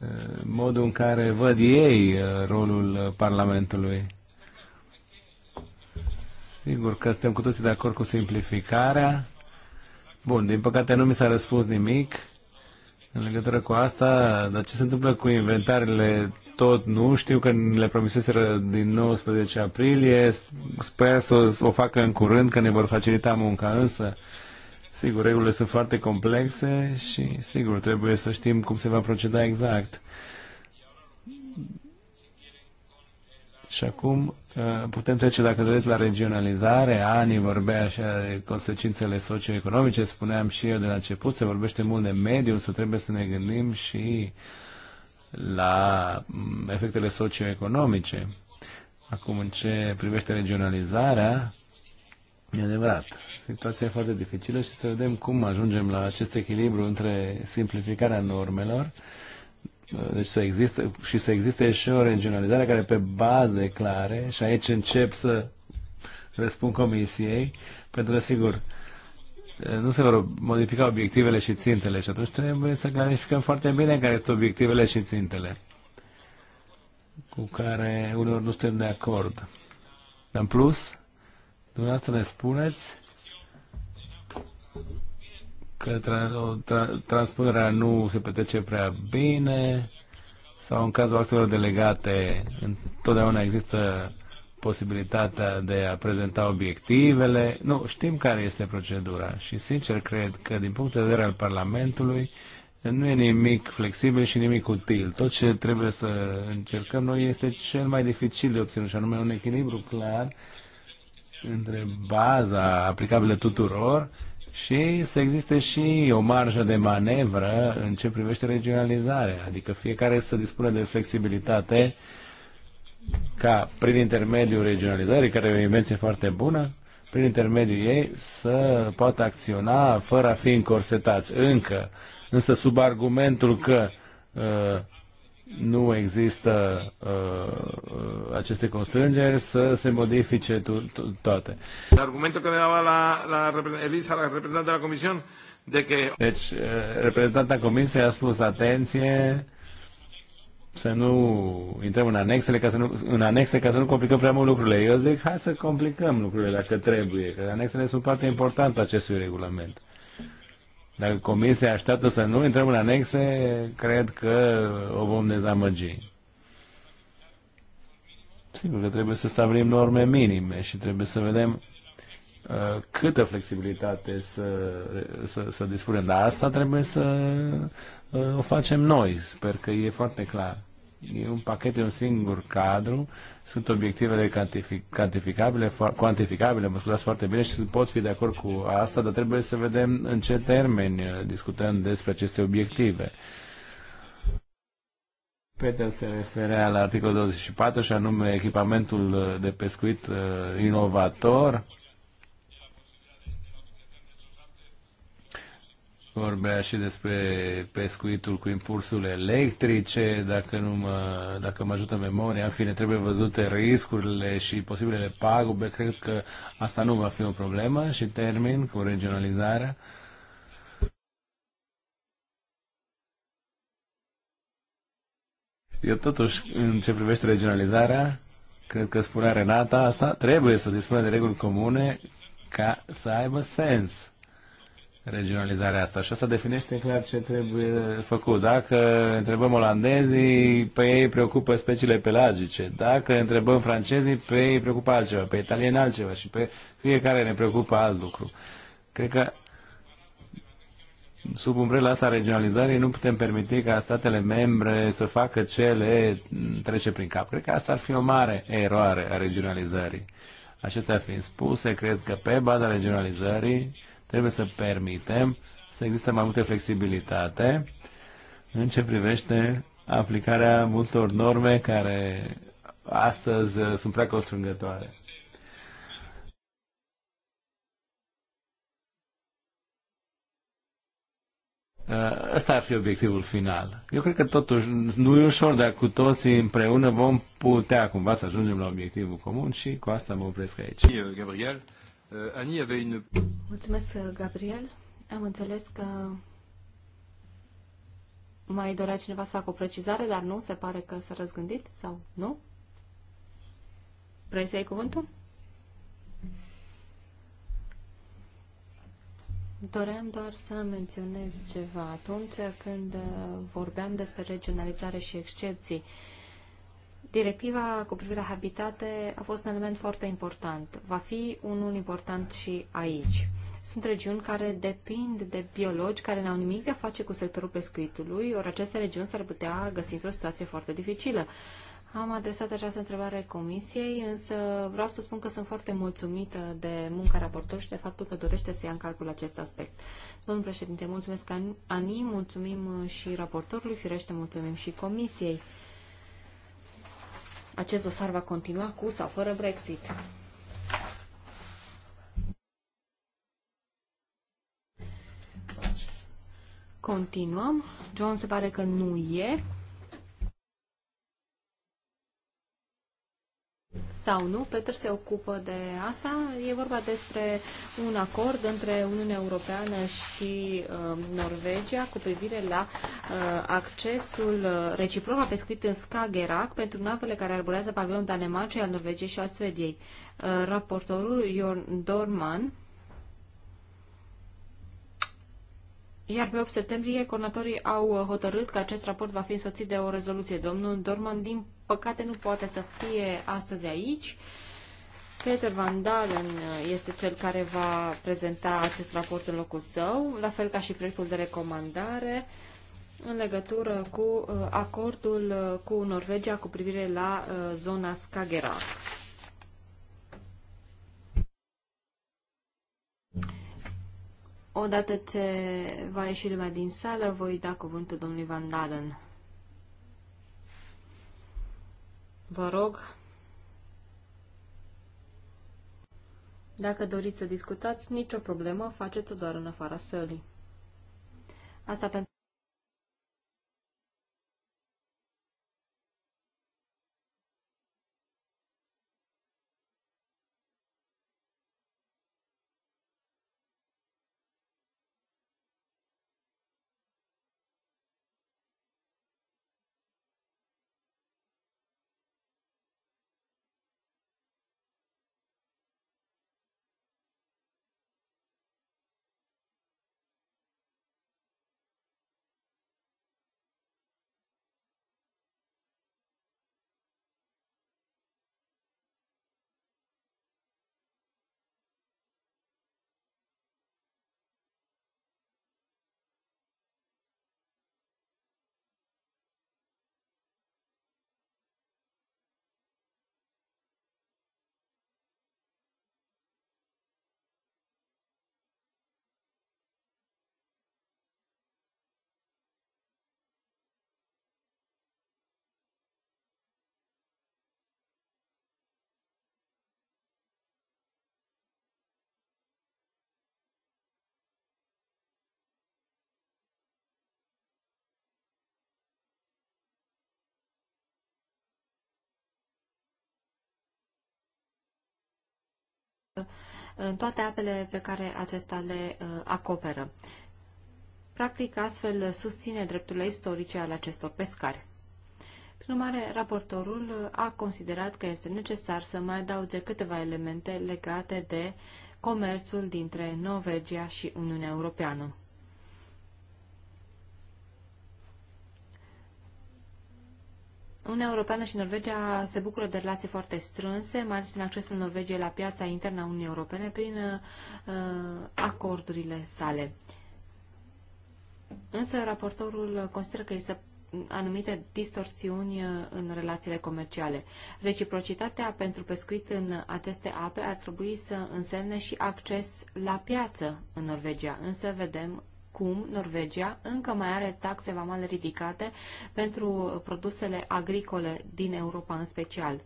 Speaker 3: eh, modul în care văd ei eh, rolul Parlamentului. Sigur că suntem cu toții de acord cu simplificarea. Bun, din păcate nu mi s-a răspuns nimic în legătură cu asta, dar ce se întâmplă cu inventarele tot nu știu că le promiseseră din 19 aprilie, sper să o, facă în curând, că ne vor facilita munca, însă sigur, regulile sunt foarte complexe și sigur, trebuie să știm cum se va proceda exact. Și acum Uh, putem trece, dacă doriți, la regionalizare. Ani vorbea așa de consecințele socioeconomice, spuneam și eu de la început, se vorbește mult de mediu, să trebuie să ne gândim și la mm, efectele socioeconomice. Acum, în ce privește regionalizarea, e adevărat, situația e foarte dificilă și să vedem cum ajungem la acest echilibru între simplificarea normelor deci să existe, și să existe și o regionalizare care pe baze clare, și aici încep să răspund comisiei, pentru că, sigur, nu se vor modifica obiectivele și țintele și atunci trebuie să clarificăm foarte bine care sunt obiectivele și țintele cu care uneori nu suntem de acord. În plus, dumneavoastră ne spuneți că tra- tra- transpunerea nu se petrece prea bine sau în cazul actelor delegate întotdeauna există posibilitatea de a prezenta obiectivele. Nu, știm care este procedura și sincer cred că din punct de vedere al Parlamentului nu e nimic flexibil și nimic util. Tot ce trebuie să încercăm noi este cel mai dificil de obținut și anume un echilibru clar între baza aplicabilă tuturor și să existe și o marjă de manevră în ce privește regionalizarea, adică fiecare să dispună de flexibilitate ca prin intermediul regionalizării, care e o invenție foarte bună, prin intermediul ei să poată acționa fără a fi încorsetați încă, însă sub argumentul că uh, nu există uh, aceste constrângeri să se modifice to- to- toate. Argumentul care dava la, la Elisa, la reprezentanta de la Comisiune, de că... Deci, uh, reprezentanta Comisiei a spus, atenție, să nu intrăm în anexele ca să nu, în anexe ca să nu complicăm prea mult lucrurile. Eu zic, hai să complicăm lucrurile dacă trebuie, că anexele sunt parte importantă acestui regulament. Dacă comisia așteaptă să nu intrăm în anexe, cred că o vom dezamăgi. Sigur că trebuie să stabilim norme minime și trebuie să vedem uh, câtă flexibilitate să, să, să dispunem. Dar asta trebuie să uh, o facem noi. Sper că e foarte clar e un pachet, e un singur cadru, sunt obiectivele cantificabile, cuantificabile, mă scuzați foarte bine și pot fi de acord cu asta, dar trebuie să vedem în ce termeni uh, discutăm despre aceste obiective. Peter se referea la articolul 24 și anume echipamentul uh, de pescuit uh, inovator vorbea și despre pescuitul cu impulsurile electrice, dacă, nu mă, dacă mă ajută memoria, în fine, trebuie văzute riscurile și posibilele pagube, cred că asta nu va fi o problemă și termin cu regionalizarea. Eu totuși, în ce privește regionalizarea, cred că spunea Renata asta, trebuie să dispună de reguli comune ca să aibă sens regionalizarea asta și asta definește clar ce trebuie făcut. Dacă întrebăm olandezii, pe ei preocupă speciile pelagice. Dacă întrebăm francezii, pe ei preocupă altceva, pe italieni altceva și pe fiecare ne preocupă alt lucru. Cred că sub umbrela asta regionalizării nu putem permite ca statele membre să facă ce le trece prin cap. Cred că asta ar fi o mare eroare a regionalizării. Acestea fiind spuse, cred că pe baza regionalizării Trebuie să permitem să existe mai multe flexibilitate în ce privește aplicarea multor norme care astăzi uh, sunt prea constrângătoare. Uh, ăsta ar fi obiectivul final. Eu cred că totuși nu e ușor, dar cu toții împreună vom putea cumva să ajungem la obiectivul comun și cu asta mă opresc aici. Eu, Gabriel. Euh, Annie avea une...
Speaker 1: Mulțumesc, Gabriel. Am înțeles că mai dorea cineva să facă o precizare, dar nu, se pare că s-a răzgândit sau nu? Vrei să iei cuvântul? Doream doar să menționez ceva. Atunci când uh, vorbeam despre regionalizare și excepții, uh, Directiva cu privire la habitate a fost un element foarte important. Va fi unul important și aici. Sunt regiuni care depind de biologi care n-au nimic de a face cu sectorul pescuitului, ori aceste regiuni s-ar putea găsi într-o situație foarte dificilă. Am adresat această întrebare comisiei, însă vreau să spun că sunt foarte mulțumită de munca raportorului și de faptul că dorește să ia în calcul acest aspect. Domnul președinte, mulțumesc Ani, mulțumim și raportorului, firește mulțumim și comisiei acest dosar va continua cu sau fără Brexit. Continuăm. John se pare că nu e. sau nu. Petr se ocupă de asta. E vorba despre un acord între Uniunea Europeană și uh, Norvegia cu privire la uh, accesul uh, reciproc a pescuit în Skagerrak pentru navele care arborează pavilonul Danemarcei, al Norvegiei și al Suediei. Uh, raportorul Jorn Dorman Iar pe 8 septembrie, coordonatorii au uh, hotărât că acest raport va fi însoțit de o rezoluție. Domnul Dorman, din păcate, nu poate să fie astăzi aici. Peter Van Dalen uh, este cel care va prezenta acest raport în locul său, la fel ca și proiectul de recomandare în legătură cu uh, acordul cu Norvegia cu privire la zona Skagerrak. Odată ce va ieși lumea din sală, voi da cuvântul domnului Van Dalen. Vă rog, dacă doriți să discutați, nicio problemă, faceți-o doar în afara sălii. Asta pentru în toate apele pe care acesta le uh, acoperă. Practic, astfel susține drepturile istorice ale acestor pescari. Prin urmare, raportorul a considerat că este necesar să mai adauge câteva elemente legate de comerțul dintre Norvegia și Uniunea Europeană. Uniunea Europeană și Norvegia se bucură de relații foarte strânse, mai ales prin accesul Norvegiei la piața internă a Uniunii Europene, prin uh, acordurile sale. Însă raportorul consideră că există anumite distorsiuni în relațiile comerciale. Reciprocitatea pentru pescuit în aceste ape ar trebui să însemne și acces la piață în Norvegia, însă vedem cum Norvegia încă mai are taxe vamale ridicate pentru produsele agricole din Europa în special.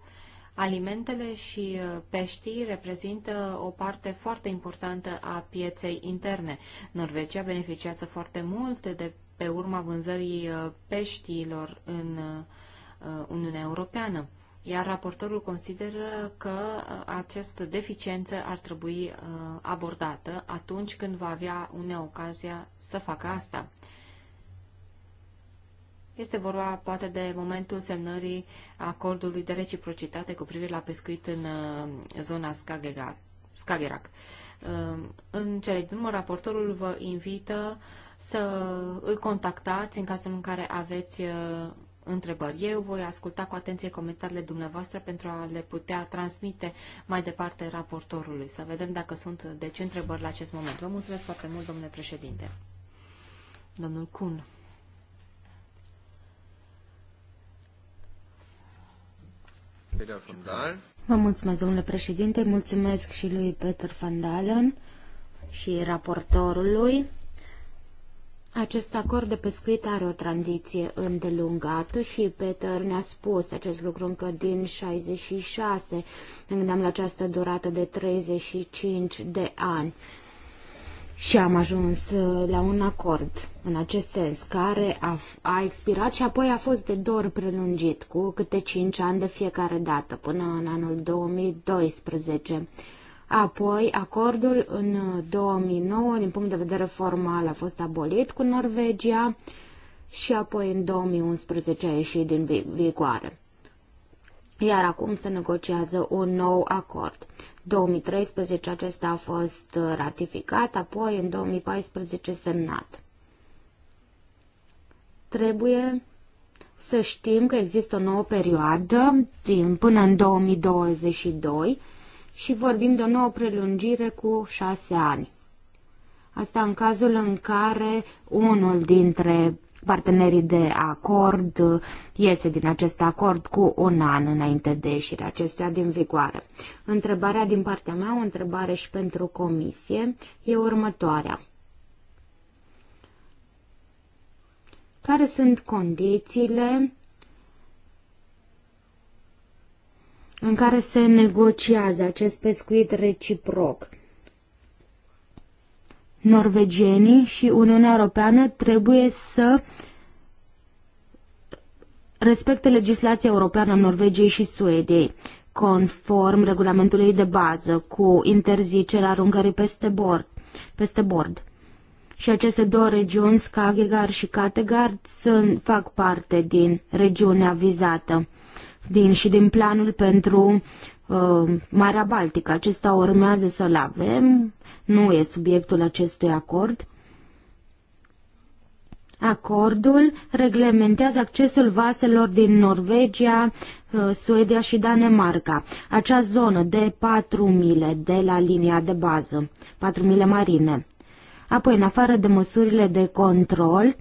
Speaker 1: Alimentele și uh, peștii reprezintă o parte foarte importantă a pieței interne. Norvegia beneficiază foarte mult de pe urma vânzării uh, peștilor în uh, Uniunea Europeană iar raportorul consideră că uh, această deficiență ar trebui uh, abordată atunci când va avea unea ocazia să facă asta. Este vorba poate de momentul semnării acordului de reciprocitate cu privire la pescuit în uh, zona Skagerrak. În cele din urmă, raportorul vă invită să îl contactați în cazul în care aveți întrebări. Eu voi asculta cu atenție comentariile dumneavoastră pentru a le putea transmite mai departe raportorului, să vedem dacă sunt de deci, ce întrebări la acest moment. Vă mulțumesc foarte mult, domnule președinte.
Speaker 2: Domnul Cun. Vă mulțumesc, domnule președinte, mulțumesc și lui Peter Van Dalen și raportorului. Acest acord de pescuit are o tranziție îndelungată și Peter ne-a spus acest lucru încă din 66, ne gândeam la această durată de 35 de ani. Și am ajuns uh, la un acord în acest sens, care a, a expirat și apoi a fost de două ori prelungit, cu câte 5 ani de fiecare dată, până în anul 2012. Apoi, acordul în 2009, uh, din punct de vedere formal, a fost abolit cu Norvegia și apoi în 2011 a ieșit din vigoare. Iar acum se negociază un nou acord. 2013 acesta a fost uh, ratificat, apoi în 2014 semnat. Trebuie să știm că există o nouă perioadă din, până în 2022 și vorbim de o nouă prelungire cu șase ani. Asta în cazul în care unul dintre partenerii de acord iese din acest acord cu un an înainte de ieșirea acestuia din vigoare. Întrebarea din partea mea, o întrebare și pentru comisie, e următoarea. Care sunt condițiile în care se negociază acest pescuit reciproc. Norvegienii și Uniunea Europeană trebuie să respecte legislația europeană a Norvegiei și Suediei, conform regulamentului de bază cu interzicerea aruncării peste bord. Peste bord. Și aceste două regiuni, Skagegar și Kattegat, sunt, fac parte din regiunea vizată din, și din planul pentru uh, Marea Baltică. Acesta urmează să-l avem, nu e subiectul acestui acord. Acordul reglementează accesul vaselor din Norvegia, uh, Suedia și Danemarca, acea zonă de 4.000 de la linia de bază, 4.000 marine. Apoi, în afară de măsurile de control,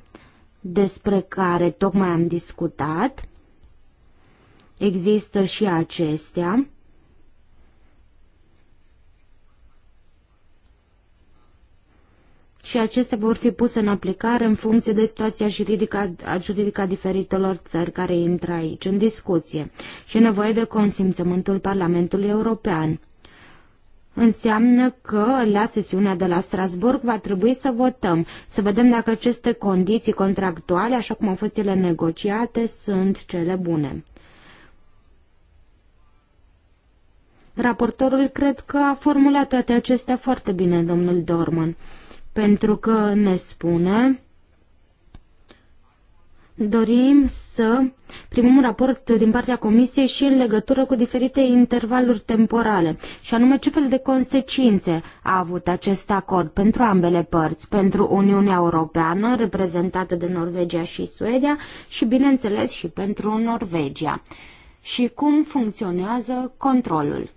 Speaker 2: despre care tocmai am discutat, Există și acestea. și acestea vor fi puse în aplicare în funcție de situația juridică a juridica diferitelor țări care intră aici în discuție și nevoie de consimțământul Parlamentului European. Înseamnă că la sesiunea de la Strasburg va trebui să votăm, să vedem dacă aceste condiții contractuale, așa cum au fost ele negociate, sunt cele bune. Raportorul cred că a formulat toate acestea foarte bine, domnul Dorman, pentru că ne spune dorim să primim un raport din partea Comisiei și în legătură cu diferite intervaluri temporale, și anume ce fel de consecințe a avut acest acord pentru ambele părți, pentru Uniunea Europeană, reprezentată de Norvegia și Suedia, și, bineînțeles, și pentru Norvegia, și cum funcționează controlul.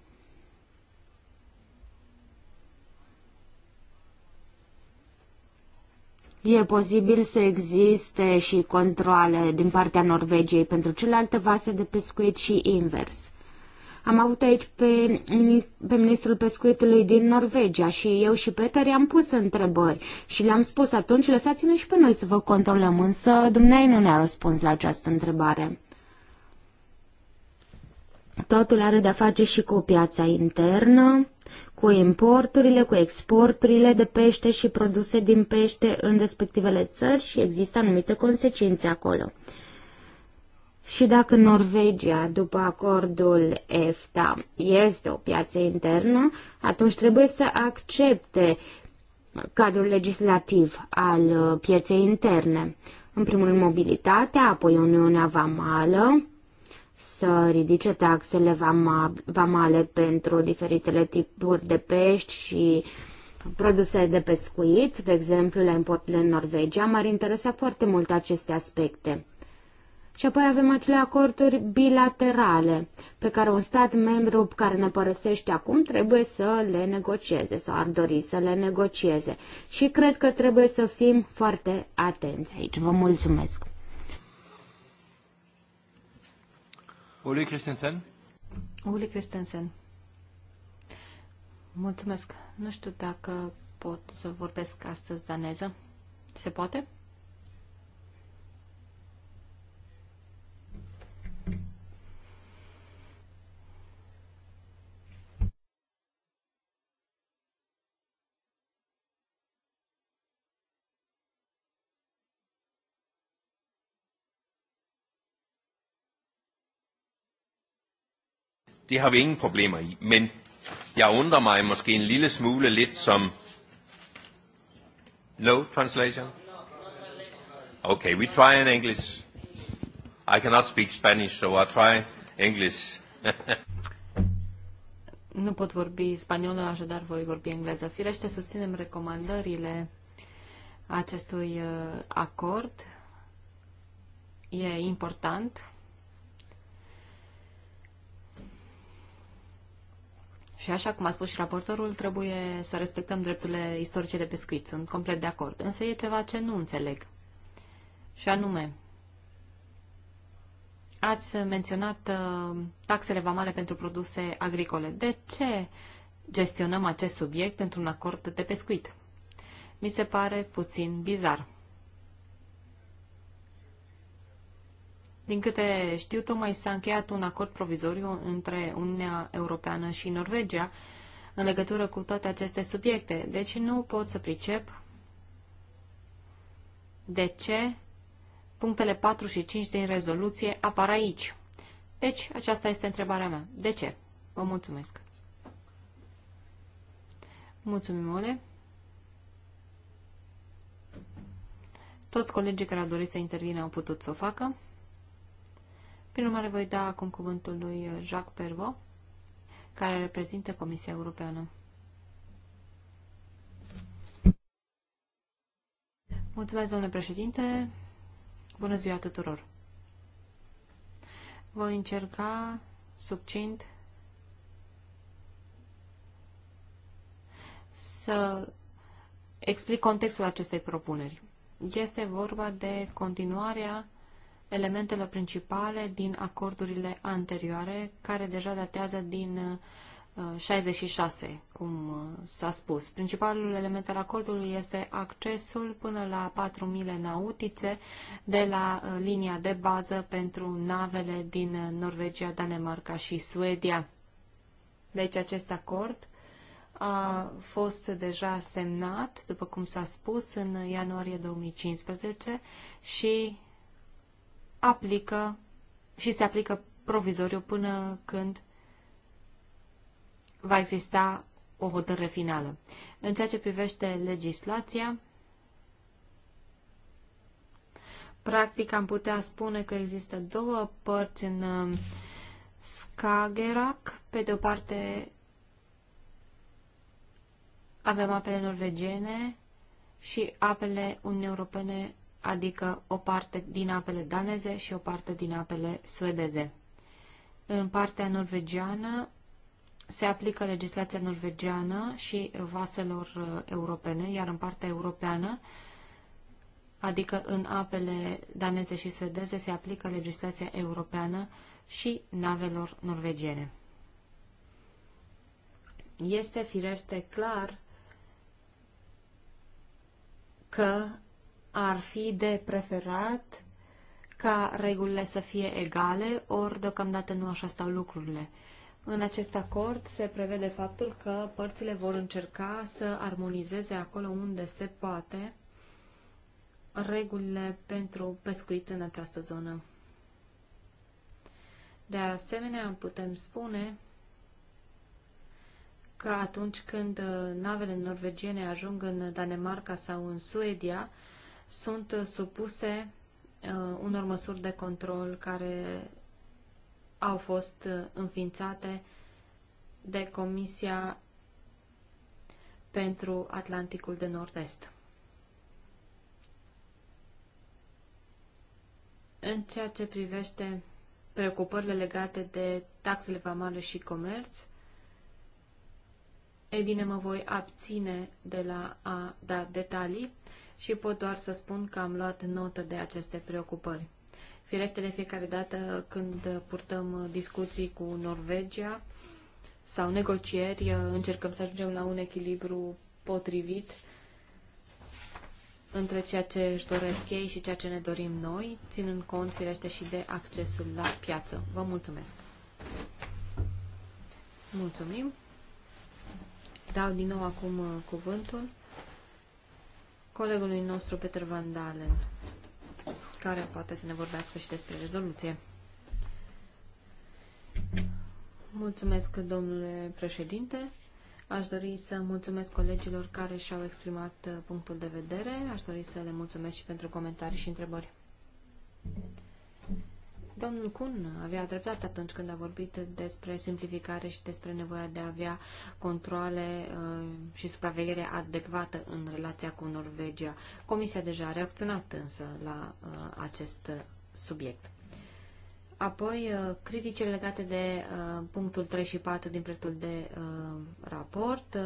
Speaker 2: E posibil să existe și controle din partea Norvegiei pentru celelalte vase de pescuit și invers. Am avut aici pe, pe ministrul pescuitului din Norvegia și eu și Peter i-am pus întrebări și le-am spus atunci, lăsați-ne și pe noi să vă controlăm, însă dumneai nu ne-a răspuns la această întrebare. Totul are de-a face și cu piața internă, cu importurile, cu exporturile de pește și produse din pește în respectivele țări și există anumite consecințe acolo. Și dacă Norvegia, după acordul EFTA, este o piață internă, atunci trebuie să accepte cadrul legislativ al uh, pieței interne. În primul rând mobilitatea, apoi Uniunea Vamală, să ridice taxele vamale pentru diferitele tipuri de pești și produse de pescuit, de exemplu la importurile în Norvegia. M-ar interesa foarte mult aceste aspecte. Și apoi avem acele acorduri bilaterale pe care un stat membru care ne părăsește acum trebuie să le negocieze sau ar dori să le negocieze. Și cred că trebuie să fim foarte atenți aici. Vă mulțumesc!
Speaker 3: Ole Christensen.
Speaker 2: Ole Christensen.
Speaker 1: Mulțumesc. Nu știu dacă pot să vorbesc astăzi daneză. Se poate?
Speaker 3: det har vi ingen problemer i. Men jeg undrer mig måske en lille smule lidt som... No translation? Okay, we try in English. I cannot speak Spanish, so I try English.
Speaker 1: nu pot vorbi spaniolă, așadar voi vorbi engleză. Firește, susținem recomandările acestui uh, acord. E important Și așa cum a spus și raportorul, trebuie să respectăm drepturile istorice de pescuit. Sunt complet de acord. Însă e ceva ce nu înțeleg. Și anume, ați menționat uh, taxele vamale pentru produse agricole. De ce gestionăm acest subiect într-un acord de pescuit? Mi se pare puțin bizar. Din câte știu, tocmai s-a încheiat un acord provizoriu între Uniunea Europeană și Norvegia în legătură cu toate aceste subiecte. Deci nu pot să pricep de ce punctele 4 și 5 din rezoluție apar aici. Deci, aceasta este întrebarea mea. De ce? Vă mulțumesc. Mulțumim, Ole. Toți colegii care au dorit să intervină au putut să o facă. Prin urmare, voi da acum cuvântul lui uh, Jacques Pervo, care reprezintă Comisia Europeană. Mulțumesc, domnule președinte. Bună ziua tuturor. Voi încerca succint să explic contextul acestei propuneri. Este vorba de continuarea elementele principale din acordurile anterioare, care deja datează din 66, uh, cum uh, s-a spus. Principalul element al acordului este accesul până la 4.000 nautice de la uh, linia de bază pentru navele din Norvegia, Danemarca și Suedia. Deci acest acord a fost deja semnat, după cum s-a spus, în ianuarie 2015 și aplică și se aplică provizoriu până când va exista o hotărâre finală. În ceea ce privește legislația, practic am putea spune că există două părți în um, Skagerrak. Pe de o parte avem apele norvegiene și apele Uniunii Europene adică o parte din apele daneze și o parte din apele suedeze. În partea norvegiană se aplică legislația norvegiană și vaselor uh, europene, iar în partea europeană, adică în apele daneze și suedeze, se aplică legislația europeană și navelor norvegiene. Este firește clar că ar fi de preferat ca regulile să fie egale, ori deocamdată nu așa stau lucrurile. În acest acord se prevede faptul că părțile vor încerca să armonizeze acolo unde se poate regulile pentru pescuit în această zonă. De asemenea, putem spune că atunci când navele norvegiene ajung în Danemarca sau în Suedia, sunt uh, supuse uh, unor măsuri de control care au fost uh, înființate de Comisia pentru Atlanticul de Nord-Est. În ceea ce privește preocupările legate de taxele vamale și comerț, ei bine, mă voi abține de la a da detalii, și pot doar să spun că am luat notă de aceste preocupări. Firește de fiecare dată când purtăm discuții cu Norvegia sau negocieri, încercăm să ajungem la un echilibru potrivit între ceea ce își doresc ei și ceea ce ne dorim noi, ținând cont, firește, și de accesul la piață. Vă mulțumesc! Mulțumim! Dau din nou acum cuvântul colegului nostru Peter Van Dalen, care poate să ne vorbească și despre rezoluție. Mulțumesc, domnule președinte. Aș dori să mulțumesc colegilor care și-au exprimat uh, punctul de vedere. Aș dori să le mulțumesc și pentru comentarii și întrebări. Domnul Kun avea dreptate atunci când a vorbit despre simplificare și despre nevoia de a avea controle uh, și supraveghere adecvată în relația cu Norvegia. Comisia deja a reacționat însă la uh, acest subiect. Apoi, uh, criticile legate de punctul 3 și 4 din proiectul de raport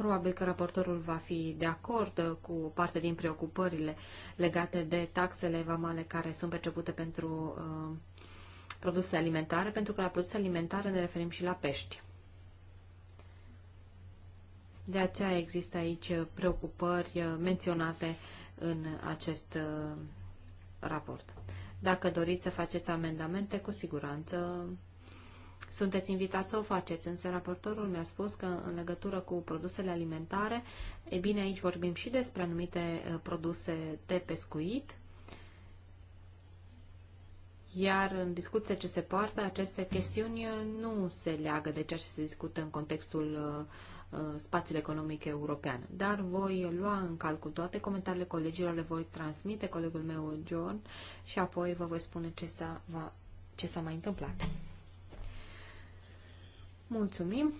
Speaker 1: Probabil că raportorul va fi de acord uh, cu parte din preocupările legate de taxele vamale care sunt percepute pentru uh, produse alimentare, pentru că la produse alimentare ne referim și la pești. De aceea există aici preocupări uh, menționate în acest uh, raport. Dacă doriți să faceți amendamente, cu siguranță sunteți invitați să o faceți, însă raportorul mi-a spus că în legătură cu produsele alimentare, e bine, aici vorbim și despre anumite uh, produse de pescuit, iar în discuția ce se poartă, aceste chestiuni uh, nu se leagă de ceea ce se discută în contextul uh, spațiul economic european. Dar voi lua în calcul toate comentariile colegilor, le voi transmite colegul meu, John, și apoi vă voi spune ce s-a, ce s-a mai întâmplat. Mulțumim.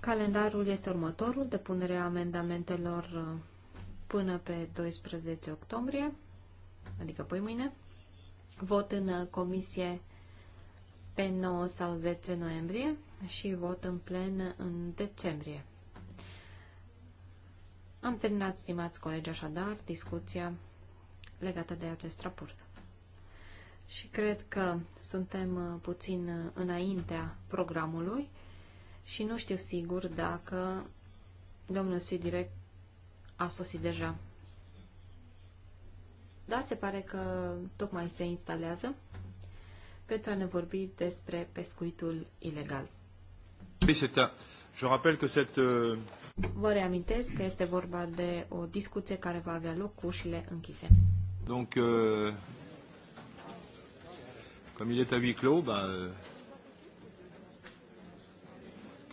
Speaker 1: Calendarul este următorul, depunerea amendamentelor uh, până pe 12 octombrie, adică poi mâine. Vot în uh, comisie pe 9 sau 10 noiembrie și vot în plen în decembrie. Am terminat, stimați colegi, așadar, discuția legată de acest raport. Și cred că suntem uh, puțin înaintea programului și nu știu sigur dacă domnul Sidirec a sosit deja. Da, se pare că tocmai se instalează pentru a ne vorbi despre pescuitul ilegal.
Speaker 3: Euh,
Speaker 1: Vă reamintesc că este vorba de o discuție care va avea loc cu ușile închise.
Speaker 3: Donc, euh, comme il est à huis clos, bah. euh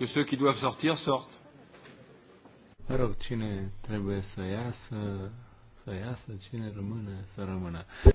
Speaker 3: que ceux qui doivent sortir sortent. rog, cine trebuie să iasă, să iasă, cine rămâne, să rămână.